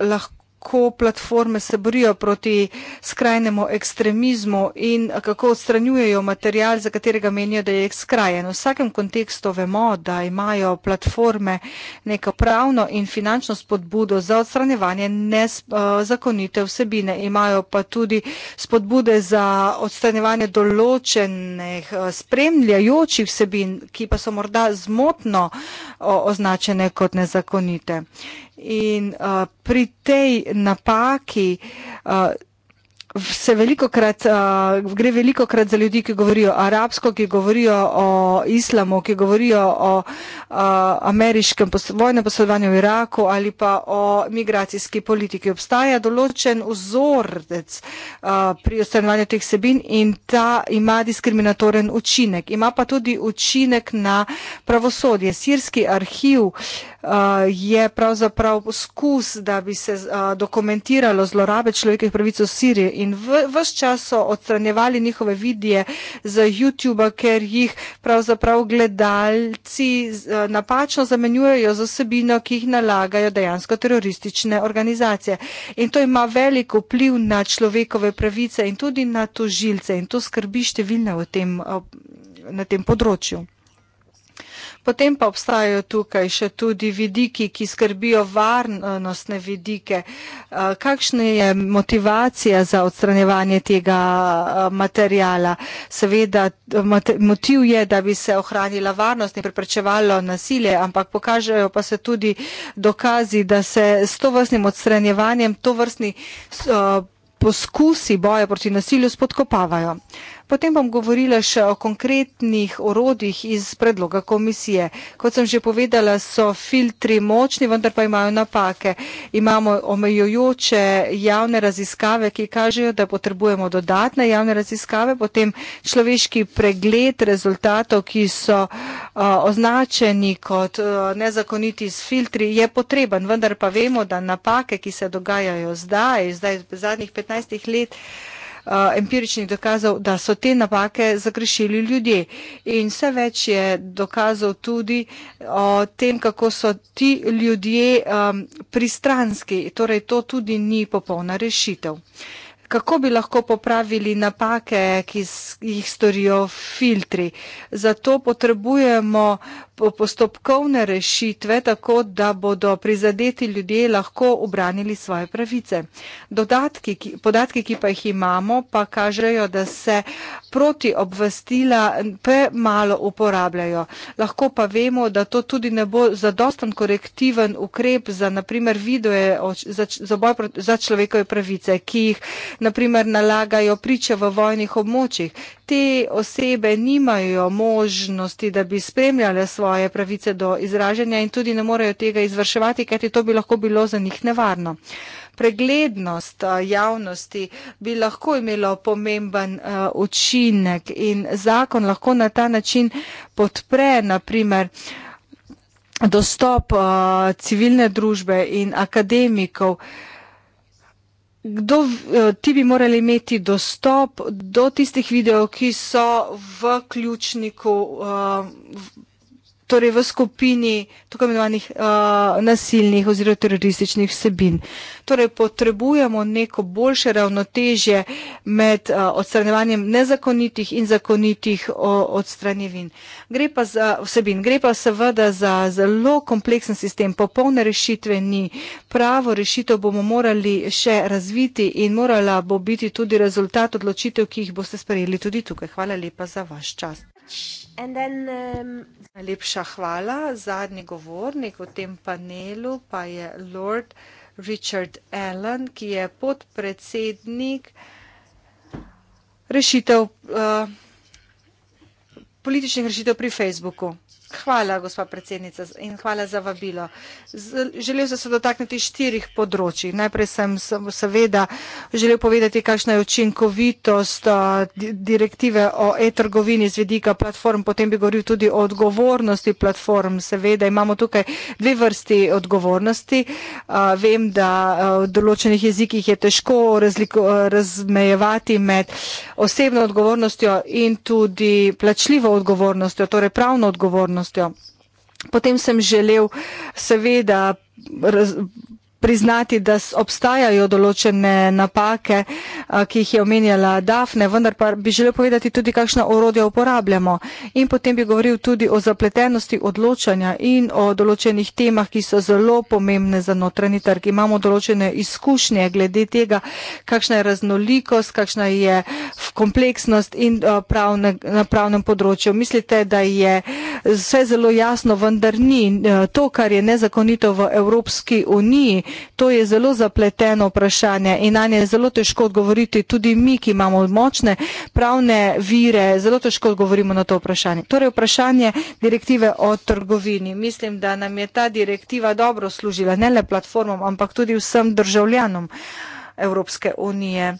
lahko kako platforme se borijo proti skrajnemu ekstremizmu in kako odstranjujejo material, za katerega menijo, da je skrajen. V vsakem kontekstu vemo, da imajo platforme neko pravno in finančno spodbudo za odstranjevanje nezakonite eh, vsebine. Imajo pa tudi spodbude za odstranjevanje določenih eh, spremljajočih vsebin, ki pa so morda zmotno označene kot nezakonite. In uh, pri tej napaki. Uh, Se veliko krat, uh, gre veliko krat za ljudi, ki govorijo arabsko, ki govorijo o islamu, ki govorijo o uh, ameriškem pos vojnem posredovanju v Iraku ali pa o migracijski politiki. Obstaja določen vzorec uh, pri ustanovanju teh sebin in ta ima diskriminatoren učinek. Ima pa tudi učinek na pravosodje. Sirski arhiv uh, Eh, je pravzaprav poskus, da bi se eh, dokumentiralo zlorabe človekovih pravic v Siriji in v, vse čas so odstranjevali njihove videe z YouTube, ker jih pravzaprav gledalci eh, napačno zamenjujejo z osebino, ki jih nalagajo dejansko teroristične organizacije. In to ima veliko vpliv na človekove pravice in tudi na tožilce in to skrbi številne tem, na tem področju. Potem pa obstajajo tukaj še tudi vidiki, ki skrbijo varnostne vidike. Eh, kakšna je motivacija za odstranjevanje tega eh, materijala? Seveda, eh, motiv je, da bi se ohranila varnost in preprečevalo nasilje, ampak pokažejo pa se tudi dokazi, da se s to vrstnim odstranjevanjem, to vrstni poskusi boja proti nasilju spodkopavajo. Potem bom govorila še o konkretnih orodjih iz predloga komisije. Kot sem že povedala, so filtri močni, vendar pa imajo napake. Imamo omejujoče javne raziskave, ki kažejo, da potrebujemo dodatne javne raziskave, potem človeški pregled rezultatov, ki so uh, označeni kot uh, nezakoniti z filtri, je potreben, vendar pa vemo, da napake, ki se dogajajo zdaj, zdaj v zadnjih 15 let, uh, Eh, empiričnih dokazov, da so te napake zagrešili ljudje. In vse več je dokazov tudi o tem, kako so ti ljudje um, pristranski. Torej, to tudi ni popolna rešitev. Uh, kako bi lahko popravili napake, ki jih storijo filtri. Zato potrebujemo postopkovne rešitve, tako da bodo prizadeti ljudje lahko obranili svoje pravice. Dodatki, ki, podatki, ki pa jih imamo, pa kažejo, da se proti obvestila premalo uporabljajo. Lahko pa vemo, da to tudi ne bo zadostan korektiven ukrep za, naprimer, videoje za, za, za človekove pravice, ki jih naprimer nalagajo priče v vojnih območjih. Te osebe nimajo možnosti, da bi spremljale svoje pravice do izražanja in tudi ne morejo tega izvrševati, kajti to bi lahko bilo za njih nevarno. Preglednost eh, javnosti bi lahko imelo pomemben uh, učinek in zakon lahko na ta način podpre, naprimer, dostop uh, civilne družbe in akademikov uh, kdo, eh, ti bi morali imeti dostop do tistih videov, ki so v ključniku. Uh, torej v skupini tako imenovanih uh, nasilnih oziroma terorističnih vsebin. Torej potrebujemo neko boljše ravnotežje med uh, odstranjevanjem nezakonitih in zakonitih uh, odstranjevin. Gre pa za vsebin, gre pa seveda za zelo kompleksen sistem, popolne rešitve ni. Pravo rešitev bomo morali še razviti in morala bo biti tudi rezultat odločitev, ki jih boste sprejeli tudi tukaj. Hvala lepa za vaš čas. Thank you. Um, Najlepša hvala. Zadnji govornik v tem panelu pa je Lord Richard Allen, ki je podpredsednik rešitev, uh, političnih rešitev pri Facebooku. Hvala, gospa predsednica, in hvala za vabilo. Želel sem se dotakniti štirih področji. Najprej sem seveda želel povedati, kakšna je učinkovitost direktive o e-trgovini z vedika platform, potem bi govoril tudi o odgovornosti platform. Seveda imamo tukaj dve vrsti odgovornosti. Vem, da v določenih jezikih je težko razmejevati med osebno odgovornostjo in tudi plačljivo odgovornostjo, torej pravno odgovornostjo pozornostjo. Potem sem želel, seveda, raz, priznati, da obstajajo določene napake, ki jih je omenjala Dafne, vendar pa bi želel povedati tudi, kakšna orodja uporabljamo. In potem bi govoril tudi o zapletenosti odločanja in o določenih temah, ki so zelo pomembne za notranji trg. Imamo določene izkušnje glede tega, kakšna je raznolikost, kakšna je kompleksnost in pravne, na pravnem področju. Mislite, da je vse zelo jasno, vendar ni to, kar je nezakonito v Evropski uniji, To je zelo zapleteno vprašanje in na nje zelo težko odgovoriti. Tudi mi, ki imamo močne pravne vire, zelo težko odgovorimo na to vprašanje. Torej, vprašanje direktive o trgovini. Mislim, da nam je ta direktiva dobro služila, ne le platformom, ampak tudi vsem državljanom Evropske unije.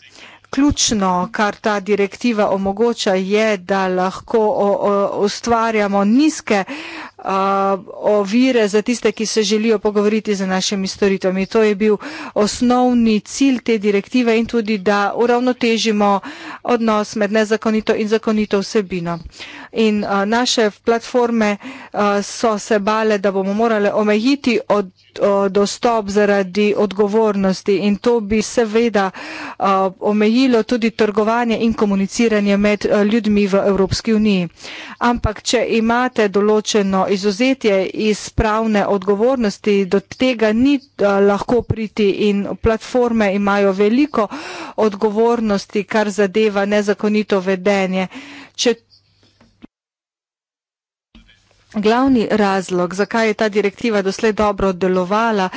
Ključno, kar ta direktiva omogoča, je, da lahko o, o, ustvarjamo nizke uh, uh, ovire za tiste, ki se želijo pogovoriti z našimi storitvami. To je bil osnovni cilj te direktive in tudi, da uravnotežimo odnos med nezakonito in zakonito vsebino. Uh, in uh, naše platforme uh, so se bale, da bomo morali omejiti od, uh, dostop zaradi odgovornosti in to bi seveda uh, omejilo tudi trgovanje in komuniciranje med uh, ljudmi v Evropski uniji. Ampak, če imate določeno izuzetje iz pravne odgovornosti, do tega ni uh, lahko priti in platforme imajo veliko odgovornosti, kar zadeva nezakonito vedenje. Če Glavni razlog, zakaj je ta direktiva doslej dobro delovala,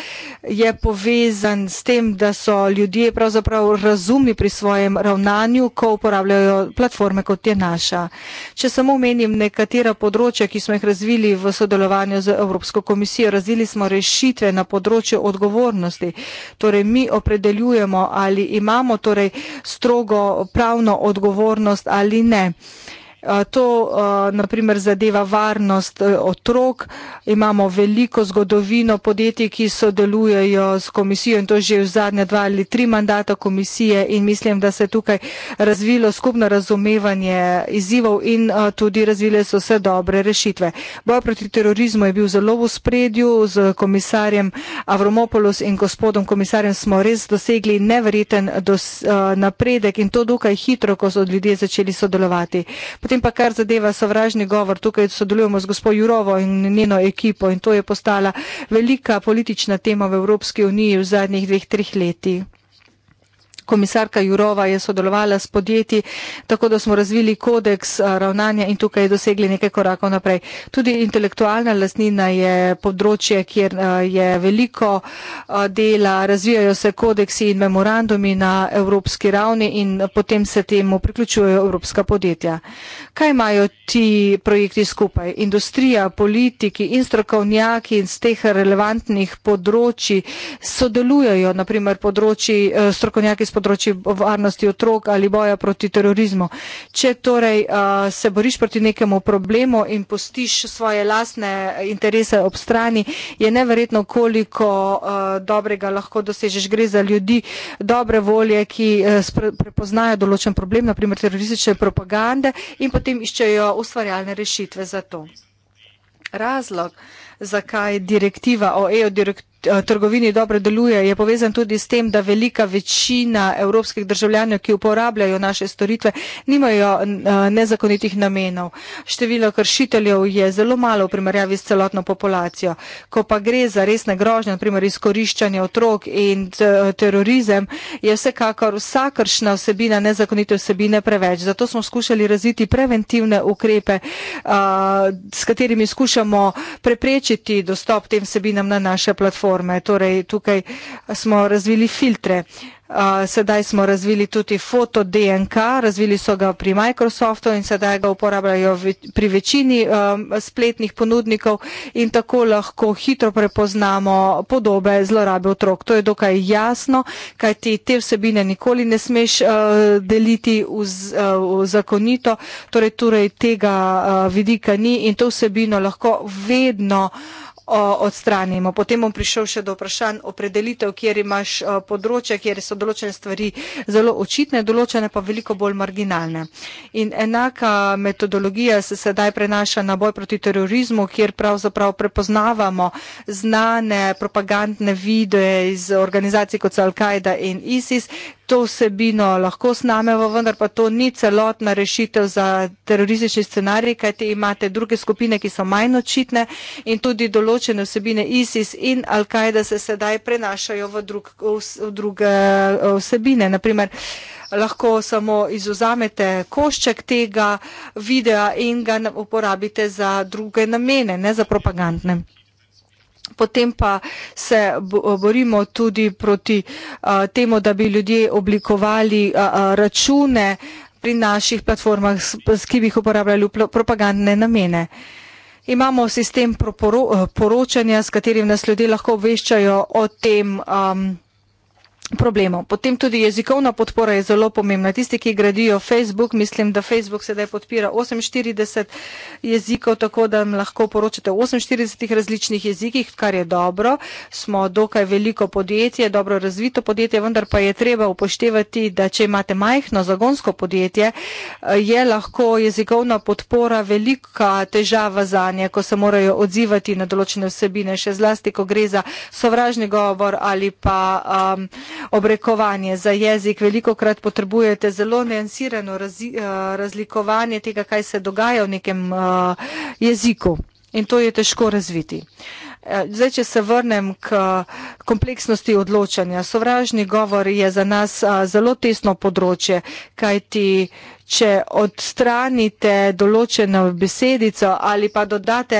je povezan s tem, da so ljudje pravzaprav razumni pri svojem ravnanju, ko uporabljajo platforme kot je naša. Če samo omenim nekatera področja, ki smo jih razvili v sodelovanju z Evropsko komisijo, razvili smo rešitve na področju odgovornosti. Torej, mi opredeljujemo, ali imamo torej, strogo pravno odgovornost ali ne. Uh, Eh, to eh, naprimer zadeva varnost eh, otrok. Imamo veliko zgodovino podjetij, ki sodelujejo s komisijo in to že v zadnje dva ali tri mandata komisije in mislim, da se je tukaj razvilo skupno razumevanje izzivov in tudi razvile so se dobre rešitve. Boj proti terorizmu je bil zelo v spredju z komisarjem Avromopolus in gospodom komisarjem smo res dosegli neverjeten dos, napredek in to dokaj hitro, ko so ljudje začeli sodelovati. Potem pa kar zadeva sovražni govor, tukaj sodelujemo z gospod Jurovo in njeno ekipo in to je postala velika politična tema v Evropski uniji v zadnjih dveh, treh letih. Komisarka Jurova je sodelovala s podjetji, tako da smo razvili kodeks eh, ravnanja in tukaj dosegli nekaj korakov naprej. Tudi intelektualna lasnina je področje, kjer eh, je veliko eh, dela, razvijajo se kodeksi in memorandumi na evropski ravni in potem se temu priključujejo evropska podjetja. Kaj imajo ti projekti skupaj? Industrija, politiki in strokovnjaki iz teh relevantnih področji sodelujejo, naprimer področji strokovnjaki s področji področju varnosti otrok ali boja proti terorizmu. Če torej uh, se boriš proti nekemu problemu in postiš svoje lasne interese ob strani, je neverjetno, koliko uh, dobrega lahko dosežeš. Gre za ljudi dobre volje, ki uh, prepoznajo določen problem, naprimer teroristične propagande in potem iščejo ustvarjalne rešitve za to. Razlog, zakaj direktiva o EU direktivi Eh, trgovini dobro deluje, je povezan tudi s tem, da velika večina evropskih državljanov, ki uporabljajo naše storitve, nimajo eh, nezakonitih namenov. Število kršiteljev je zelo malo v primerjavi s celotno populacijo. Ko pa gre za resne grožnje, naprimer izkoriščanje otrok in eh, terorizem, je vsekakor vsakršna vsebina nezakonite vsebine preveč. Zato smo skušali razviti preventivne ukrepe, s katerimi skušamo preprečiti dostop tem vsebinam na naše platforme forme. Torej, tukaj smo razvili filtre. Sedaj smo razvili tudi foto DNK, razvili so ga pri Microsoftu in sedaj ga uporabljajo pri večini spletnih ponudnikov in tako lahko hitro prepoznamo podobe zlorabe otrok. To je dokaj jasno, kajti te vsebine nikoli ne smeš deliti zakonito, torej, torej tega vidika ni in to vsebino lahko vedno odstranimo. Potem bom prišel še do vprašanj opredelitev, kjer imaš področje, kjer so določene stvari zelo očitne, določene pa veliko bolj marginalne. In enaka metodologija se sedaj prenaša na boj proti terorizmu, kjer pravzaprav prepoznavamo znane propagandne videe iz organizacij kot so Al-Qaeda in ISIS, to vsebino lahko snamemo, vendar pa to ni celotna rešitev za teroristični scenarij, kajte imate druge skupine, ki so manj očitne in tudi določene vsebine ISIS in Al-Kaida se sedaj prenašajo v, drug, v druge eh, vsebine. Naprimer, lahko samo izuzamete košček tega videa in ga uporabite za druge namene, ne za propagandne potem pa se borimo tudi proti temu, da bi ljudje oblikovali račune pri naših platformah, ki bi jih uporabljali v propagandne namene. Imamo sistem poročanja, s katerim nas ljudje lahko obveščajo o tem, um, problemov. Potem tudi jezikovna podpora je zelo pomembna. Tisti, ki gradijo Facebook, mislim, da Facebook sedaj podpira 48 jezikov, tako da jim lahko poročate v 48 različnih jezikih, kar je dobro. Smo dokaj veliko podjetje, dobro razvito podjetje, vendar pa je treba upoštevati, da če imate majhno zagonsko podjetje, je lahko jezikovna podpora velika težava za nje, ko se morajo odzivati na določene vsebine, še zlasti, ko gre za sovražni govor ali pa um, obrekovanje za jezik. Veliko krat potrebujete zelo neansirano eh, razlikovanje tega, kaj se dogaja v nekem eh, jeziku in to je težko razviti. Eh, zdaj, če se vrnem k kompleksnosti odločanja. Sovražni govor je za nas zelo tesno področje, kajti če odstranite določeno besedico ali pa dodate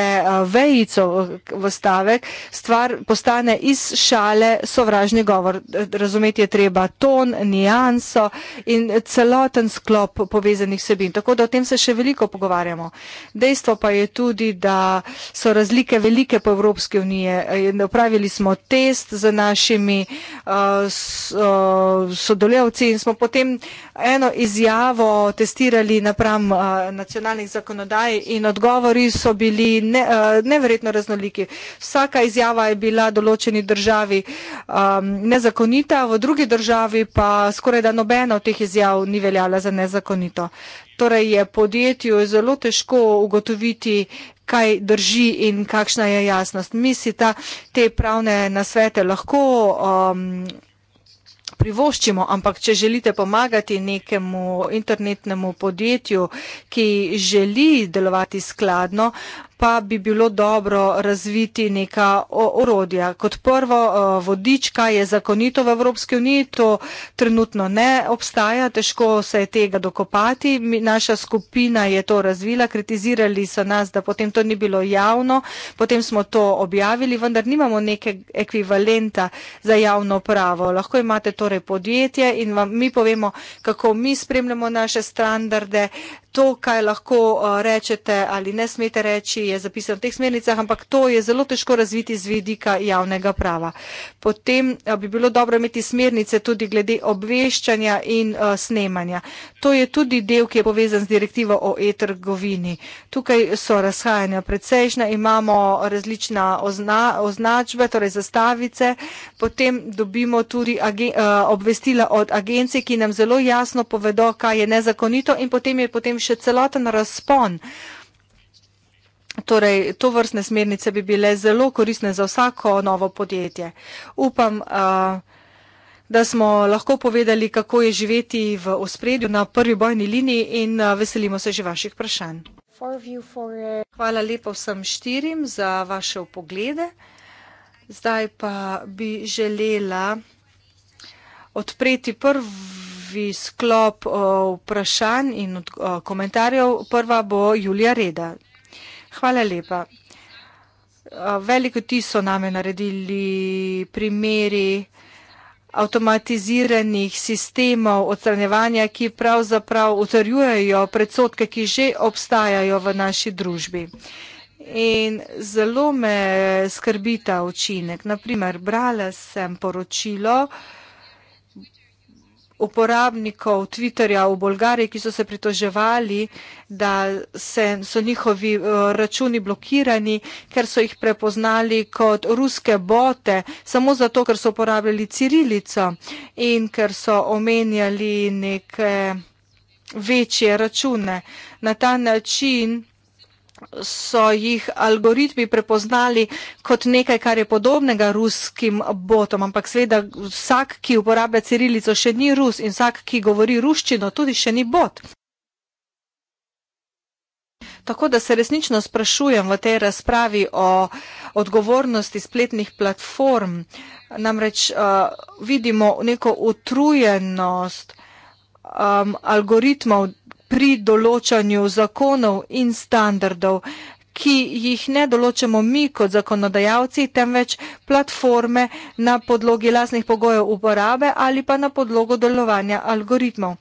vejico v stavek, stvar postane iz šale sovražni govor. Razumeti je treba ton, nijanso in celoten sklop povezanih sebin. Tako da o tem se še veliko pogovarjamo. Dejstvo pa je tudi, da so razlike velike po Evropski uniji. Napravili smo test z našimi uh, sodelavci in smo potem uh, eno izjavo testirali napram nacionalnih zakonodaj in odgovori so bili ne, neverjetno raznoliki. Vsaka izjava je bila v določeni državi um, nezakonita, v drugi državi pa skoraj da nobena od teh izjav ni veljala za nezakonito. Torej je podjetju zelo težko ugotoviti, kaj drži in kakšna je jasnost. Mi si ta, te pravne nasvete lahko um, privoščimo, ampak če želite pomagati nekemu internetnemu podjetju, ki želi delovati skladno, pa bi bilo dobro razviti neka orodja. Kot prvo, eh, vodička je zakonito v Evropski uniji, to trenutno ne obstaja, težko se je tega dokopati. Naša skupina je to razvila, kritizirali so nas, da potem to ni bilo javno, potem smo to objavili, vendar nimamo neke ekvivalenta za javno pravo. Lahko imate torej podjetje in vam mi povemo, kako mi spremljamo naše standarde. To, kaj lahko eh, rečete ali ne smete reči, je zapisan v teh smernicah, ampak to je zelo težko razviti z vidika javnega prava. Potem eh, bi bilo dobro imeti smernice tudi glede obveščanja in uh, snemanja. To je tudi del, ki je povezan z direktivo o e-trgovini. Tukaj so razhajanja precejšna, imamo različna ozna, označbe, torej zastavice, potem dobimo tudi agen, uh, eh, obvestila od agencij, ki nam zelo jasno povedo, kaj je nezakonito in potem je potem še celoten razpon. Torej, to vrstne smernice bi bile zelo koristne za vsako novo podjetje. Upam, da smo lahko povedali, kako je živeti v ospredju na prvi bojni liniji in veselimo se že vaših vprašanj. Uh, Hvala lepo vsem štirim za vaše upoglede. Zdaj pa bi želela odpreti prvi sklop vprašanj in komentarjev. Prva bo Julija Reda. Hvala lepa. Veliko ti so name naredili primeri avtomatiziranih sistemov odstranjevanja, ki pravzaprav utrjujejo predsotke, ki že obstajajo v naši družbi. In zelo me skrbi ta učinek. Naprimer, brala sem poročilo, uh, uporabnikov Twitterja v Bolgariji, ki so se pritoževali, da se, so njihovi uh, računi blokirani, ker so jih prepoznali kot ruske bote, samo zato, ker so uporabljali cirilico in ker so omenjali neke večje račune. Na ta način so jih algoritmi prepoznali kot nekaj, kar je podobnega ruskim botom, ampak seveda vsak, ki uporablja cirilico, še ni rus in vsak, ki govori ruščino, tudi še ni bot. Tako da se resnično sprašujem v tej razpravi o odgovornosti spletnih platform. Namreč uh, vidimo neko utrujenost um, algoritmov, pri določanju zakonov in standardov, ki jih ne določamo mi kot zakonodajalci, temveč platforme na podlogi lasnih pogojev uporabe ali pa na podlogo delovanja algoritmov.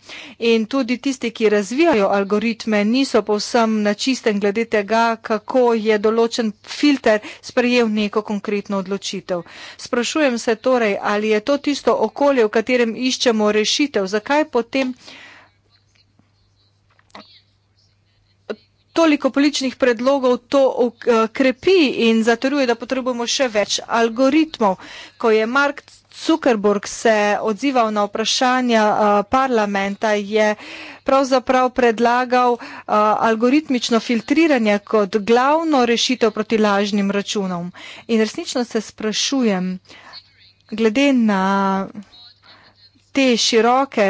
In tudi tisti, ki razvijajo algoritme, niso povsem načisten glede tega, kako je določen filter sprejel neko konkretno odločitev. Sprašujem se torej, ali je to tisto okolje, v katerem iščemo rešitev, zakaj potem. toliko političnih predlogov to uh, krepi in zatrjuje, da potrebujemo še več algoritmov. Ko je Mark Zuckerberg se odzival na vprašanja uh, parlamenta, je pravzaprav predlagal uh, algoritmično filtriranje kot glavno rešitev proti lažnim računom. In resnično se sprašujem, glede na te široke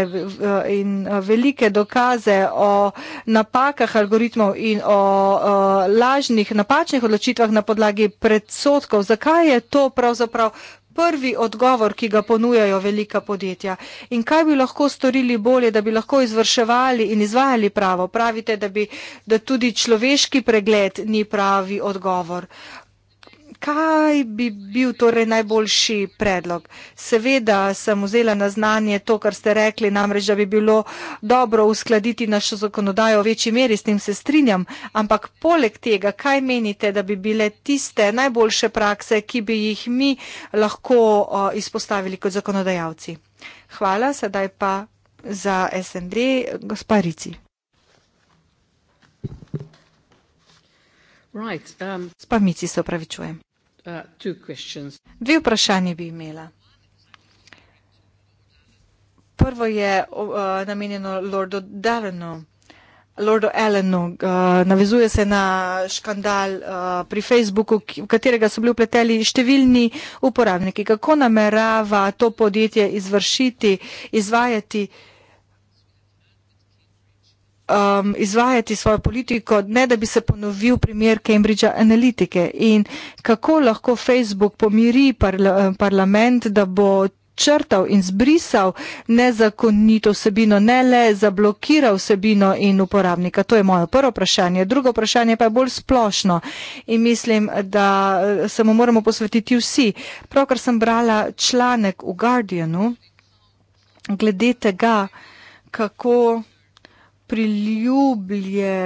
in eh, velike dokaze o napakah algoritmov in o eh, lažnih, napačnih odločitvah na podlagi predsotkov. Zakaj je to pravzaprav prvi odgovor, ki ga ponujajo velika podjetja? In kaj bi lahko storili bolje, da bi lahko izvrševali in izvajali pravo? Pravite, da, bi, da tudi človeški pregled ni pravi odgovor. Uh, kaj bi bil torej najboljši predlog. Seveda sem vzela na znanje to, kar ste rekli, namreč, da bi bilo dobro uskladiti našo zakonodajo v večji meri, s tem se strinjam, ampak poleg tega, kaj menite, da bi bile tiste najboljše prakse, ki bi jih mi lahko uh, izpostavili kot zakonodajalci. Hvala, sedaj pa za SND, gosparici. Right, um... Spamici se opravičujem. Uh, Dve vprašanje bi imela. Prvo je uh, namenjeno Lordu Dallenu. Lordo Allenu uh, navezuje se na škandal uh, pri Facebooku, v katerega so bili upleteli številni uporabniki. Kako namerava to podjetje izvršiti, izvajati uh, um, izvajati svojo politiko, ne da bi se ponovil primer Cambridge Analytica in kako lahko Facebook pomiri parla, parlament, da bo črtal in zbrisal nezakonito vsebino, ne le zablokiral vsebino in uporabnika. To je moje prvo vprašanje. Drugo vprašanje pa je bolj splošno in mislim, da eh, se mu moramo posvetiti vsi. Pravkar sem brala članek v Guardianu glede tega, kako priljubljene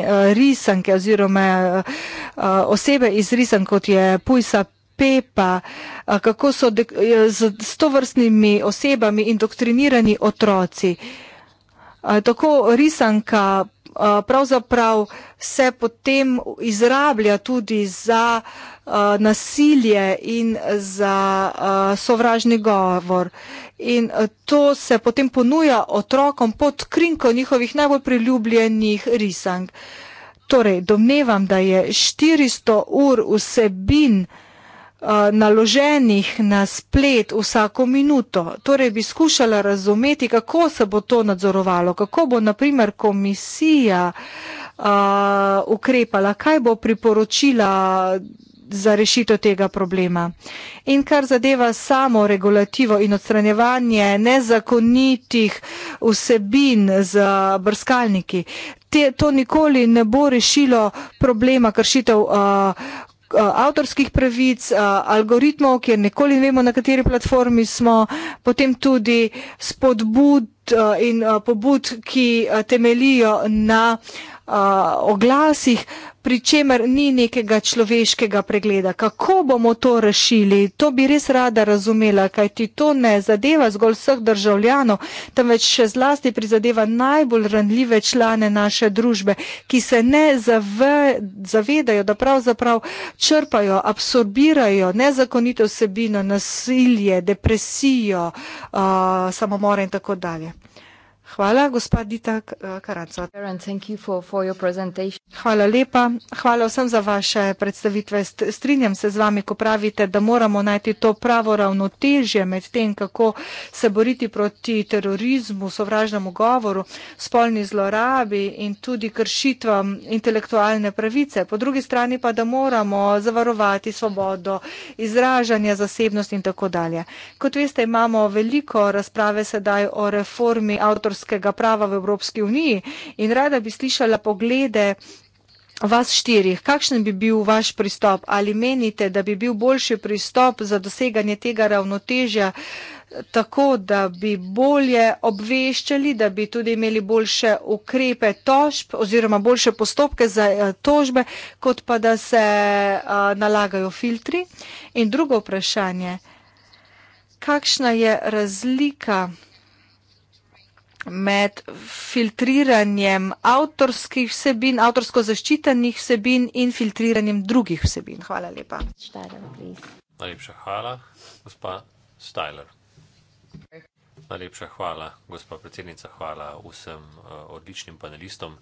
eh, risanke oziroma eh, eh, osebe iz risank, kot je Pujsa Pepa, kako so z tovrstnimi osebami indoktrinirani otroci. Tako risanka pravzaprav se potem izrablja tudi za nasilje in za sovražni govor. In eh, to se potem ponuja otrokom pod krinko njihovih najbolj priljubljenih risank. Torej, domnevam, da je 400 ur vsebin eh, naloženih na splet vsako minuto. Torej bi skušala razumeti, kako se bo to nadzorovalo, kako bo naprimer komisija uh, ukrepala, kaj bo priporočila za rešitev tega problema. In kar zadeva samo regulativo in odstranjevanje nezakonitih vsebin z brskalniki, te, to nikoli ne bo rešilo problema kršitev. Uh, uh avtorskih pravic, uh, algoritmov, kjer nikoli ne vemo, na kateri platformi smo, potem tudi spodbud uh, in pobud, ki temelijo na oglasih, pri čemer ni nekega človeškega pregleda. Kako bomo to rešili? To bi res rada razumela, kaj ti to ne zadeva zgolj vseh državljanov, temveč še zlasti prizadeva najbolj ranljive člane naše družbe, ki se ne zave, zavedajo, da pravzaprav črpajo, absorbirajo nezakonito vsebino, nasilje, depresijo, uh, samomore in tako dalje. Hvala, gospa Dita eh, Karacov. Hvala lepa. Hvala vsem za vaše predstavitve. Strinjam se z vami, ko pravite, da moramo najti to pravo ravnotežje med tem, kako se boriti proti terorizmu, sovražnemu govoru, spolni zlorabi in tudi kršitvam intelektualne pravice. Po drugi strani pa, da moramo zavarovati svobodo izražanja, zasebnost in tako dalje. Kot veste, imamo veliko razprave sedaj o reformi avtorstva evropskega prava v Evropski uniji in rada bi slišala poglede vas štirih. Kakšen bi bil vaš pristop? Ali menite, da bi bil boljši pristop za doseganje tega ravnotežja? tako, da bi bolje obveščali, da bi tudi imeli boljše ukrepe tožb oziroma boljše postopke za eh, tožbe, kot pa da se eh, nalagajo filtri. In drugo vprašanje, kakšna je razlika med filtriranjem avtorskih vsebin, avtorsko zaščitenih vsebin in filtriranjem drugih vsebin. Hvala lepa. Najlepša hvala, gospa Stajler. Najlepša hvala, gospa predsednica, hvala vsem uh, odličnim panelistom.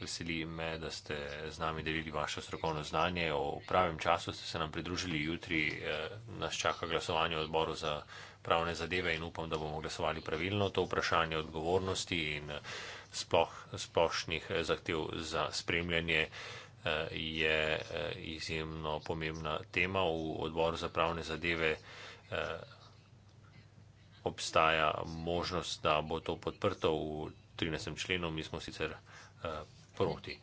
Veseli me, da ste z nami delili vaše strokovno znanje. V pravem času ste se nam pridružili jutri, eh, nas čaka glasovanje v odboru za pravne zadeve in upam, da bomo glasovali pravilno to vprašanje odgovornosti in sploh, splošnih zahtev za spremljanje je izjemno pomembna tema. V odboru za pravne zadeve obstaja možnost, da bo to podprto v 13. členu, mi smo sicer proti.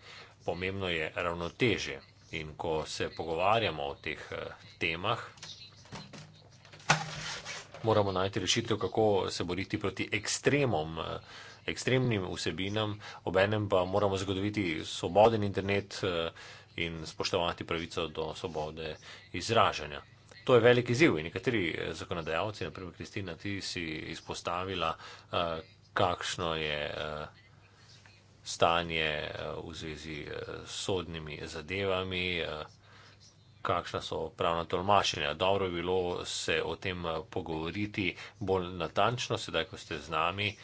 Pomembno je ravnoteže in ko se pogovarjamo o teh temah, moramo najti rešitev, kako se boriti proti ekstremom, eh, ekstremnim vsebinam, obenem pa moramo zagotoviti svoboden internet eh, in spoštovati pravico do svobode izražanja. To je veliki ziv in nekateri eh, zakonodajalci, naprimer Kristina, ti si izpostavila, kakšno je stanje v zvezi s sodnimi zadevami kakšna so pravna tolmašenja. Dobro je bilo se o tem pogovoriti bolj natančno, sedaj, ko ste z nami.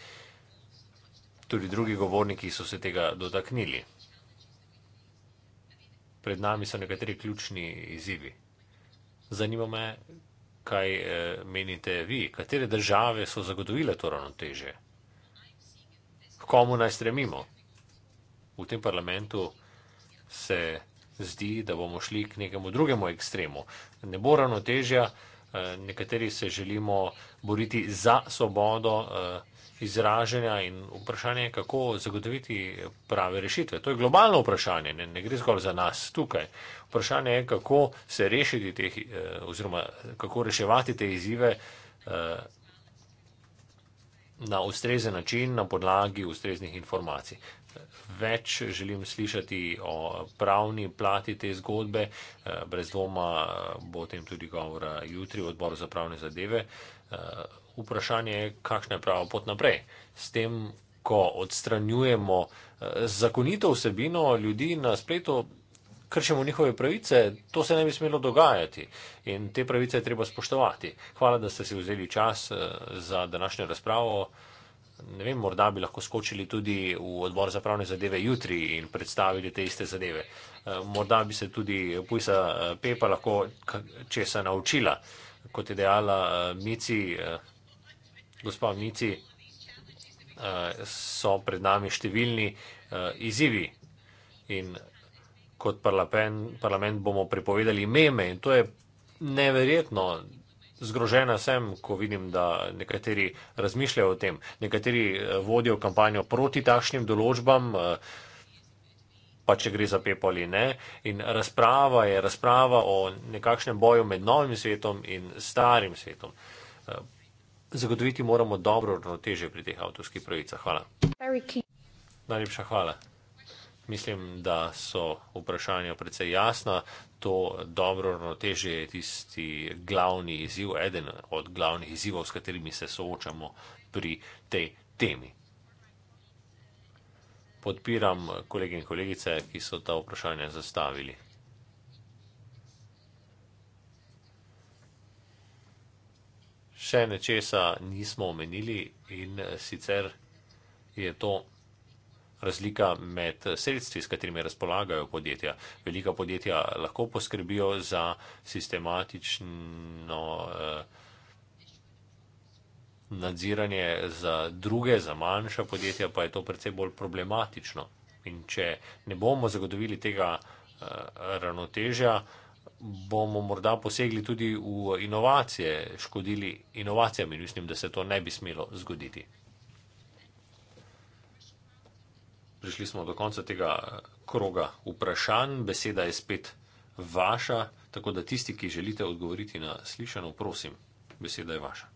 Tudi drugi govorniki so se tega dotaknili. Pred nami so nekateri ključni izzivi. Zanima me, kaj eh, menite vi, katere države so zagotovile to ravnoteže? Komu naj stremimo? V tem parlamentu se zdi, da bomo šli k nekemu drugemu ekstremu. Ne bo ravnotežja, eh, nekateri se želimo boriti za svobodo eh, izražanja in vprašanje je, kako zagotoviti prave rešitve. To je globalno vprašanje, ne, ne gre zgolj za nas tukaj. Vprašanje je, kako se rešiti teh, eh, oziroma kako reševati te izzive na ustrezen način, na podlagi ustreznih informacij več želim slišati o pravni plati te zgodbe. Eh, brez dvoma bo o tem tudi govora jutri v odboru za pravne zadeve. Eh, vprašanje je, kakšna je prava pot naprej. S tem, ko odstranjujemo eh, zakonito vsebino ljudi na spletu, kršimo njihove pravice, to se ne bi smelo dogajati in te pravice je treba spoštovati. Hvala, da ste si vzeli čas za današnjo razpravo ne vem, morda bi lahko skočili tudi v odbor za pravne zadeve jutri in predstavili te iste zadeve. Eh, morda bi se tudi Pujsa eh, Pepa lahko česa naučila, kot je dejala eh, Mici, gospa Mici, so pred nami številni izzivi in kot parlament bomo prepovedali meme in to je neverjetno, Zgrožena sem, ko vidim, da nekateri razmišljajo o tem, nekateri eh, vodijo kampanjo proti takšnim določbam, eh, pa če gre za pepo ali ne. In razprava je razprava o nekakšnem boju med novim svetom in starim svetom. Eh, zagotoviti moramo dobro ravnoteže pri teh avtorskih pravicah. Hvala. Najlepša hvala. Mislim, da so vprašanja predvsej jasna to dobro ravnotežje je tisti glavni izziv, eden od glavnih izzivov, s katerimi se soočamo pri tej temi. Podpiram kolege in kolegice, ki so ta vprašanja zastavili. Še nečesa nismo omenili in sicer je to razlika med sredstvi, s katerimi razpolagajo podjetja. Velika podjetja lahko poskrbijo za sistematično eh, nadziranje, za druge, za manjša podjetja pa je to predvsej bolj problematično. In če ne bomo zagotovili tega eh, ravnotežja, bomo morda posegli tudi v inovacije, škodili inovacijam in mislim, da se to ne bi smelo zgoditi. prišli smo do konca tega kroga vprašanj. Beseda je spet vaša, tako da tisti, ki želite odgovoriti na slišano, prosim, beseda je vaša.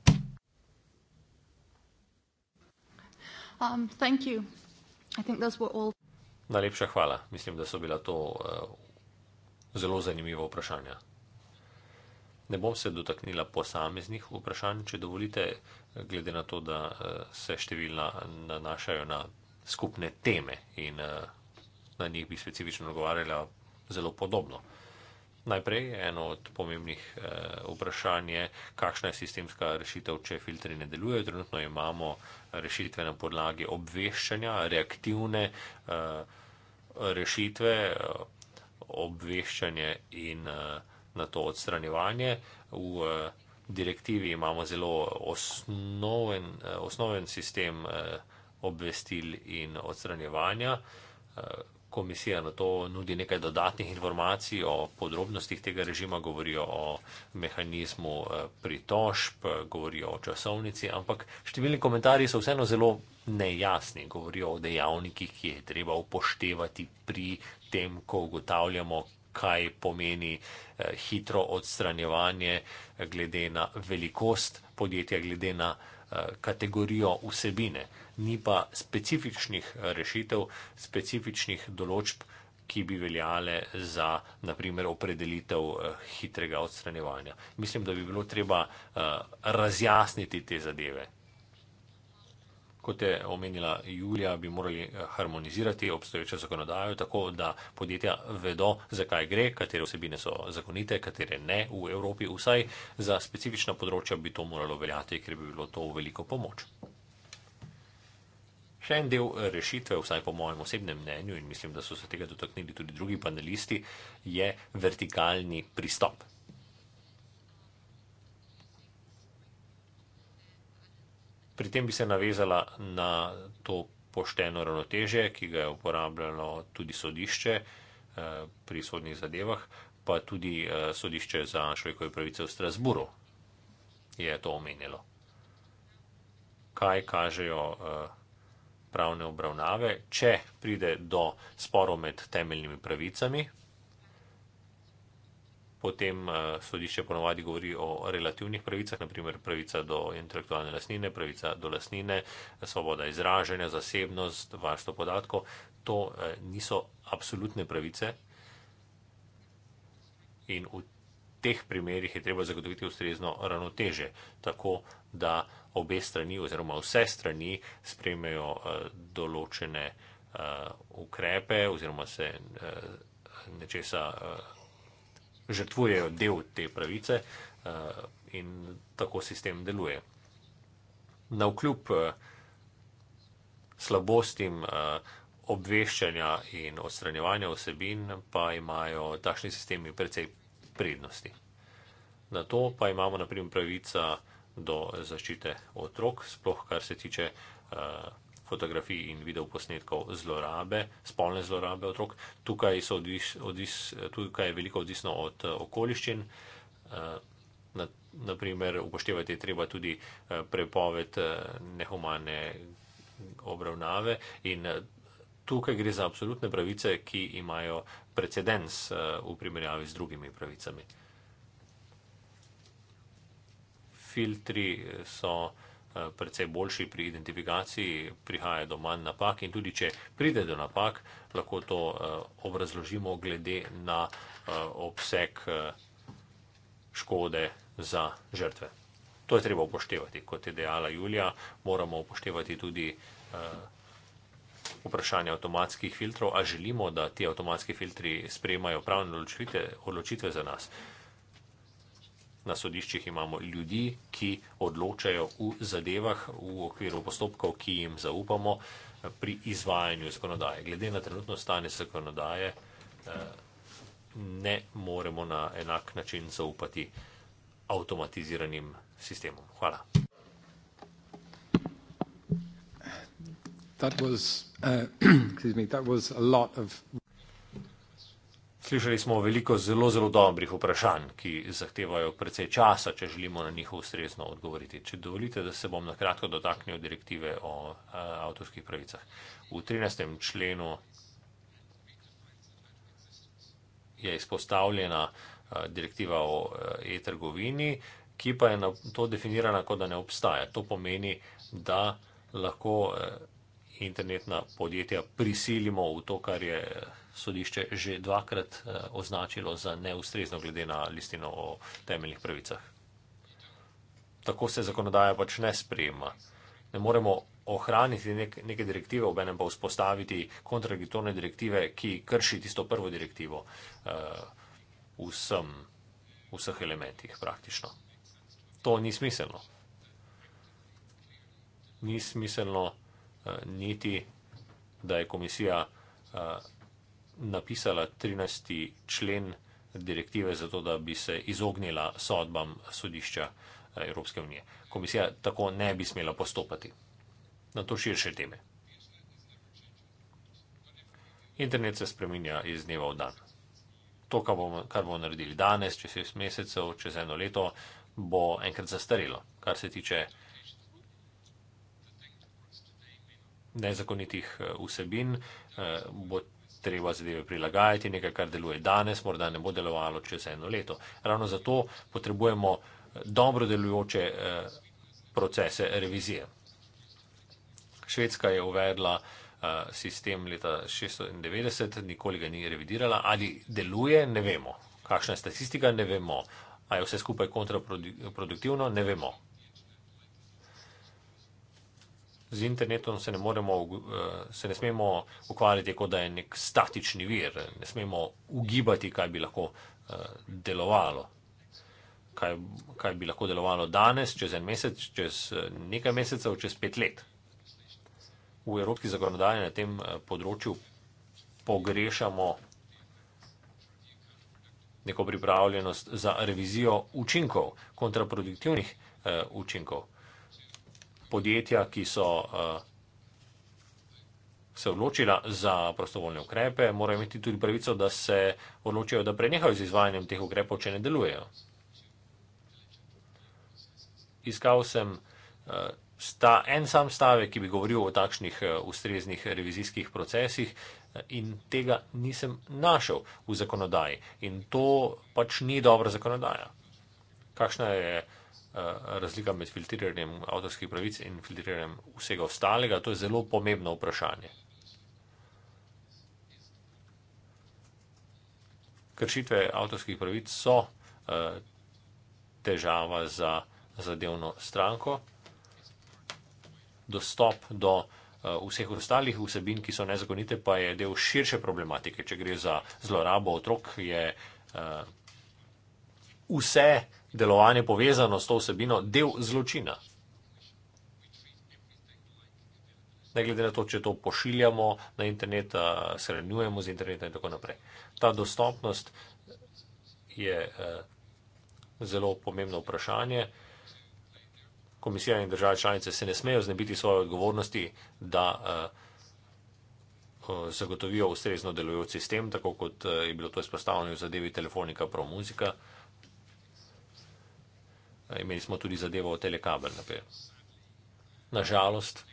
Um, thank you. I think those were all. Najlepša hvala. Mislim, da so bila to uh, zelo zanimiva vprašanja. Ne bom se dotaknila posameznih vprašanj, če dovolite, glede na to, da uh, se številna nanašajo na skupne teme in eh, na njih bi specifično odgovarjala zelo podobno. Najprej eno od pomembnih eh, vprašanj je, kakšna je sistemska rešitev, če filtri ne delujejo. Trenutno imamo rešitve na podlagi obveščanja, reaktivne eh, rešitve, obveščanje in na to odstranjevanje. V direktivi imamo zelo osnoven, osnoven sistem obvestil in odstranjevanja. Eh, komisija na to nudi nekaj dodatnih informacij o podrobnostih tega režima, govorijo o mehanizmu eh, pritožb, eh, govorijo o časovnici, ampak številni komentarji so vseeno zelo nejasni, govorijo o dejavnikih, ki je treba upoštevati pri tem, ko ugotavljamo, kaj pomeni hitro odstranjevanje glede na velikost podjetja, glede na kategorijo vsebine ni pa specifičnih eh, rešitev, specifičnih določb, ki bi veljale za, naprimer, opredelitev eh, hitrega odstranjevanja. Mislim, da bi bilo treba eh, razjasniti te zadeve. Kot je omenila Julija, bi morali harmonizirati obstoječo zakonodajo tako, da podjetja vedo, zakaj gre, katere vsebine so zakonite, katere ne v Evropi. Vsaj za specifična področja bi to moralo veljati, ker bi bilo to v veliko pomoč. Še en del eh, rešitve, vsaj po mojem osebnem mnenju, in mislim, da so se tega dotaknili tudi drugi panelisti, je vertikalni pristop. Pri tem bi se navezala na to pošteno ravnotežje, ki ga je uporabljalo tudi sodišče eh, pri sodnih zadevah, pa tudi eh, sodišče za človekove pravice v Strasburu je to omenjalo. Kaj kažejo pravne obravnave, če pride do sporo med temeljnimi pravicami, potem eh, sodišče ponovadi govori o relativnih pravicah, naprimer pravica do intelektualne lasnine, pravica do lasnine, svoboda izražanja, zasebnost, varstvo podatkov. To eh, niso absolutne pravice in v teh primerjih je treba zagotoviti ustrezno ravnoteže, tako da obe strani oziroma vse strani sprejmejo uh, določene uh, ukrepe oziroma se uh, nečesa uh, žrtvujejo del te pravice uh, in tako sistem deluje. Na vkljub uh, slabostim uh, obveščanja in odstranjevanja osebin pa imajo takšni sistemi precej prednosti. Na to pa imamo naprimer pravica, do zaščite otrok, sploh kar se tiče uh, fotografij in videoposnetkov zlorabe, spolne zlorabe otrok. Tukaj, odvis, odvis, tukaj je veliko odvisno od uh, okoliščin. Uh, na, naprimer, upoštevati je treba tudi uh, prepoved uh, nehumane obravnave in uh, tukaj gre za absolutne pravice, ki imajo precedens uh, v primerjavi z drugimi pravicami. filtri eh, so eh, predvsej boljši pri identifikaciji, prihaja do manj napak in tudi če pride do napak, lahko to eh, obrazložimo glede na obseg škode za žrtve. To je treba upoštevati, kot je dejala Julija, moramo upoštevati tudi vprašanje avtomatskih filtrov, a želimo, da ti avtomatski filtri sprejmajo pravne odločitve za nas. Na sodiščih imamo ljudi, ki odločajo v zadevah v okviru postopkov, ki jim zaupamo pri izvajanju zakonodaje. Glede na trenutno stanje zakonodaje, eh, ne moremo na enak način zaupati avtomatiziranim sistemom. Hvala. That was, uh, [CLEARS THROAT] excuse me, that was a lot of Slišali smo veliko zelo, zelo dobrih vprašanj, ki zahtevajo precej časa, če želimo na njih ustrezno odgovoriti. Če dovolite, da se bom na kratko dotaknil direktive o eh, avtorskih pravicah. V 13. členu je izpostavljena eh, direktiva o eh, e-trgovini, ki pa je to definirana kot da ne obstaja. To pomeni, da lahko internetna podjetja prisilimo v to, kar je sodišče že dvakrat eh, označilo za neustrezno glede na listino o temeljnih pravicah. Tako se zakonodaja pač ne sprejema. Ne moremo ohraniti nek, neke direktive, ob enem pa vzpostaviti kontradiktorne direktive, ki krši tisto prvo direktivo uh, vsem, vseh elementih praktično. To ni smiselno. Ni smiselno uh, niti, da je komisija uh, napisala 13. člen direktive zato, da bi se izognila sodbam sodišča eh, Evropske unije. Komisija tako ne bi smela postopati na to širše teme. Internet se spreminja iz dneva v dan. To, kar bomo, kar bomo naredili danes, čez 6 mesecev, čez eno leto, bo enkrat zastarelo, kar se tiče nezakonitih eh, vsebin, eh, bo treba zadeve prilagajati, nekaj, kar deluje danes, morda ne bo delovalo čez eno leto. Ravno zato potrebujemo eh, dobro delujoče eh, procese revizije. Švedska je uvedla eh, sistem leta 1996, nikoli ga ni revidirala. Ali deluje, ne vemo. Kakšna je statistika, ne vemo. A je vse skupaj kontraproduktivno, ne vemo z internetom se ne, moremo, eh, se ne smemo ukvarjati, kot da je nek statični vir. Ne smemo ugibati, kaj bi lahko eh, delovalo. Kaj, kaj bi lahko delovalo danes, čez en mesec, čez eh, nekaj mesecev, čez pet let. V Evropski zakonodaji na tem področju pogrešamo neko pripravljenost za revizijo učinkov, kontraproduktivnih učinkov podjetja, ki so eh, se odločila za prostovoljne ukrepe, morajo imeti tudi pravico, da se odločijo, da prenehajo z izvajanjem teh ukrepov, če ne delujejo. Iskal sem eh, sta, en sam stavek, ki bi govoril o takšnih eh, ustreznih revizijskih procesih in tega nisem našel v zakonodaji. In to pač ni dobra zakonodaja. Kakšna je Eh, razlika med filtriranjem avtorskih pravic in filtriranjem vsega ostalega? To je zelo pomembno vprašanje. Kršitve avtorskih pravic so eh, težava za zadevno stranko. Dostop do eh, vseh ostalih vsebin, ki so nezakonite, pa je del širše problematike. Če gre za zlorabo otrok, je vse delovanje povezano s to vsebino del zločina. Ne glede na to, če to pošiljamo na internet, shranjujemo z interneta in tako naprej. Ta dostopnost je zelo pomembno vprašanje. Komisija in države članice se ne smejo znebiti svoje odgovornosti, da zagotovijo ustrezno delujoč sistem, tako kot je bilo to izpostavljeno v zadevi Telefonika Pro Muzika. Imeli smo tudi zadevo o telekabel naprej. Nažalost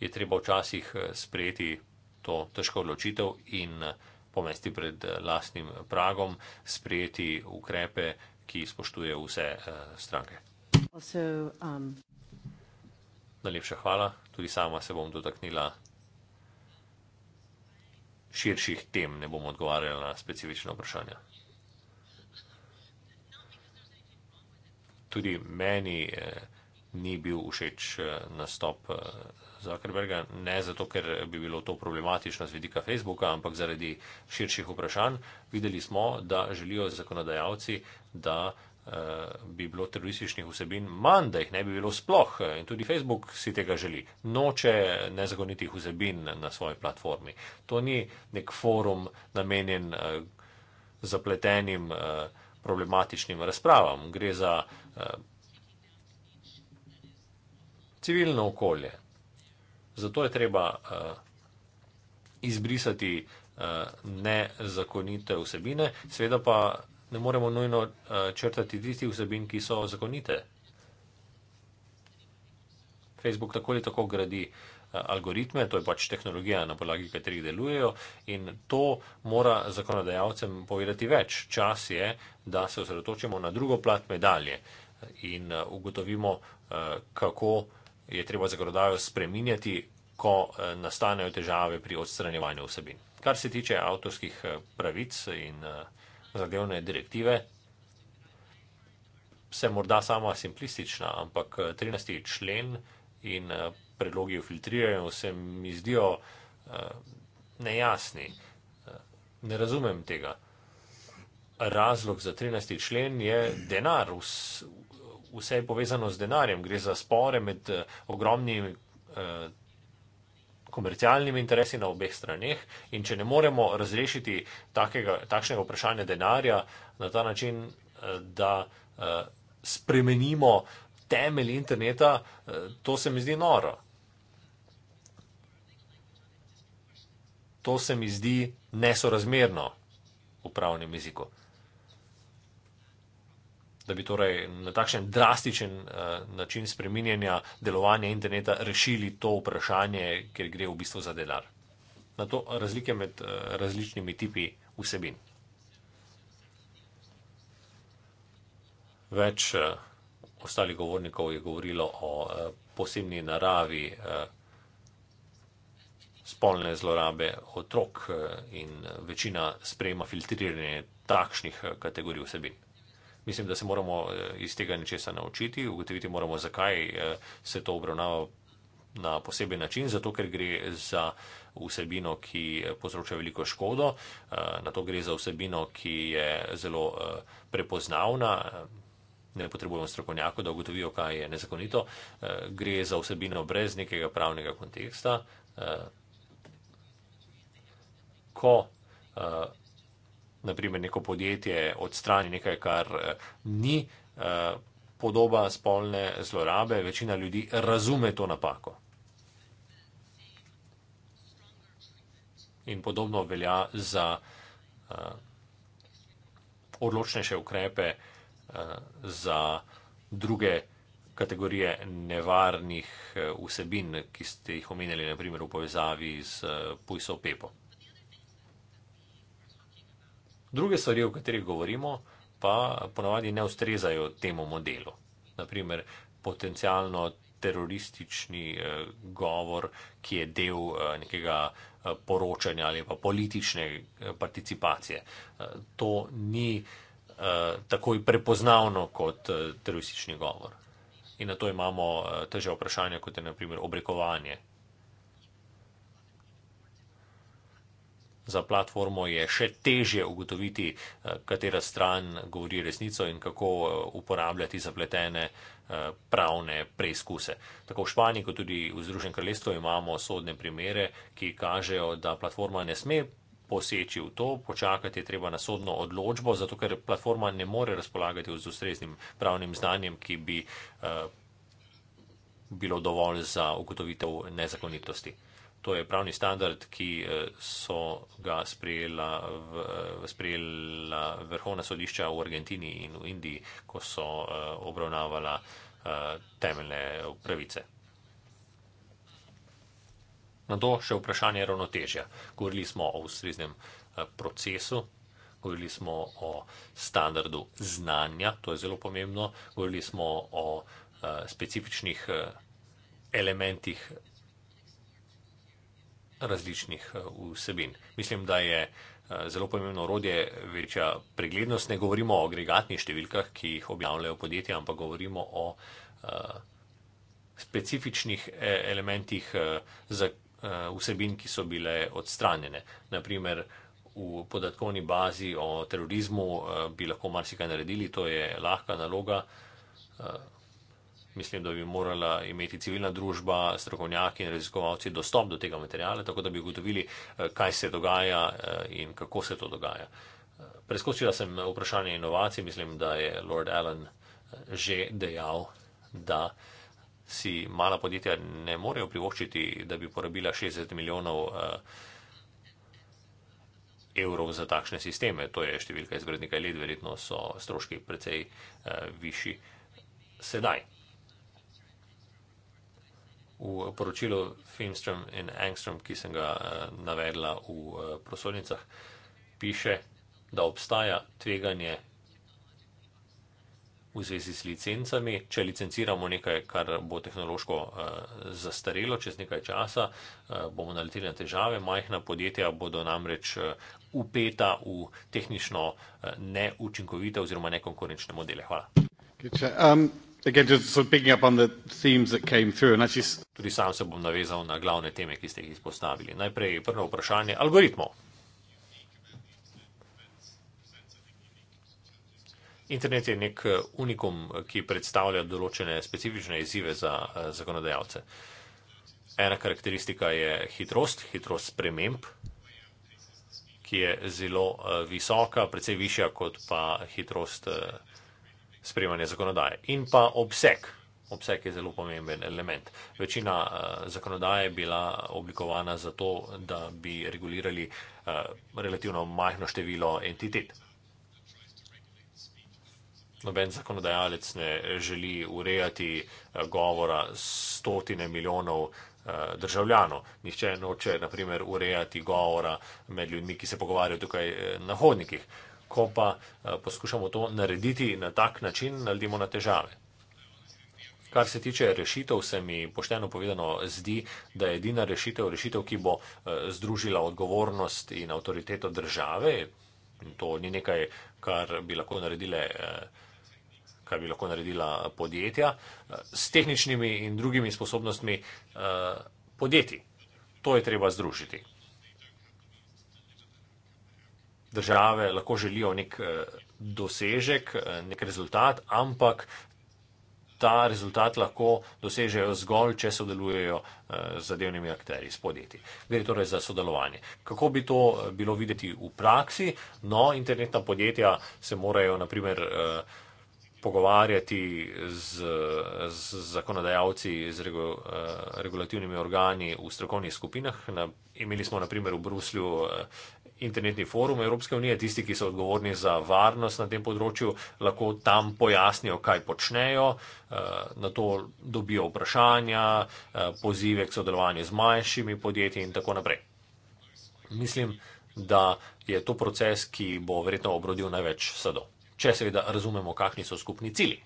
je treba včasih eh, sprejeti to težko odločitev in eh, pomesti pred eh, lastnim pragom, sprejeti ukrepe, ki spoštuje vse stranke. Also, um... Najlepša hvala. Tudi sama se bom dotaknila širših tem, ne bom odgovarjala na specifične vprašanja. tudi meni eh, ni bil všeč eh, nastop eh, Zuckerberga, ne zato, ker bi bilo to problematično z vidika Facebooka, ampak zaradi širših vprašanj. Videli smo, da želijo zakonodajalci, da bi bilo terorističnih vsebin manj, da jih ne bi bilo sploh. In tudi Facebook si tega želi. Noče nezakonitih vsebin na svoji platformi. To ni nek forum namenjen zapletenim uh, problematičnim razpravam. Gre za eh, civilno okolje. Zato je treba eh, izbrisati eh, nezakonite vsebine, sveda pa ne moremo nujno črtati tisti vsebin, ki so zakonite. Facebook tako ali tako gradi vsebine algoritme, to je pač tehnologija, na podlagi katerih delujejo in to mora zakonodajalcem povedati več. Čas je, da se osredotočimo na drugo plat medalje in eh, ugotovimo, eh, kako je treba zakonodajo spreminjati, ko eh, nastanejo težave pri odstranjevanju vsebin. Kar se tiče avtorskih pravic in zadevne direktive, sem morda sama simplistična, ampak 13. člen in predlogi filtrirajo, se mi zdijo uh, nejasni. Eh, ne razumem tega. Razlog za 13. člen je denar, vse je povezano z denarjem, gre za spore med eh, ogromnimi komercialnimi interesi na obeh straneh in če ne moremo razrešiti takega, takšnega vprašanja denarja na ta način, da spremenimo temelj interneta, to se mi zdi noro. To se mi zdi nesorazmerno v pravnem jeziku. Da bi torej na takšen drastičen uh, način spreminjanja delovanja interneta rešili to vprašanje, ker gre v bistvu za denar. Na to razlike med uh, različnimi tipi vsebin. Več uh, ostalih govornikov je govorilo o uh, posebni naravi. Uh, spolne zlorabe otrok eh, in večina sprejema filtriranje takšnih eh, kategorij vsebin. Mislim, da se moramo eh, iz tega ničesa naučiti, ugotoviti moramo, zakaj se to obravnava na poseben način, zato ker gre za vsebino, ki povzroča veliko škodo, na to gre za vsebino, ki je zelo prepoznavna, ne potrebujemo strokovnjako, da ugotovijo, kaj je nezakonito, gre za vsebino brez nekega pravnega konteksta ko uh, eh, naprimer neko podjetje odstrani nekaj, kar uh, ni uh, podoba spolne zlorabe, večina ljudi razume to napako. In podobno velja za uh, odločnejše ukrepe uh, za druge kategorije nevarnih vsebin, ki ste jih omenjali, naprimer v povezavi z uh, pojso pepo. Druge stvari, o katerih govorimo, pa ponavadi ne ustrezajo temu modelu. Naprimer, potencialno teroristični eh, govor, ki je del eh, nekega eh, poročanja ali pa politične participacije. To ni takoj prepoznavno kot teroristični govor. In na to imamo težje vprašanje, kot je naprimer obrekovanje za platformo je še težje ugotoviti, eh, katera stran govori resnico in kako eh, uporabljati zapletene eh, pravne preizkuse. Tako v Španiji kot tudi v Združenem kraljestvu imamo sodne primere, ki kažejo, da platforma ne sme poseči v to, počakati je treba na sodno odločbo, zato ker platforma ne more razpolagati z ustreznim pravnim znanjem, ki bi bilo dovolj za ugotovitev nezakonitosti to je pravni standard, ki eh, so ga sprejela, v, eh, sprejela vrhovna sodišča v Argentini in v Indiji, ko so eh, obravnavala temeljne pravice. Na to še vprašanje ravnotežja. Govorili smo o ustreznem procesu, govorili smo o standardu znanja, to je zelo pomembno, govorili smo o specifičnih elementih različnih eh, vsebin. Mislim, da je eh, zelo pomembno orodje večja preglednost. Ne govorimo o agregatnih številkah, ki jih objavljajo podjetja, ampak govorimo o eh, specifičnih e, elementih za vsebin, ki so bile odstranjene. Naprimer, v podatkovni bazi o terorizmu bi lahko marsikaj naredili, to je lahka naloga. Mislim, da bi morala imeti civilna družba, strokovnjaki in raziskovalci dostop do tega materijala, tako da bi ugotovili, eh, kaj se dogaja eh, in kako se to dogaja. Eh, preskočila sem vprašanje inovacij, mislim, da je Lord Allen že dejal, da si mala podjetja ne morejo privoščiti, da bi porabila 60 milijonov evrov za takšne sisteme. To je številka izbred nekaj let, verjetno so stroški precej višji sedaj v poročilu Finstrom in Angstrom, ki sem ga eh, navedla v eh, prosodnicah, piše, da obstaja tveganje v zvezi s licencami. Če licenciramo nekaj, kar bo tehnološko eh, zastarelo čez nekaj časa, bomo naleteli na težave. Majhna podjetja bodo namreč upeta v tehnično neučinkovite oziroma nekonkurenčne modele. Hvala. Um, Again, just sort of picking up on the themes that came through, and actually. Tudi sam se bom navezal na glavne teme, ki ste jih izpostavili. Najprej prvo vprašanje algoritmov. Internet je nek eh, unikum, eh, ki predstavlja določene specifične izzive za eh, zakonodajalce. Ena karakteristika je hitrost, hitrost sprememb, ki je zelo visoka, precej višja kot pa hitrost sprejemanje zakonodaje. In pa obseg. Obseg je zelo pomemben element. Večina uh, zakonodaje je bila oblikovana zato, da bi regulirali uh, relativno majhno število entitet. Noben zakonodajalec ne želi urejati uh, govora stotine milijonov uh, državljanov. Nihče noče, naprimer, urejati govora med ljudmi, ki se pogovarjajo tukaj na hodnikih. Uh, ko pa eh, poskušamo to narediti na tak način, naredimo na težave. Kar se tiče rešitev, se mi pošteno povedano zdi, da je edina rešitev rešitev, ki bo eh, združila odgovornost in avtoriteto države. To ni nekaj, kar bi lahko naredile eh, kaj bi lahko naredila podjetja, s tehničnimi in drugimi sposobnostmi podjetij. To je treba združiti države lahko želijo nek eh, dosežek, eh, nek rezultat, ampak ta rezultat lahko dosežejo zgolj, če sodelujejo eh, z zadevnimi akteri, s podjetji. Gre torej za sodelovanje. Kako bi to bilo videti v praksi? No, internetna podjetja se morajo naprimer pogovarjati z, z zakonodajalci, z regu, regulativnimi organi v strokovnih skupinah. Na, imeli smo naprimer v Bruslju internetni forum Evropske unije, tisti, ki so odgovorni za varnost na tem področju, lahko tam pojasnijo, kaj počnejo, eh, na to dobijo vprašanja, eh, pozive k sodelovanju z manjšimi podjetji in tako naprej. Mislim, da je to proces, ki bo verjetno obrodil največ sadov, če seveda razumemo, kakšni so skupni cili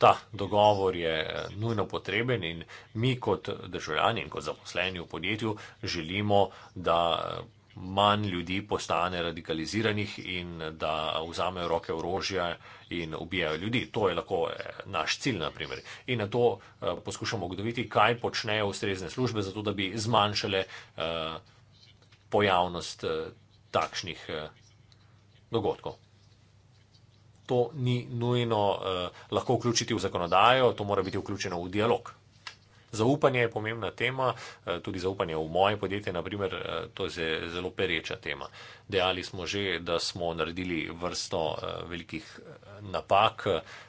ta dogovor je eh, nujno potreben in mi kot državljani in kot zaposleni v podjetju želimo, da eh, manj ljudi postane radikaliziranih in eh, da vzamejo roke orožja in ubijajo ljudi. To je lahko naš cilj, naprimer. In na to poskušamo ugotoviti, kaj počnejo ustrezne službe, zato da bi zmanjšale pojavnost takšnih dogodkov to ni nujno uh, lahko vključiti v zakonodajo, to mora biti vključeno v dialog. Zaupanje je pomembna tema, eh, tudi zaupanje v moje podjetje, naprimer, eh, to je zelo pereča tema. Dejali smo že, da smo naredili vrsto velikih napak,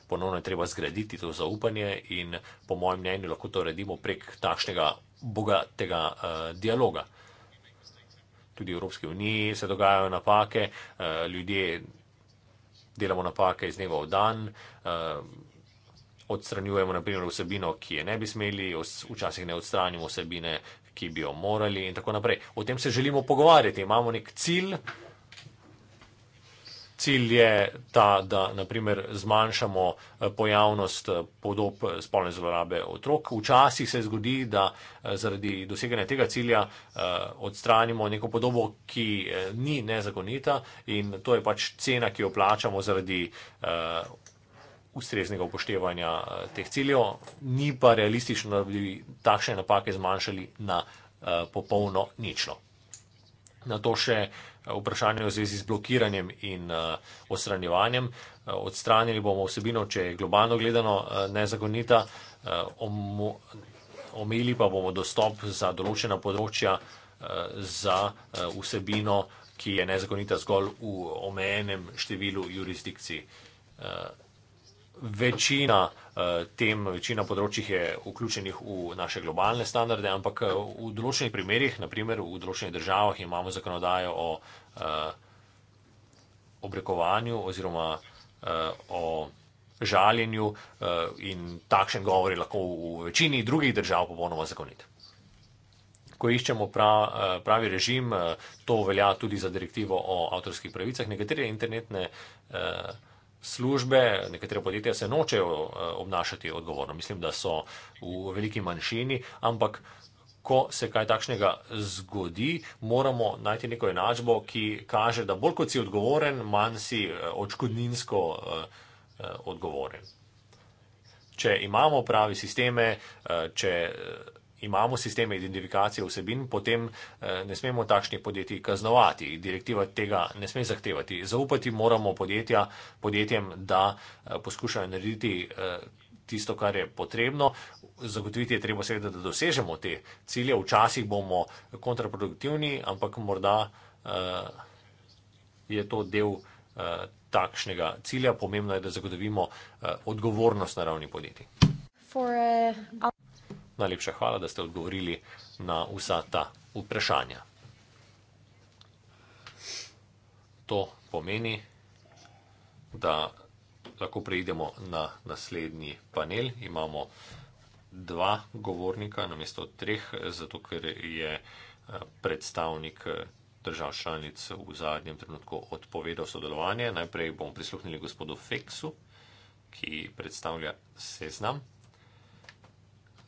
ponovno je treba zgraditi to zaupanje in po mojem mnenju lahko to redimo prek takšnega bogatega dialoga. Tudi v Evropski uniji se dogajajo napake, ljudje delamo napake iz dneva v dan, eh, odstranjujemo naprimer vsebino, ki je ne bi smeli, včasih ne odstranjujemo vsebine, ki bi jo morali in tako naprej. O tem se želimo pogovarjati, imamo nek cilj, cilj je ta, da naprimer zmanjšamo eh, pojavnost eh, podob eh, spolne zlorabe otrok. Včasih se zgodi, da zaradi doseganja tega cilja odstranimo neko podobo, ki ni nezakonita in to je pač cena, ki jo plačamo zaradi ustreznega upoštevanja teh ciljev. Ni pa realistično, da bi takšne napake zmanjšali na popolno ničlo. Na to še eh, vprašanje v zvezi z blokiranjem in eh, odstranjevanjem. Eh, odstranili bomo vsebino, če je globalno gledano nezakonita, omejili pa bomo dostop za določena področja za vsebino, ki je nezakonita zgolj v omejenem številu jurisdikcij večina eh, tem, večina področjih je vključenih v naše globalne standarde, ampak eh, v določenih primerjih, naprimer v določenih državah, imamo zakonodajo o eh, obrekovanju oziroma o žaljenju in takšen govor je lahko v večini drugih držav popolnoma zakonit. Ko iščemo pravi režim, to velja tudi za direktivo o avtorskih pravicah. Nekatere internetne službe, nekatere podjetja se nočejo eh, obnašati odgovorno. Mislim, da so v veliki manjšini, ampak ko se kaj takšnega zgodi, moramo najti neko enačbo, ki kaže, da bolj kot si odgovoren, manj si eh, očkodninsko eh, odgovoren. Če imamo pravi sisteme, če imamo sisteme identifikacije vsebin, potem eh, ne smemo takšnih podjetij kaznovati. Direktiva tega ne sme zahtevati. Zaupati moramo podjetja, podjetjem, da eh, poskušajo narediti eh, tisto, kar je potrebno. Zagotoviti je treba seveda, da dosežemo te cilje. Včasih bomo kontraproduktivni, ampak morda je to del takšnega cilja. Pomembno je, da zagotovimo odgovornost na ravni podjetij. For a najlepša hvala, da ste odgovorili na vsa ta vprašanja. To pomeni, da lahko preidemo na naslednji panel. Imamo dva govornika namesto treh, zato ker je eh, predstavnik eh, držav članic v zadnjem trenutku odpovedal sodelovanje. Najprej bomo prisluhnili gospodu Feksu, ki predstavlja seznam.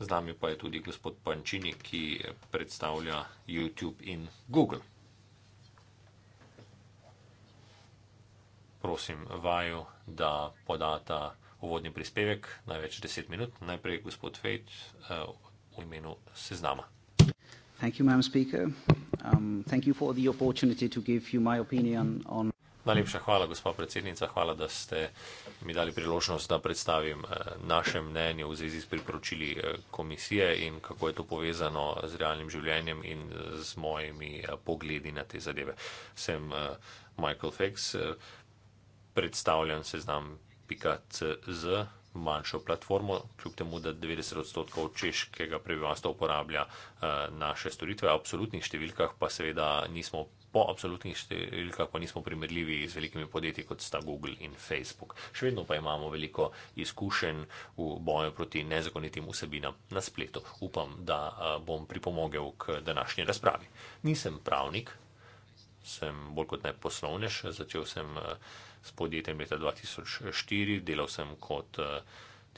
Z nami pa je tudi gospod Pančini, ki predstavlja YouTube in Google. Prosim vaju, da podata uvodni prispevek, največ 10 minut. Najprej gospod Fejt eh, v imenu seznama. Thank you, Madam Speaker. Um, thank you for the opportunity to give you my opinion on. Najlepša hvala, gospa predsednica. Hvala, da ste mi dali priložnost, da predstavim eh, naše mnenje v zvezi s priporočili eh, komisije in kako je to povezano z realnim življenjem in eh, z mojimi pogledi na te zadeve. Sem Michael Fex, predstavljam se znam pikac.z, manjšo platformo, kljub temu, da 90 odstotkov češkega prebivalstva uporablja naše storitve. V absolutnih številkah pa seveda nismo po absolutnih številkah pa nismo primerljivi z velikimi podjetji, kot sta Google in Facebook. Še vedno pa imamo veliko izkušenj v boju proti nezakonitim vsebinam na spletu. Upam, da bom pripomogel k današnji razpravi. Nisem pravnik, sem bolj kot ne poslovnež. Začel sem s podjetjem leta 2004, delal sem kot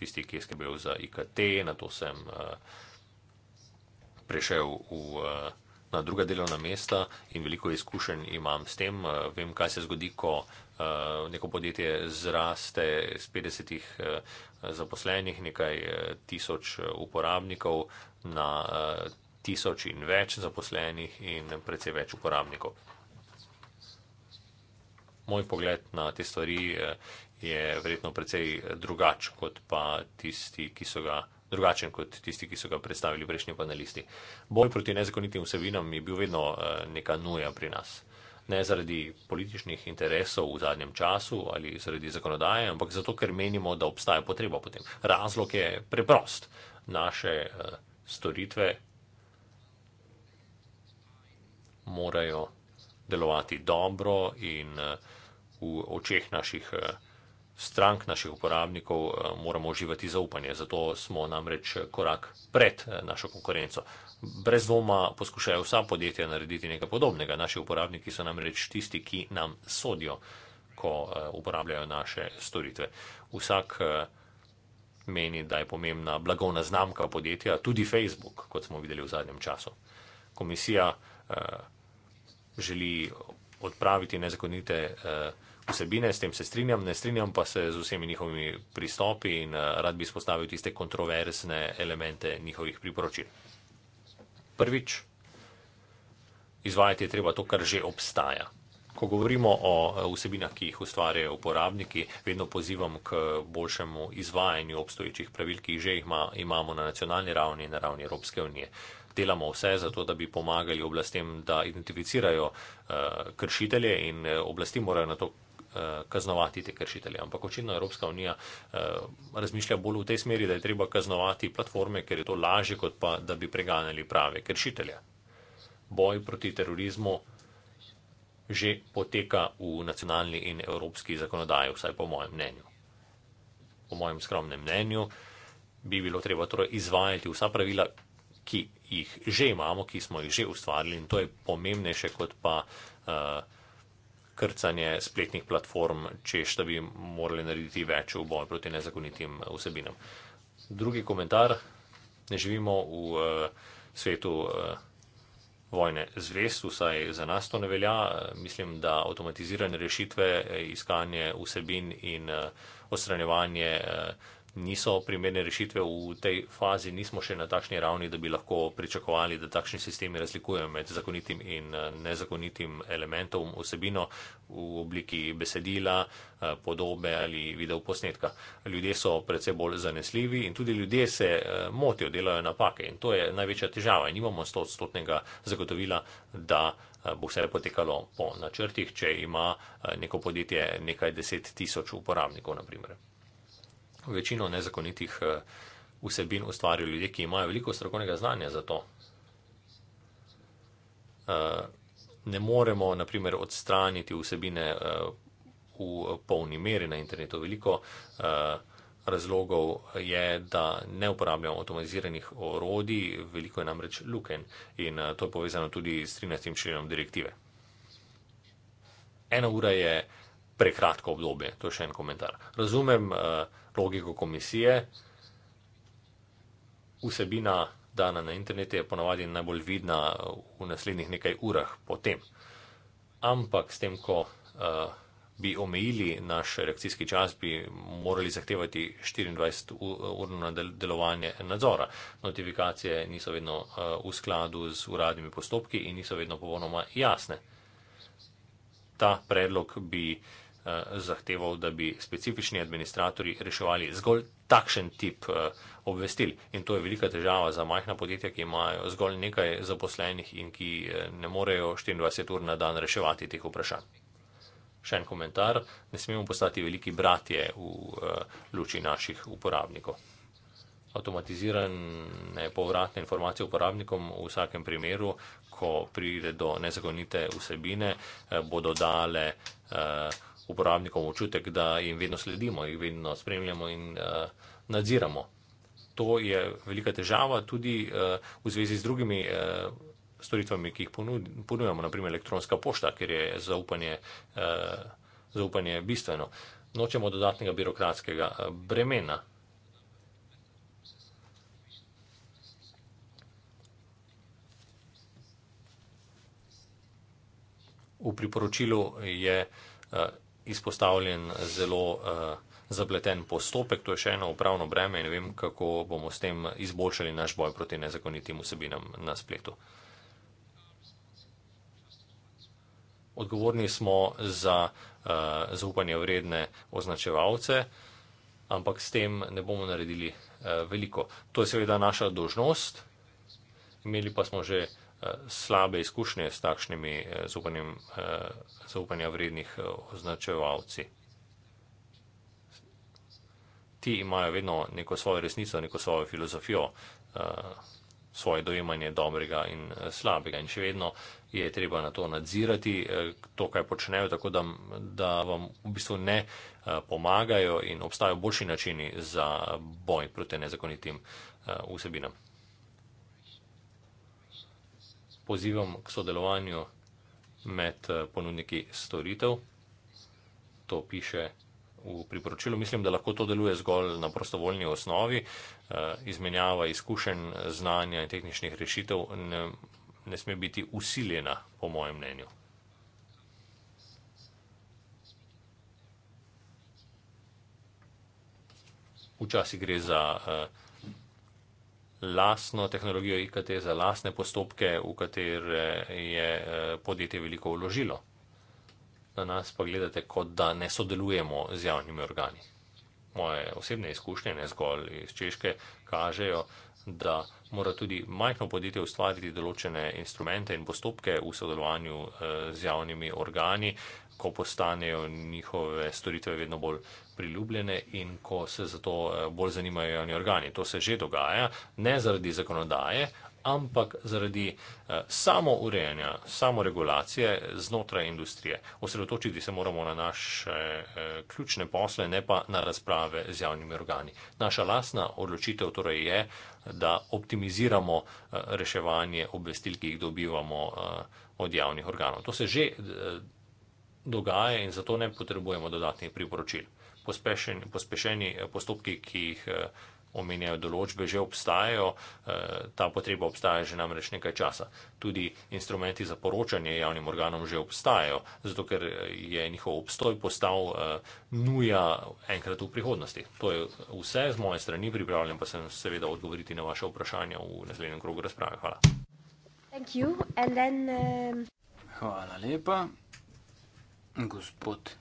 tisti, ki je skrbel za IKT, na to sem prešel v na druga delovna mesta in veliko izkušenj imam s tem. Eh, vem, kaj se zgodi, ko eh, neko podjetje zraste z 50 eh, zaposlenih, nekaj tisoč uporabnikov na tisoč in več zaposlenih in predvsej več uporabnikov. Moj pogled na te stvari je verjetno precej drugačen kot pa tisti, ki so ga drugačen kot tisti, ki so ga predstavili prejšnji panelisti. Boj proti nezakonitim vsebinam je bil vedno eh, neka nuja pri nas. Ne zaradi političnih interesov v zadnjem času ali zaradi zakonodaje, ampak zato, ker menimo, da obstaja potreba potem. Razlog je preprost. Naše eh, storitve morajo delovati dobro in eh, v očeh naših strank naših uporabnikov eh, moramo uživati zaupanje. Zato smo namreč korak pred eh, našo konkurenco. Brez dvoma poskušajo vsa podjetja narediti nekaj podobnega. Naši uporabniki so namreč tisti, ki nam sodijo, ko eh, uporabljajo naše storitve. Vsak meni, da je pomembna blagovna znamka podjetja, tudi Facebook, kot smo videli v zadnjem času. Komisija želi odpraviti nezakonite vsebine, s tem se strinjam, ne strinjam pa se z vsemi njihovimi pristopi in eh, rad bi spostavil tiste kontroversne elemente njihovih priporočil. Prvič, izvajati je treba to, kar že obstaja. Ko govorimo o eh, vsebinah, ki jih ustvarjajo uporabniki, vedno pozivam k boljšemu izvajanju obstoječih pravil, ki jih že ima, imamo na nacionalni ravni in na ravni Evropske unije. Delamo vse zato, da bi pomagali oblastem, da identificirajo uh, kršitelje in oblasti morajo na to Eh, kaznovati te kršitelje. Ampak očitno Evropska unija eh, razmišlja bolj v tej smeri, da je treba kaznovati platforme, ker je to lažje, kot pa da bi preganjali prave kršitelje. Boj proti terorizmu že poteka v nacionalni in evropski zakonodaji, vsaj po mojem mnenju. Po mojem skromnem mnenju bi bilo treba torej izvajati vsa pravila, ki jih že imamo, ki smo jih že ustvarili in to je pomembnejše kot pa uh, krcanje spletnih platform, češ da bi morali narediti več v boju proti nezakonitim vsebinam. Drugi komentar, ne živimo v uh, svetu uh, vojne zvest, vsaj za nas to ne velja. Eh, mislim, da automatizirane rešitve, iskanje vsebin in uh, ostranjevanje uh, niso primerne rešitve v tej fazi, nismo še na takšni ravni, da bi lahko pričakovali, da takšni sistemi razlikujejo med zakonitim in eh, nezakonitim elementom vsebino v obliki besedila, eh, podobe ali videoposnetka. Ljudje so predvsej bolj zanesljivi in tudi ljudje se eh, motijo, delajo napake in to je največja težava. Nimamo stotstotnega zagotovila, da bo vse potekalo po načrtih, če ima neko podjetje nekaj deset tisoč uporabnikov, na primer večino nezakonitih eh, vsebin ustvarjajo ljudje, ki imajo veliko strokovnega znanja za to. Eh, ne moremo, na primer, odstraniti vsebine eh, v polni meri na internetu. Veliko razlogov je, da ne uporabljamo avtomatiziranih orodij, veliko je namreč luken in to je povezano tudi s 13. členom direktive. Eno ura je prekratko obdobje, to je še en komentar. Razumem, uh, logiko komisije. Vsebina dana na internetu je ponavadi najbolj vidna v naslednjih nekaj urah potem. Ampak s tem, ko uh, bi omejili naš reakcijski čas, bi morali zahtevati 24-urno delovanje nadzora. Notifikacije niso vedno uh, v skladu z uradnimi postopki in niso vedno povonoma jasne. Ta predlog bi uh, Eh, zahteval, da bi specifični administratori reševali zgolj takšen tip eh, obvestil. In to je velika težava za majhna podjetja, ki imajo zgolj nekaj zaposlenih in ki eh, ne morejo 24 ur na dan reševati teh vprašanj. Še en komentar, ne smemo postati veliki bratje v luči naših uporabnikov. Automatizirane povratne informacije uporabnikom v vsakem primeru, ko pride do nezakonite vsebine, bodo dale eh, uporabnikom občutek, da jim vedno sledimo, jih vedno spremljamo in uh, nadziramo. To je velika težava tudi uh, v zvezi z drugimi uh, storitvami, ki jih ponujamo, naprimer elektronska pošta, ker je zaupanje, uh, zaupanje bistveno. Nočemo dodatnega birokratskega bremena. V priporočilu je izpostavljen zelo uh, zapleten postopek, to je še eno upravno breme in ne vem, kako bomo s tem izboljšali naš boj proti nezakonitim vsebinam na spletu. Odgovorni smo za uh, zaupanje vredne označevalce, ampak s tem ne bomo naredili uh, veliko. To je seveda naša dožnost, imeli pa smo že slabe izkušnje s takšnimi eh, eh, zaupanja vrednih eh, označevalci. Ti imajo vedno neko svojo resnico, neko svojo filozofijo, svoje dojemanje dobrega in slabega. In še vedno je treba na to nadzirati, to, kaj počnejo, tako da, da vam v bistvu ne pomagajo in obstajajo boljši načini za boj proti nezakonitim vsebinam pozivom k sodelovanju med eh, ponudniki storitev. To piše v priporočilu. Mislim, da lahko to deluje zgolj na prostovoljni osnovi. Eh, izmenjava izkušenj, znanja in tehničnih rešitev ne, ne sme biti usiljena, po mojem mnenju. Včasih gre za uh, lastno tehnologijo IKT, za lastne postopke, v katere je eh, podjetje veliko vložilo. Na nas pa gledate, kot da ne sodelujemo z javnimi organi. Moje osebne izkušnje, ne zgolj iz Češke, kažejo, da mora tudi majhno podjetje ustvariti določene instrumente in postopke v sodelovanju eh, z javnimi organi, ko postanejo njihove storitve vedno bolj priljubljene in ko se za to eh, bolj zanimajo javni organi. To se že dogaja, ne zaradi zakonodaje, ampak zaradi eh, samo urejanja, samo regulacije znotraj industrije. Osredotočiti se moramo na naše eh, ključne posle, ne pa na razprave z javnimi organi. Naša lasna odločitev torej je, da optimiziramo eh, reševanje obvestil, ki jih dobivamo eh, od javnih organov. To se že. Eh, dogaja in zato ne potrebujemo dodatnih priporočil. Pospešen, pospešeni eh, postopki, ki jih eh, omenjajo določbe, že obstajajo, eh, ta potreba obstaja že namreč nekaj časa. Tudi instrumenti za poročanje javnim organom že obstajajo, zato ker je njihov obstoj postal nuja enkrat v prihodnosti. To je vse z moje strani, pripravljam pa sem seveda odgovoriti na vaše vprašanje v naslednjem krogu razprave. Hvala. Um, Hvala lepa. Gospod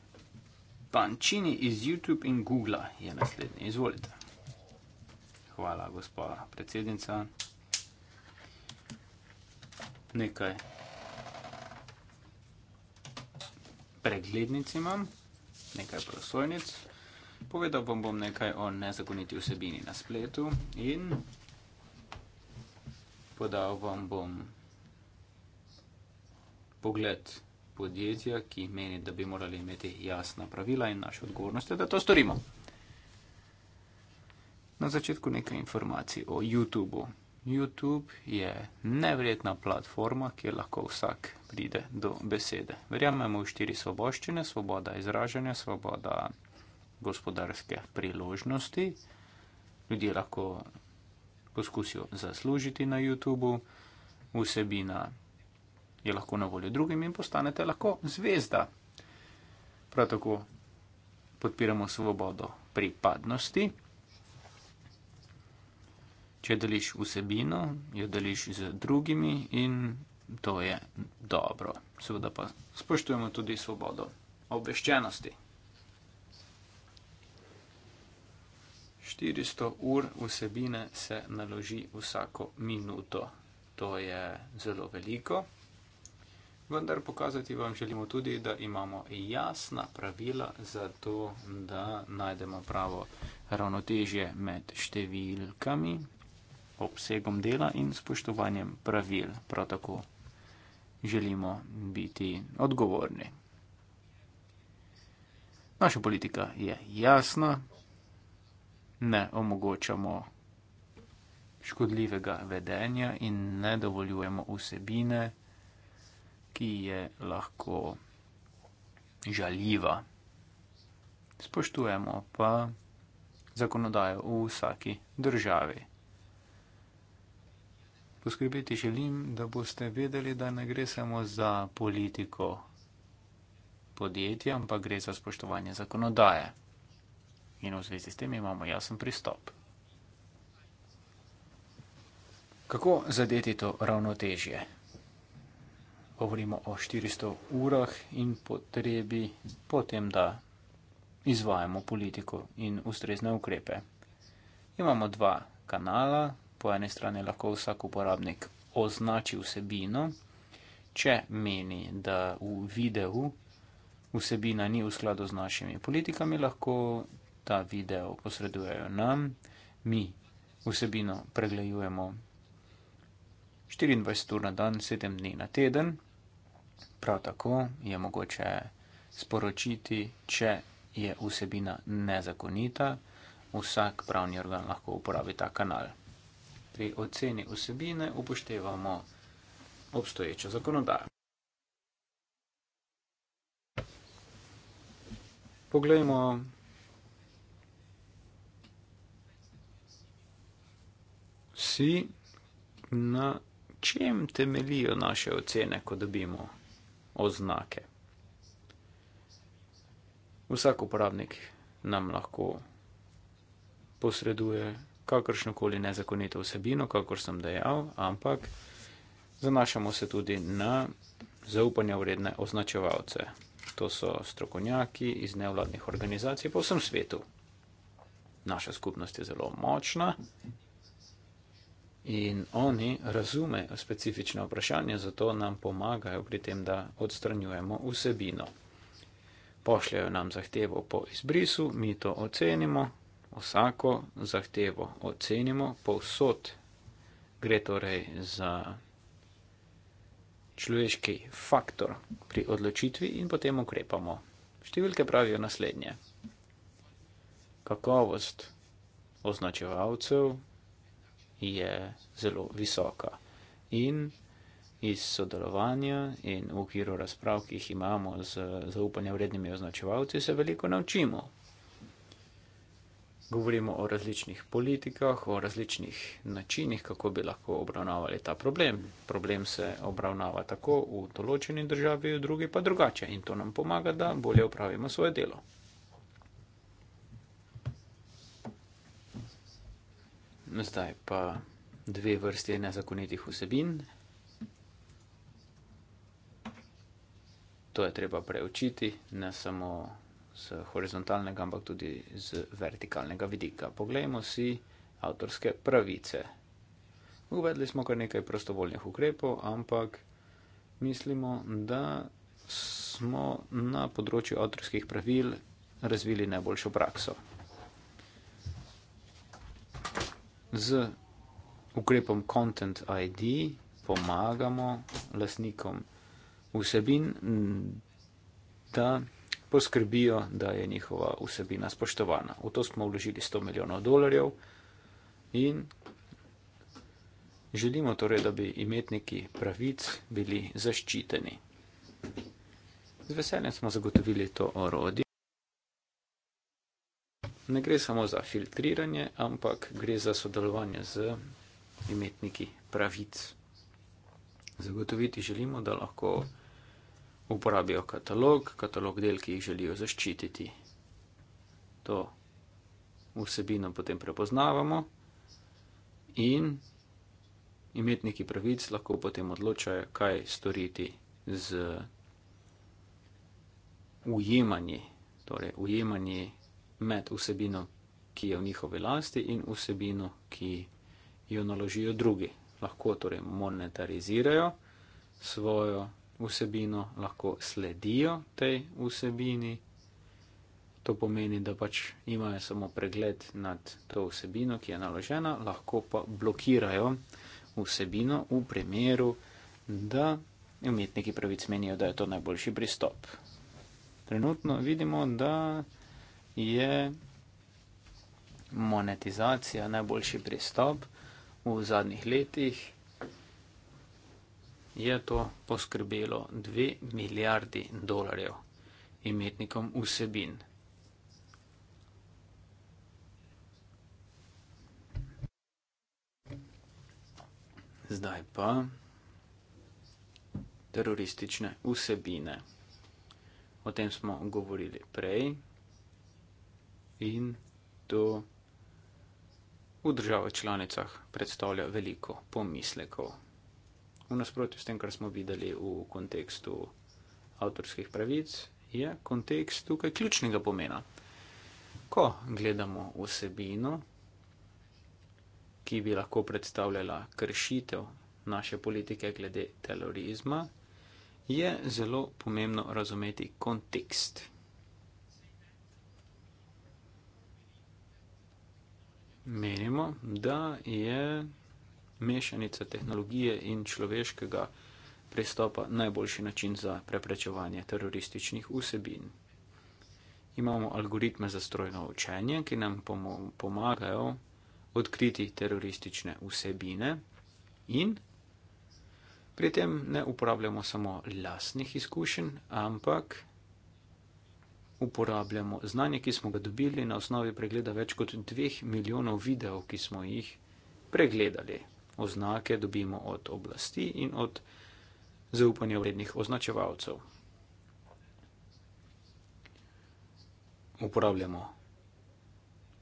Pančini iz YouTube in Google je naslednji. Izvolite. Hvala, gospod predsednica. Nekaj preglednic imam, nekaj prosojnic. Povedal vam bom nekaj o nezakoniti vsebini na spletu in podal vam bom pogled na spletu podjetja, ki meni, da bi morali imeti jasna pravila in naše odgovornosti, da to storimo. Na začetku nekaj informacij o YouTubu. YouTube je nevredna platforma, kjer lahko vsak pride do besede. Verjamemo v štiri svoboščine: svoboda izražanja, svoboda gospodarske priložnosti. Ljudje lahko poskusijo zaslužiti na YouTubu, vsebina je lahko na voljo drugim in postanete lahko zvezda. Prav tako podpiramo svobodo pripadnosti. Če deliš vsebino, jo deliš z drugimi in to je dobro. Seveda pa spoštujemo tudi svobodo obveščenosti. 400 ur vsebine se naloži vsako minuto. To je zelo veliko vendar pokazati vam želimo tudi, da imamo jasna pravila za to, da najdemo pravo ravnotežje med številkami, obsegom dela in spoštovanjem pravil. Prav tako želimo biti odgovorni. Naša politika je jasna, ne omogočamo škodljivega vedenja in ne dovoljujemo vsebine, ki je lahko žaljiva. Spoštujemo pa zakonodajo v vsaki državi. Poskrbeti želim, da boste vedeli, da ne gre samo za politiko podjetja, ampak gre za spoštovanje zakonodaje. In v zvezi s tem imamo jasen pristop. Kako zadeti to ravnotežje? govorimo o 400 urah in potrebi potem, da izvajamo politiko in ustrezne ukrepe. Imamo dva kanala, po eni strani lahko vsak uporabnik označi vsebino, če meni, da v videu vsebina ni v skladu z našimi politikami, lahko ta video posredujejo nam, mi vsebino preglejujemo 24 ur na dan, 7 dni na teden. Prav tako je mogoče sporočiti, če je vsebina nezakonita, vsak pravni organ lahko uporabi ta kanal. Pri oceni vsebine upoštevamo obstoječo zakonodajo. Poglejmo si na čem temelijo naše ocene, ko dobimo oznake. Vsak uporabnik nam lahko posreduje kakršno koli nezakonito vsebino, kakor sem dejal, ampak zanašamo se tudi na zaupanja vredne označevalce. To so strokovnjaki iz nevladnih organizacij po vsem svetu. Naša skupnost je zelo močna In oni razumejo specifično vprašanje, zato nam pomagajo pri tem, da odstranjujemo vsebino. Pošljajo nam zahtevo po izbrisu, mi to ocenimo, vsako zahtevo ocenimo, povsod gre torej za človeški faktor pri odločitvi in potem ukrepamo. Številke pravijo naslednje. Kakovost označevalcev je zelo visoka. In iz sodelovanja in v okviru razprav, ki jih imamo z zaupanja vrednimi označevalci, se veliko naučimo. Govorimo o različnih politikah, o različnih načinih, kako bi lahko obravnavali ta problem. Problem se obravnava tako v določeni državi, v drugi pa drugače in to nam pomaga, da bolje upravimo svoje delo. zdaj pa dve vrsti nezakonitih vsebin. To je treba preučiti, ne samo z horizontalnega, ampak tudi z vertikalnega vidika. Poglejmo si avtorske pravice. Uvedli smo kar nekaj prostovoljnih ukrepov, ampak mislimo, da smo na področju avtorskih pravil razvili najboljšo prakso. z ukrepom Content ID pomagamo lasnikom vsebin, da poskrbijo, da je njihova vsebina spoštovana. V to smo vložili 100 milijonov dolarjev in želimo torej, da bi imetniki pravic bili zaščiteni. Z veseljem smo zagotovili to orodje ne gre samo za filtriranje, ampak gre za sodelovanje z imetniki pravic. Zagotoviti želimo, da lahko uporabijo katalog, katalog del, ki jih želijo zaščititi. To vsebino potem prepoznavamo in imetniki pravic lahko potem odločajo, kaj storiti z ujemanji, torej ujemanji med vsebino, ki je v njihovi lasti in vsebino, ki jo naložijo drugi. Lahko torej monetarizirajo svojo vsebino, lahko sledijo tej vsebini. To pomeni, da pač imajo samo pregled nad to vsebino, ki je naložena, lahko pa blokirajo vsebino v primeru, da umetniki pravic menijo, da je to najboljši pristop. Trenutno vidimo, da je monetizacija najboljši pristop v zadnjih letih. Je to poskrbelo 2 milijardi dolarjev imetnikom vsebin. Zdaj pa teroristične vsebine. O tem smo govorili prej in to v državah članicah predstavlja veliko pomislekov. V nasprotju s tem, kar smo videli v kontekstu avtorskih pravic, je kontekst tukaj ključnega pomena. Ko gledamo vsebino, ki bi lahko predstavljala kršitev naše politike glede terorizma, je zelo pomembno razumeti kontekst. menimo, da je mešanica tehnologije in človeškega pristopa najboljši način za preprečevanje terorističnih vsebin. Imamo algoritme za strojno učenje, ki nam pomagajo odkriti teroristične vsebine in pri tem ne uporabljamo samo lasnih izkušenj, ampak uporabljamo, znanje, ki smo ga dobili na osnovi pregleda več kot dveh milijonov videov, ki smo jih pregledali. Oznake dobimo od oblasti in od zaupanja vrednih označevalcev. Uporabljamo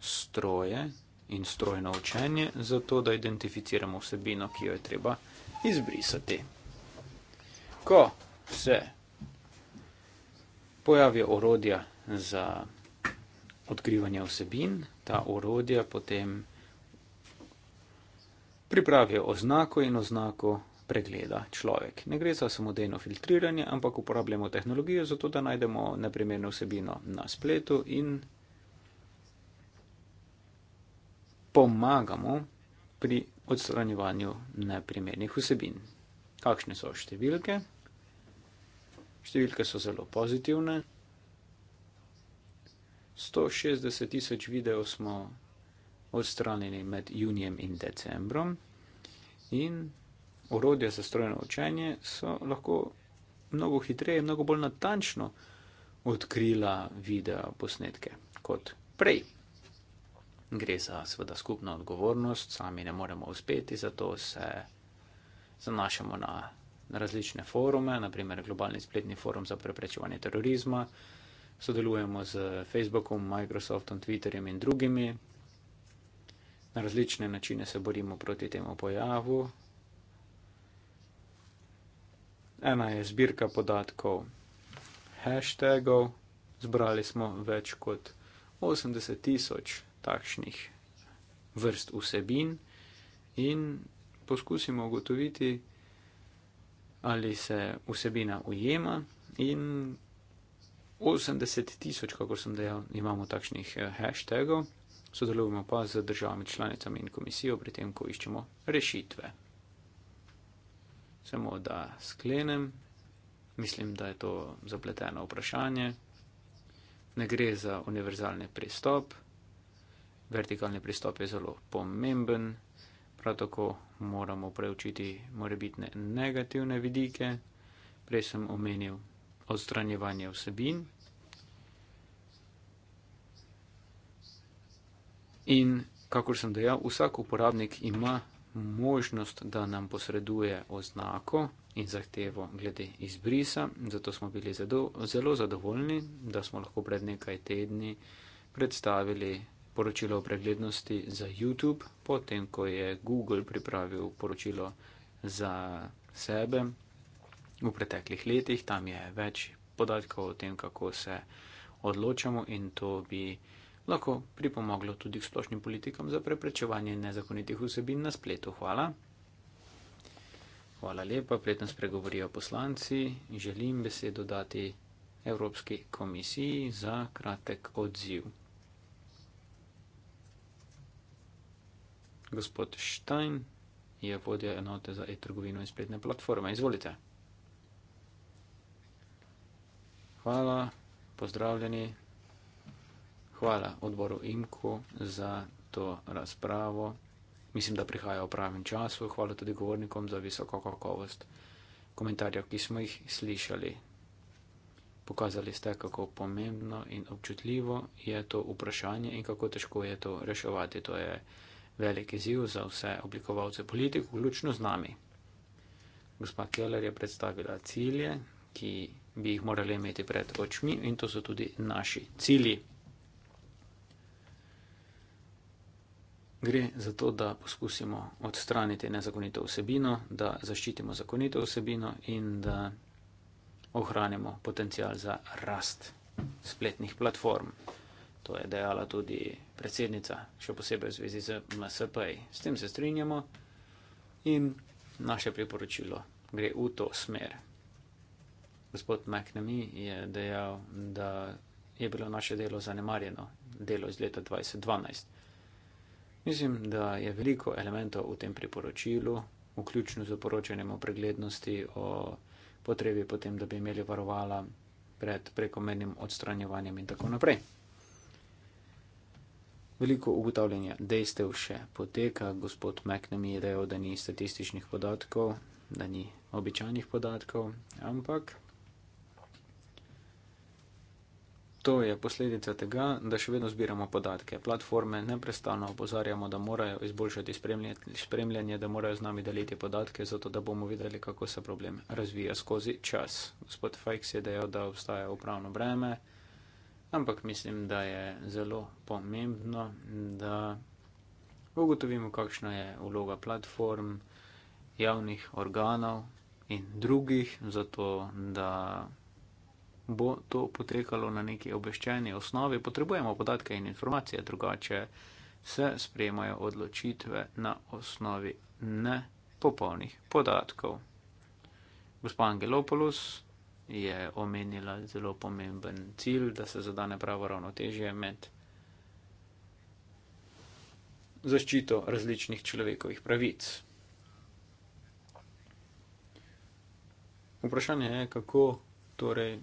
stroje in strojno učenje, zato da identificiramo vsebino, ki jo je treba izbrisati. Ko se pojavijo orodja za odkrivanje vsebin, ta orodja potem pripravijo oznako in oznako pregleda človek. Ne gre za samodejno filtriranje, ampak uporabljamo tehnologijo zato, da najdemo neprimerno vsebino na spletu in pomagamo pri odstranjevanju neprimernih vsebin. Kakšne so številke? Številke so zelo pozitivne. 160 tisoč videov smo odstranili med junijem in decembrom in orodja za strojno učenje so lahko mnogo hitreje in mnogo bolj natančno odkrila video posnetke kot prej. Gre za seveda skupno odgovornost, sami ne moremo uspeti, zato se zanašamo na različne forume, naprimer globalni spletni forum za preprečevanje terorizma, sodelujemo z Facebookom, Microsoftom, Twitterjem in drugimi. Na različne načine se borimo proti temu pojavu. Ena je zbirka podatkov hashtagov. Zbrali smo več kot 80 tisoč takšnih vrst vsebin in poskusimo ugotoviti, ali se vsebina ujema in 80 tisoč, kako sem dejal, imamo takšnih eh, hashtagov, sodelujemo pa z državami članicami in komisijo pri tem, ko iščemo rešitve. Samo da sklenem, mislim, da je to zapleteno vprašanje. Ne gre za univerzalni pristop. Vertikalni pristop je zelo pomemben, prav tako moramo preučiti morebitne negativne vidike. Prej sem omenil odstranjevanje vsebin in, kakor sem dejal, vsak uporabnik ima možnost, da nam posreduje oznako in zahtevo glede izbrisa, zato smo bili zelo zadovoljni, da smo lahko pred nekaj tedni predstavili poročilo o preglednosti za YouTube, potem ko je Google pripravil poročilo za sebe v preteklih letih, tam je več podatkov o tem, kako se odločamo in to bi lahko pripomoglo tudi k splošnim politikam za preprečevanje nezakonitih vsebin na spletu. Hvala. Hvala lepa, prijetno spregovorijo poslanci. Želim besedo dati Evropski komisiji za kratek odziv. Gospod Štajn je vodja enote za e-trgovino in spletne platforme. Izvolite. Hvala, pozdravljeni. Hvala odboru IMKU za to razpravo. Mislim, da prihaja v pravem času. Hvala tudi govornikom za visoko kakovost komentarjev, ki smo jih slišali. Pokazali ste, kako pomembno in občutljivo je to vprašanje in kako težko je to reševati. To je velik izziv za vse oblikovalce politik, vključno z nami. Gospa Keller je predstavila cilje, ki bi jih morali imeti pred očmi in to so tudi naši cilji. Gre za to, da poskusimo odstraniti nezakonito vsebino, da zaščitimo zakonito vsebino in da ohranimo potencial za rast spletnih platform. To je dejala tudi predsednica, še posebej v zvezi z MSP. S tem se strinjamo in naše priporočilo gre v to smer gospod McNamee je dejal, da je bilo naše delo zanemarjeno, delo iz leta 2012. Mislim, da je veliko elementov v tem priporočilu, vključno z oporočanjem o preglednosti, o potrebi potem, da bi imeli varovala pred prekomernim odstranjevanjem in tako naprej. Veliko ugotavljanja dejstev še poteka, gospod Meknem je dejal, da ni statističnih podatkov, da ni običajnih podatkov, ampak To je posledica tega, da še vedno zbiramo podatke. Platforme neprestano opozarjamo, da morajo izboljšati spremljanje, da morajo z nami deliti podatke, zato da bomo videli, kako se problem razvija skozi čas. Gospod Fajks je dejal, da obstaja upravno breme, ampak mislim, da je zelo pomembno, da ugotovimo, kakšna je vloga platform, javnih organov in drugih, zato da bo to potekalo na neki obveščeni osnovi, potrebujemo podatke in informacije, drugače se sprejemajo odločitve na osnovi nepopolnih podatkov. Gospa Angelopoulos je omenila zelo pomemben cilj, da se zadane pravo ravnotežje med zaščito različnih človekovih pravic. Vprašanje je, kako torej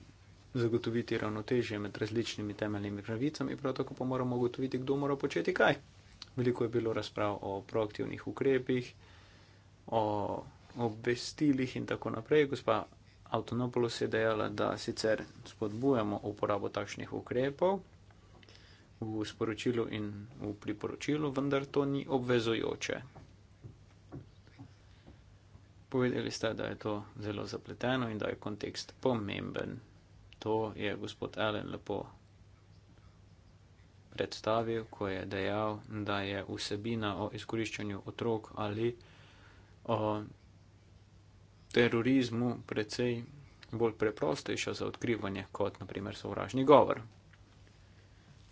zagotoviti ravnotežje med različnimi temeljnimi pravicami, prav tako pa moramo ugotoviti, kdo mora početi kaj. Veliko je bilo razprav o proaktivnih ukrepih, o obvestilih in tako naprej. Gospa Avtonopolos je dejala, da sicer spodbujamo uporabo takšnih ukrepov v sporočilu in v priporočilu, vendar to ni obvezujoče. Povedali ste, da je to zelo zapleteno in da je kontekst pomemben to je gospod Allen lepo predstavil, ko je dejal, da je vsebina o izkoriščanju otrok ali o terorizmu precej bolj preprostejša za odkrivanje kot naprimer sovražni govor.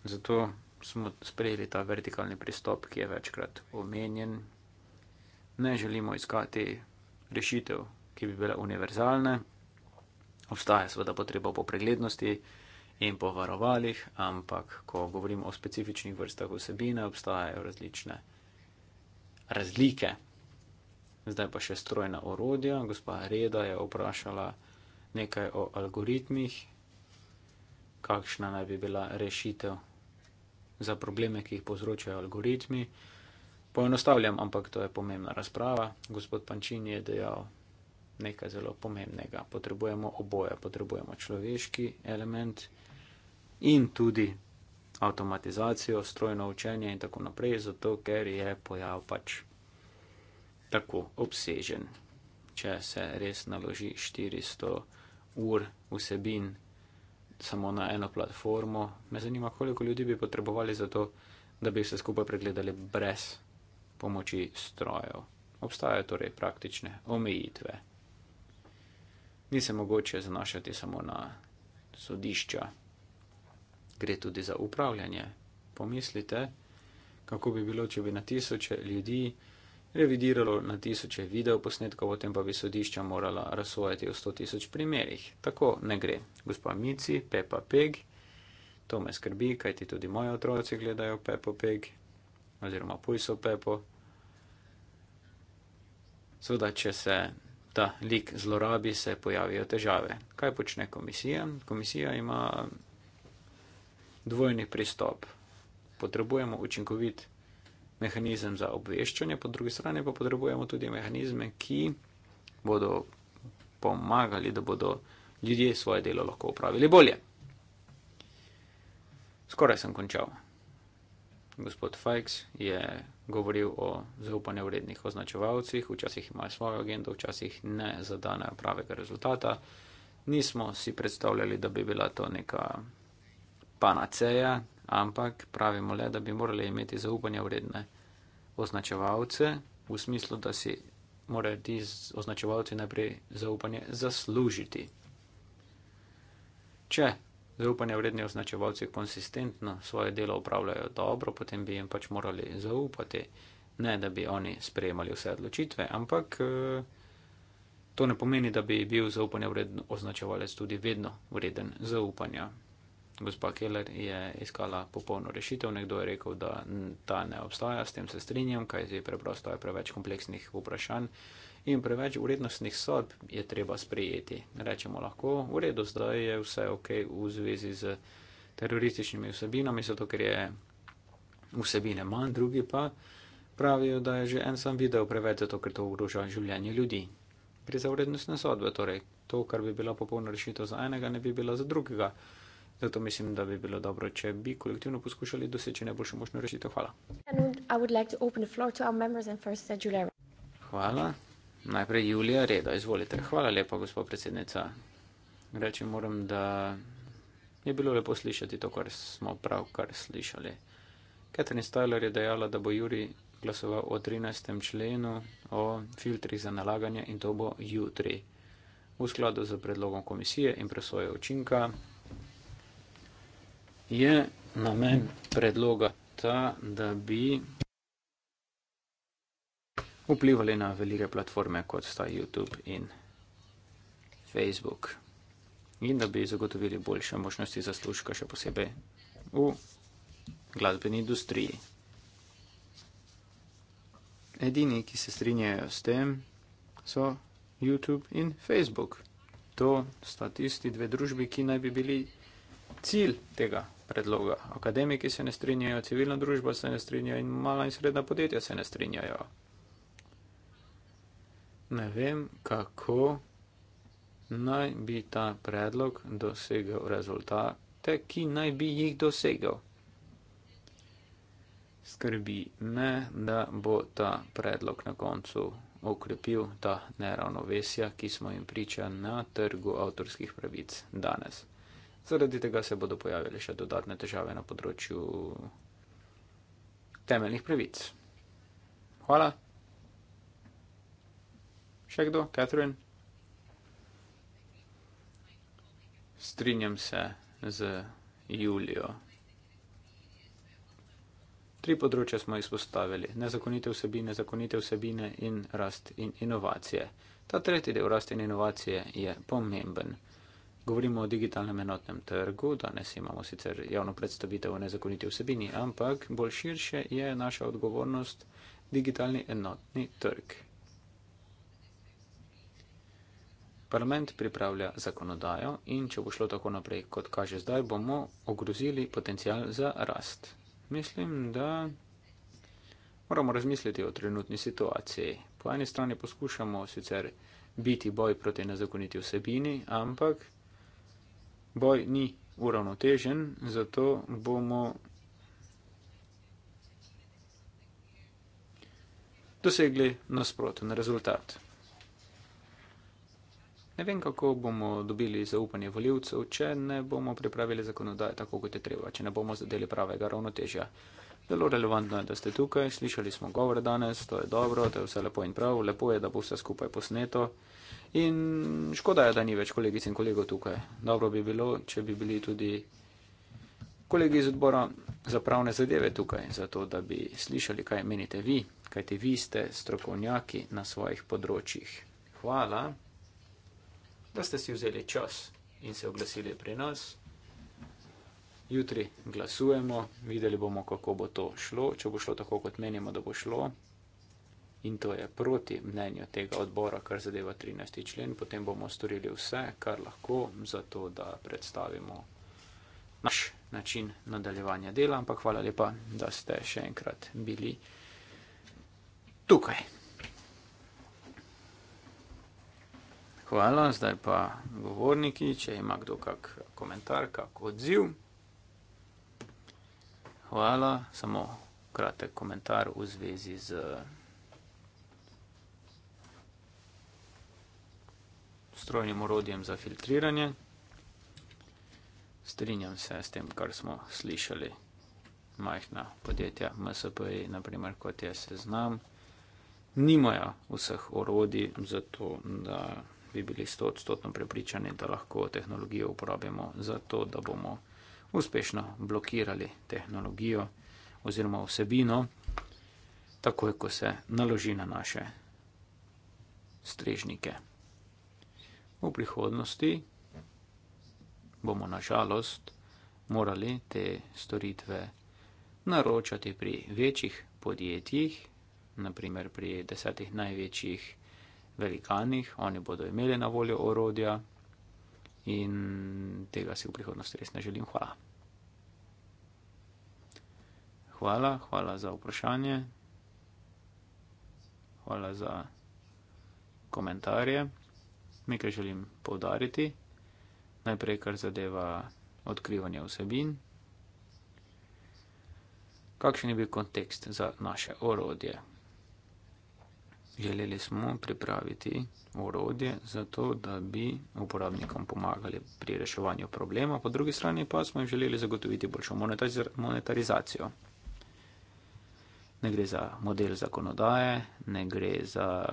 Zato smo sprejeli ta vertikalni pristop, ki je večkrat omenjen. Ne želimo iskati rešitev, ki bi bile univerzalne. Obstaja seveda potreba po preglednosti in po varovalih, ampak ko govorim o specifičnih vrstah vsebine, obstajajo različne razlike. Zdaj pa še strojna orodja. Gospa Reda je vprašala nekaj o algoritmih, kakšna naj bi bila rešitev za probleme, ki jih povzročajo algoritmi. Poenostavljam, ampak to je pomembna razprava. Gospod Pančin je dejal, nekaj zelo pomembnega. Potrebujemo oboje, potrebujemo človeški element in tudi avtomatizacijo, strojno učenje in tako naprej, zato ker je pojav pač tako obsežen. Če se res naloži 400 ur vsebin samo na eno platformo, me zanima, koliko ljudi bi potrebovali za to, da bi se skupaj pregledali brez pomoči strojev. Obstajajo torej praktične omejitve ni se mogoče zanašati samo na sodišča. Gre tudi za upravljanje. Pomislite, kako bi bilo, če bi na tisoče ljudi revidiralo na tisoče videoposnetkov, potem pa bi sodišča morala razsojati v sto tisoč primerjih. Tako ne gre. Gospa Mici, Pepa Peg, to me skrbi, kajti tudi moji otroci gledajo Pepo Peg oziroma Pujso Pepo. Sveda, če se ta lik zlorabi, se pojavijo težave. Kaj počne komisija? Komisija ima dvojni pristop. Potrebujemo učinkovit mehanizem za obveščanje, po drugi strani pa potrebujemo tudi mehanizme, ki bodo pomagali, da bodo ljudje svoje delo lahko upravili bolje. Skoraj sem končal. Gospod Fajks je govoril o zaupanje vrednih označevalcih, včasih imajo svojo agendo, včasih ne zadanejo pravega rezultata. Nismo si predstavljali, da bi bila to neka panaceja, ampak pravimo le, da bi morali imeti zaupanje vredne označevalce v smislu, da si morajo ti označevalci najprej zaupanje zaslužiti. Če zaupanja vredni označevalci konsistentno svoje delo upravljajo dobro, potem bi jim pač morali zaupati, ne da bi oni sprejemali vse odločitve, ampak eh, to ne pomeni, da bi bil zaupanja vredni označevalec tudi vedno vreden zaupanja. Gospa Keller je iskala popolno rešitev, nekdo je rekel, da ta ne obstaja, s tem se strinjam, kaj je preprosto, je preveč kompleksnih vprašanj in preveč urednostnih sodb je treba sprejeti. Rečemo lahko, v redu, zdaj je vse ok v zvezi z terorističnimi vsebinami, zato ker je vsebine manj, drugi pa pravijo, da je že en sam video preveč, zato ker to ogroža življenje ljudi. Gre za urednostne sodbe, torej to, kar bi bila popolna rešitev za enega, ne bi bila za drugega. Zato mislim, da bi bilo dobro, če bi kolektivno poskušali doseči najboljšo možno rešitev. Hvala. Uh, Hvala. Najprej Julija Redo, izvolite. Hvala lepa, gospod predsednica. Reči moram, da je bilo lepo slišati to, kar smo pravkar slišali. Katrin Stajler je dejala, da bo Juri glasoval o 13. členu o filtrih za nalaganje in to bo jutri. V skladu z predlogom komisije in presoje učinka je namen predloga ta, da bi vplivali na velike platforme, kot sta YouTube in Facebook. In da bi zagotovili boljše možnosti za služka, še posebej v glasbeni industriji. Edini, ki se strinjajo s tem, so YouTube in Facebook. To sta tisti dve družbi, ki naj bi bili cilj tega predloga. Akademiki se ne strinjajo, civilna družba se ne strinja in mala in srednja podjetja se ne strinjajo ne vem, kako naj bi ta predlog dosegel rezultate, ki naj bi jih dosegel. Skrbi me, da bo ta predlog na koncu okrepil ta neravnovesja, ki smo jim priča na trgu avtorskih pravic danes. Zaradi tega se bodo pojavile še dodatne težave na področju temeljnih pravic. Hvala. Še kdo? Catherine? Strinjam se z Julijo. Tri področja smo izpostavili. Nezakonite vsebine, zakonite vsebine in rast in inovacije. Ta tretji del rast in inovacije je pomemben. Govorimo o digitalnem enotnem trgu, danes imamo sicer javno predstavitev o nezakoniti vsebini, ampak bolj širše je naša odgovornost digitalni enotni trg. Parlament pripravlja zakonodajo in če bo šlo tako naprej, kot kaže zdaj, bomo ogrozili potencial za rast. Mislim, da moramo razmisliti o trenutni situaciji. Po eni strani poskušamo sicer biti boj proti nezakoniti vsebini, ampak boj ni uravnotežen, zato bomo dosegli nasproten rezultat. Ne vem, kako bomo dobili zaupanje voljivcev, če ne bomo pripravili zakonodaje tako, kot je treba, če ne bomo zadeli pravega ravnotežja. Zelo relevantno je, da ste tukaj, slišali smo govore danes, to je dobro, to je vse lepo in prav, lepo je, da bo vse skupaj posneto. In škoda je, da ni več kolegic in kolegov tukaj. Dobro bi bilo, če bi bili tudi kolegi iz odbora za pravne zadeve tukaj, zato da bi slišali, kaj menite vi, kajti vi ste strokovnjaki na svojih področjih. Hvala da ste si vzeli čas in se oglasili pri nas. Jutri glasujemo, videli bomo, kako bo to šlo, če bo šlo tako, kot menimo, da bo šlo. In to je proti mnenju tega odbora, kar zadeva 13. člen. Potem bomo storili vse, kar lahko, zato da predstavimo naš način nadaljevanja dela. Ampak hvala lepa, da ste še enkrat bili tukaj. Hvala, zdaj pa govorniki, če ima kdo kak komentar, kak odziv. Hvala, samo kratek komentar v zvezi z strojnim urodjem za filtriranje. Strinjam se s tem, kar smo slišali majhna podjetja MSPI, e, naprimer kot je seznam, nimajo vseh orodij za to, da bi bili stotodstotno prepričani, da lahko tehnologijo uporabimo za to, da bomo uspešno blokirali tehnologijo oziroma vsebino, takoj ko se naloži na naše strežnike. V prihodnosti bomo nažalost morali te storitve naročati pri večjih podjetjih, naprimer pri desetih največjih velikanih, oni bodo imeli na voljo orodja in tega si v prihodnosti res ne želim. Hvala. Hvala, hvala za vprašanje. Hvala za komentarje. Nekaj želim povdariti. Najprej, kar zadeva odkrivanje vsebin. Kakšen je bil kontekst za naše orodje? Želeli smo pripraviti orodje za to, da bi uporabnikom pomagali pri reševanju problema, po drugi strani pa smo jim želeli zagotoviti boljšo monetarizacijo. Ne gre za model zakonodaje, ne gre za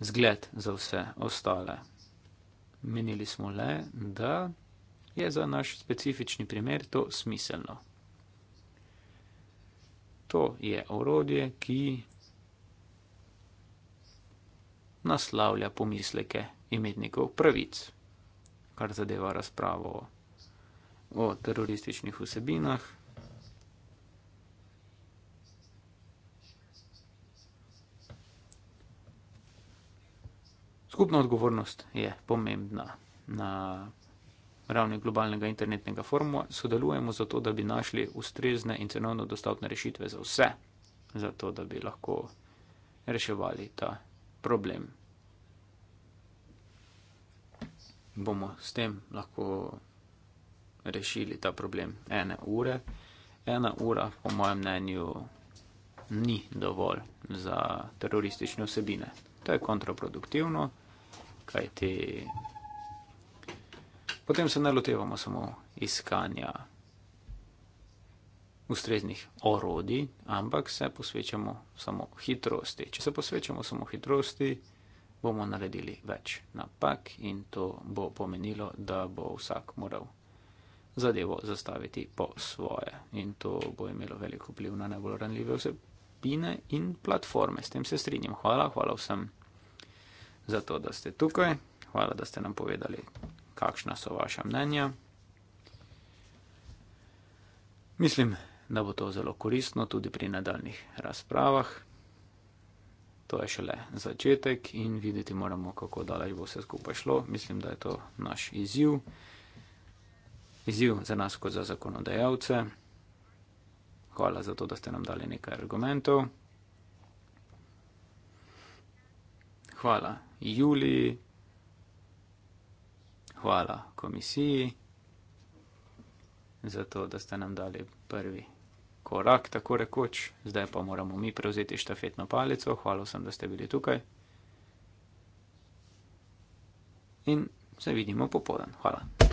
zgled za vse ostale. Menili smo le, da je za naš specifični primer to smiselno. To je orodje, ki naslavlja pomisleke imetnikov pravic, kar zadeva razpravo o terorističnih vsebinah. Skupna odgovornost je pomembna na ravni globalnega internetnega forma sodelujemo zato, da bi našli ustrezne in cenovno dostopne rešitve za vse, zato da bi lahko reševali ta problem. Bomo s tem lahko rešili ta problem ene ure. Ena ura, po mojem mnenju, ni dovolj za teroristične vsebine. To je kontraproduktivno, kajti potem se ne lotevamo samo iskanja ustreznih orodij, ampak se posvečamo samo hitrosti. Če se posvečamo samo hitrosti, bomo naredili več napak in to bo pomenilo, da bo vsak moral zadevo zastaviti po svoje. In to bo imelo veliko vpliv na najbolj ranljive osebine in platforme. S tem se strinjam. Hvala, hvala vsem za to, da ste tukaj. Hvala, da ste nam povedali kakšna so vaša mnenja. Mislim, da bo to zelo koristno tudi pri nadaljnih razpravah. To je šele začetek in videti moramo, kako daleč bo vse skupaj šlo. Mislim, da je to naš izziv. Izziv za nas kot za zakonodajalce. Hvala za to, da ste nam dali nekaj argumentov. Hvala Juliji hvala komisiji za to, da ste nam dali prvi korak, tako rekoč. Zdaj pa moramo mi prevzeti štafetno palico. Hvala vsem, da ste bili tukaj. In se vidimo popoldan. Hvala.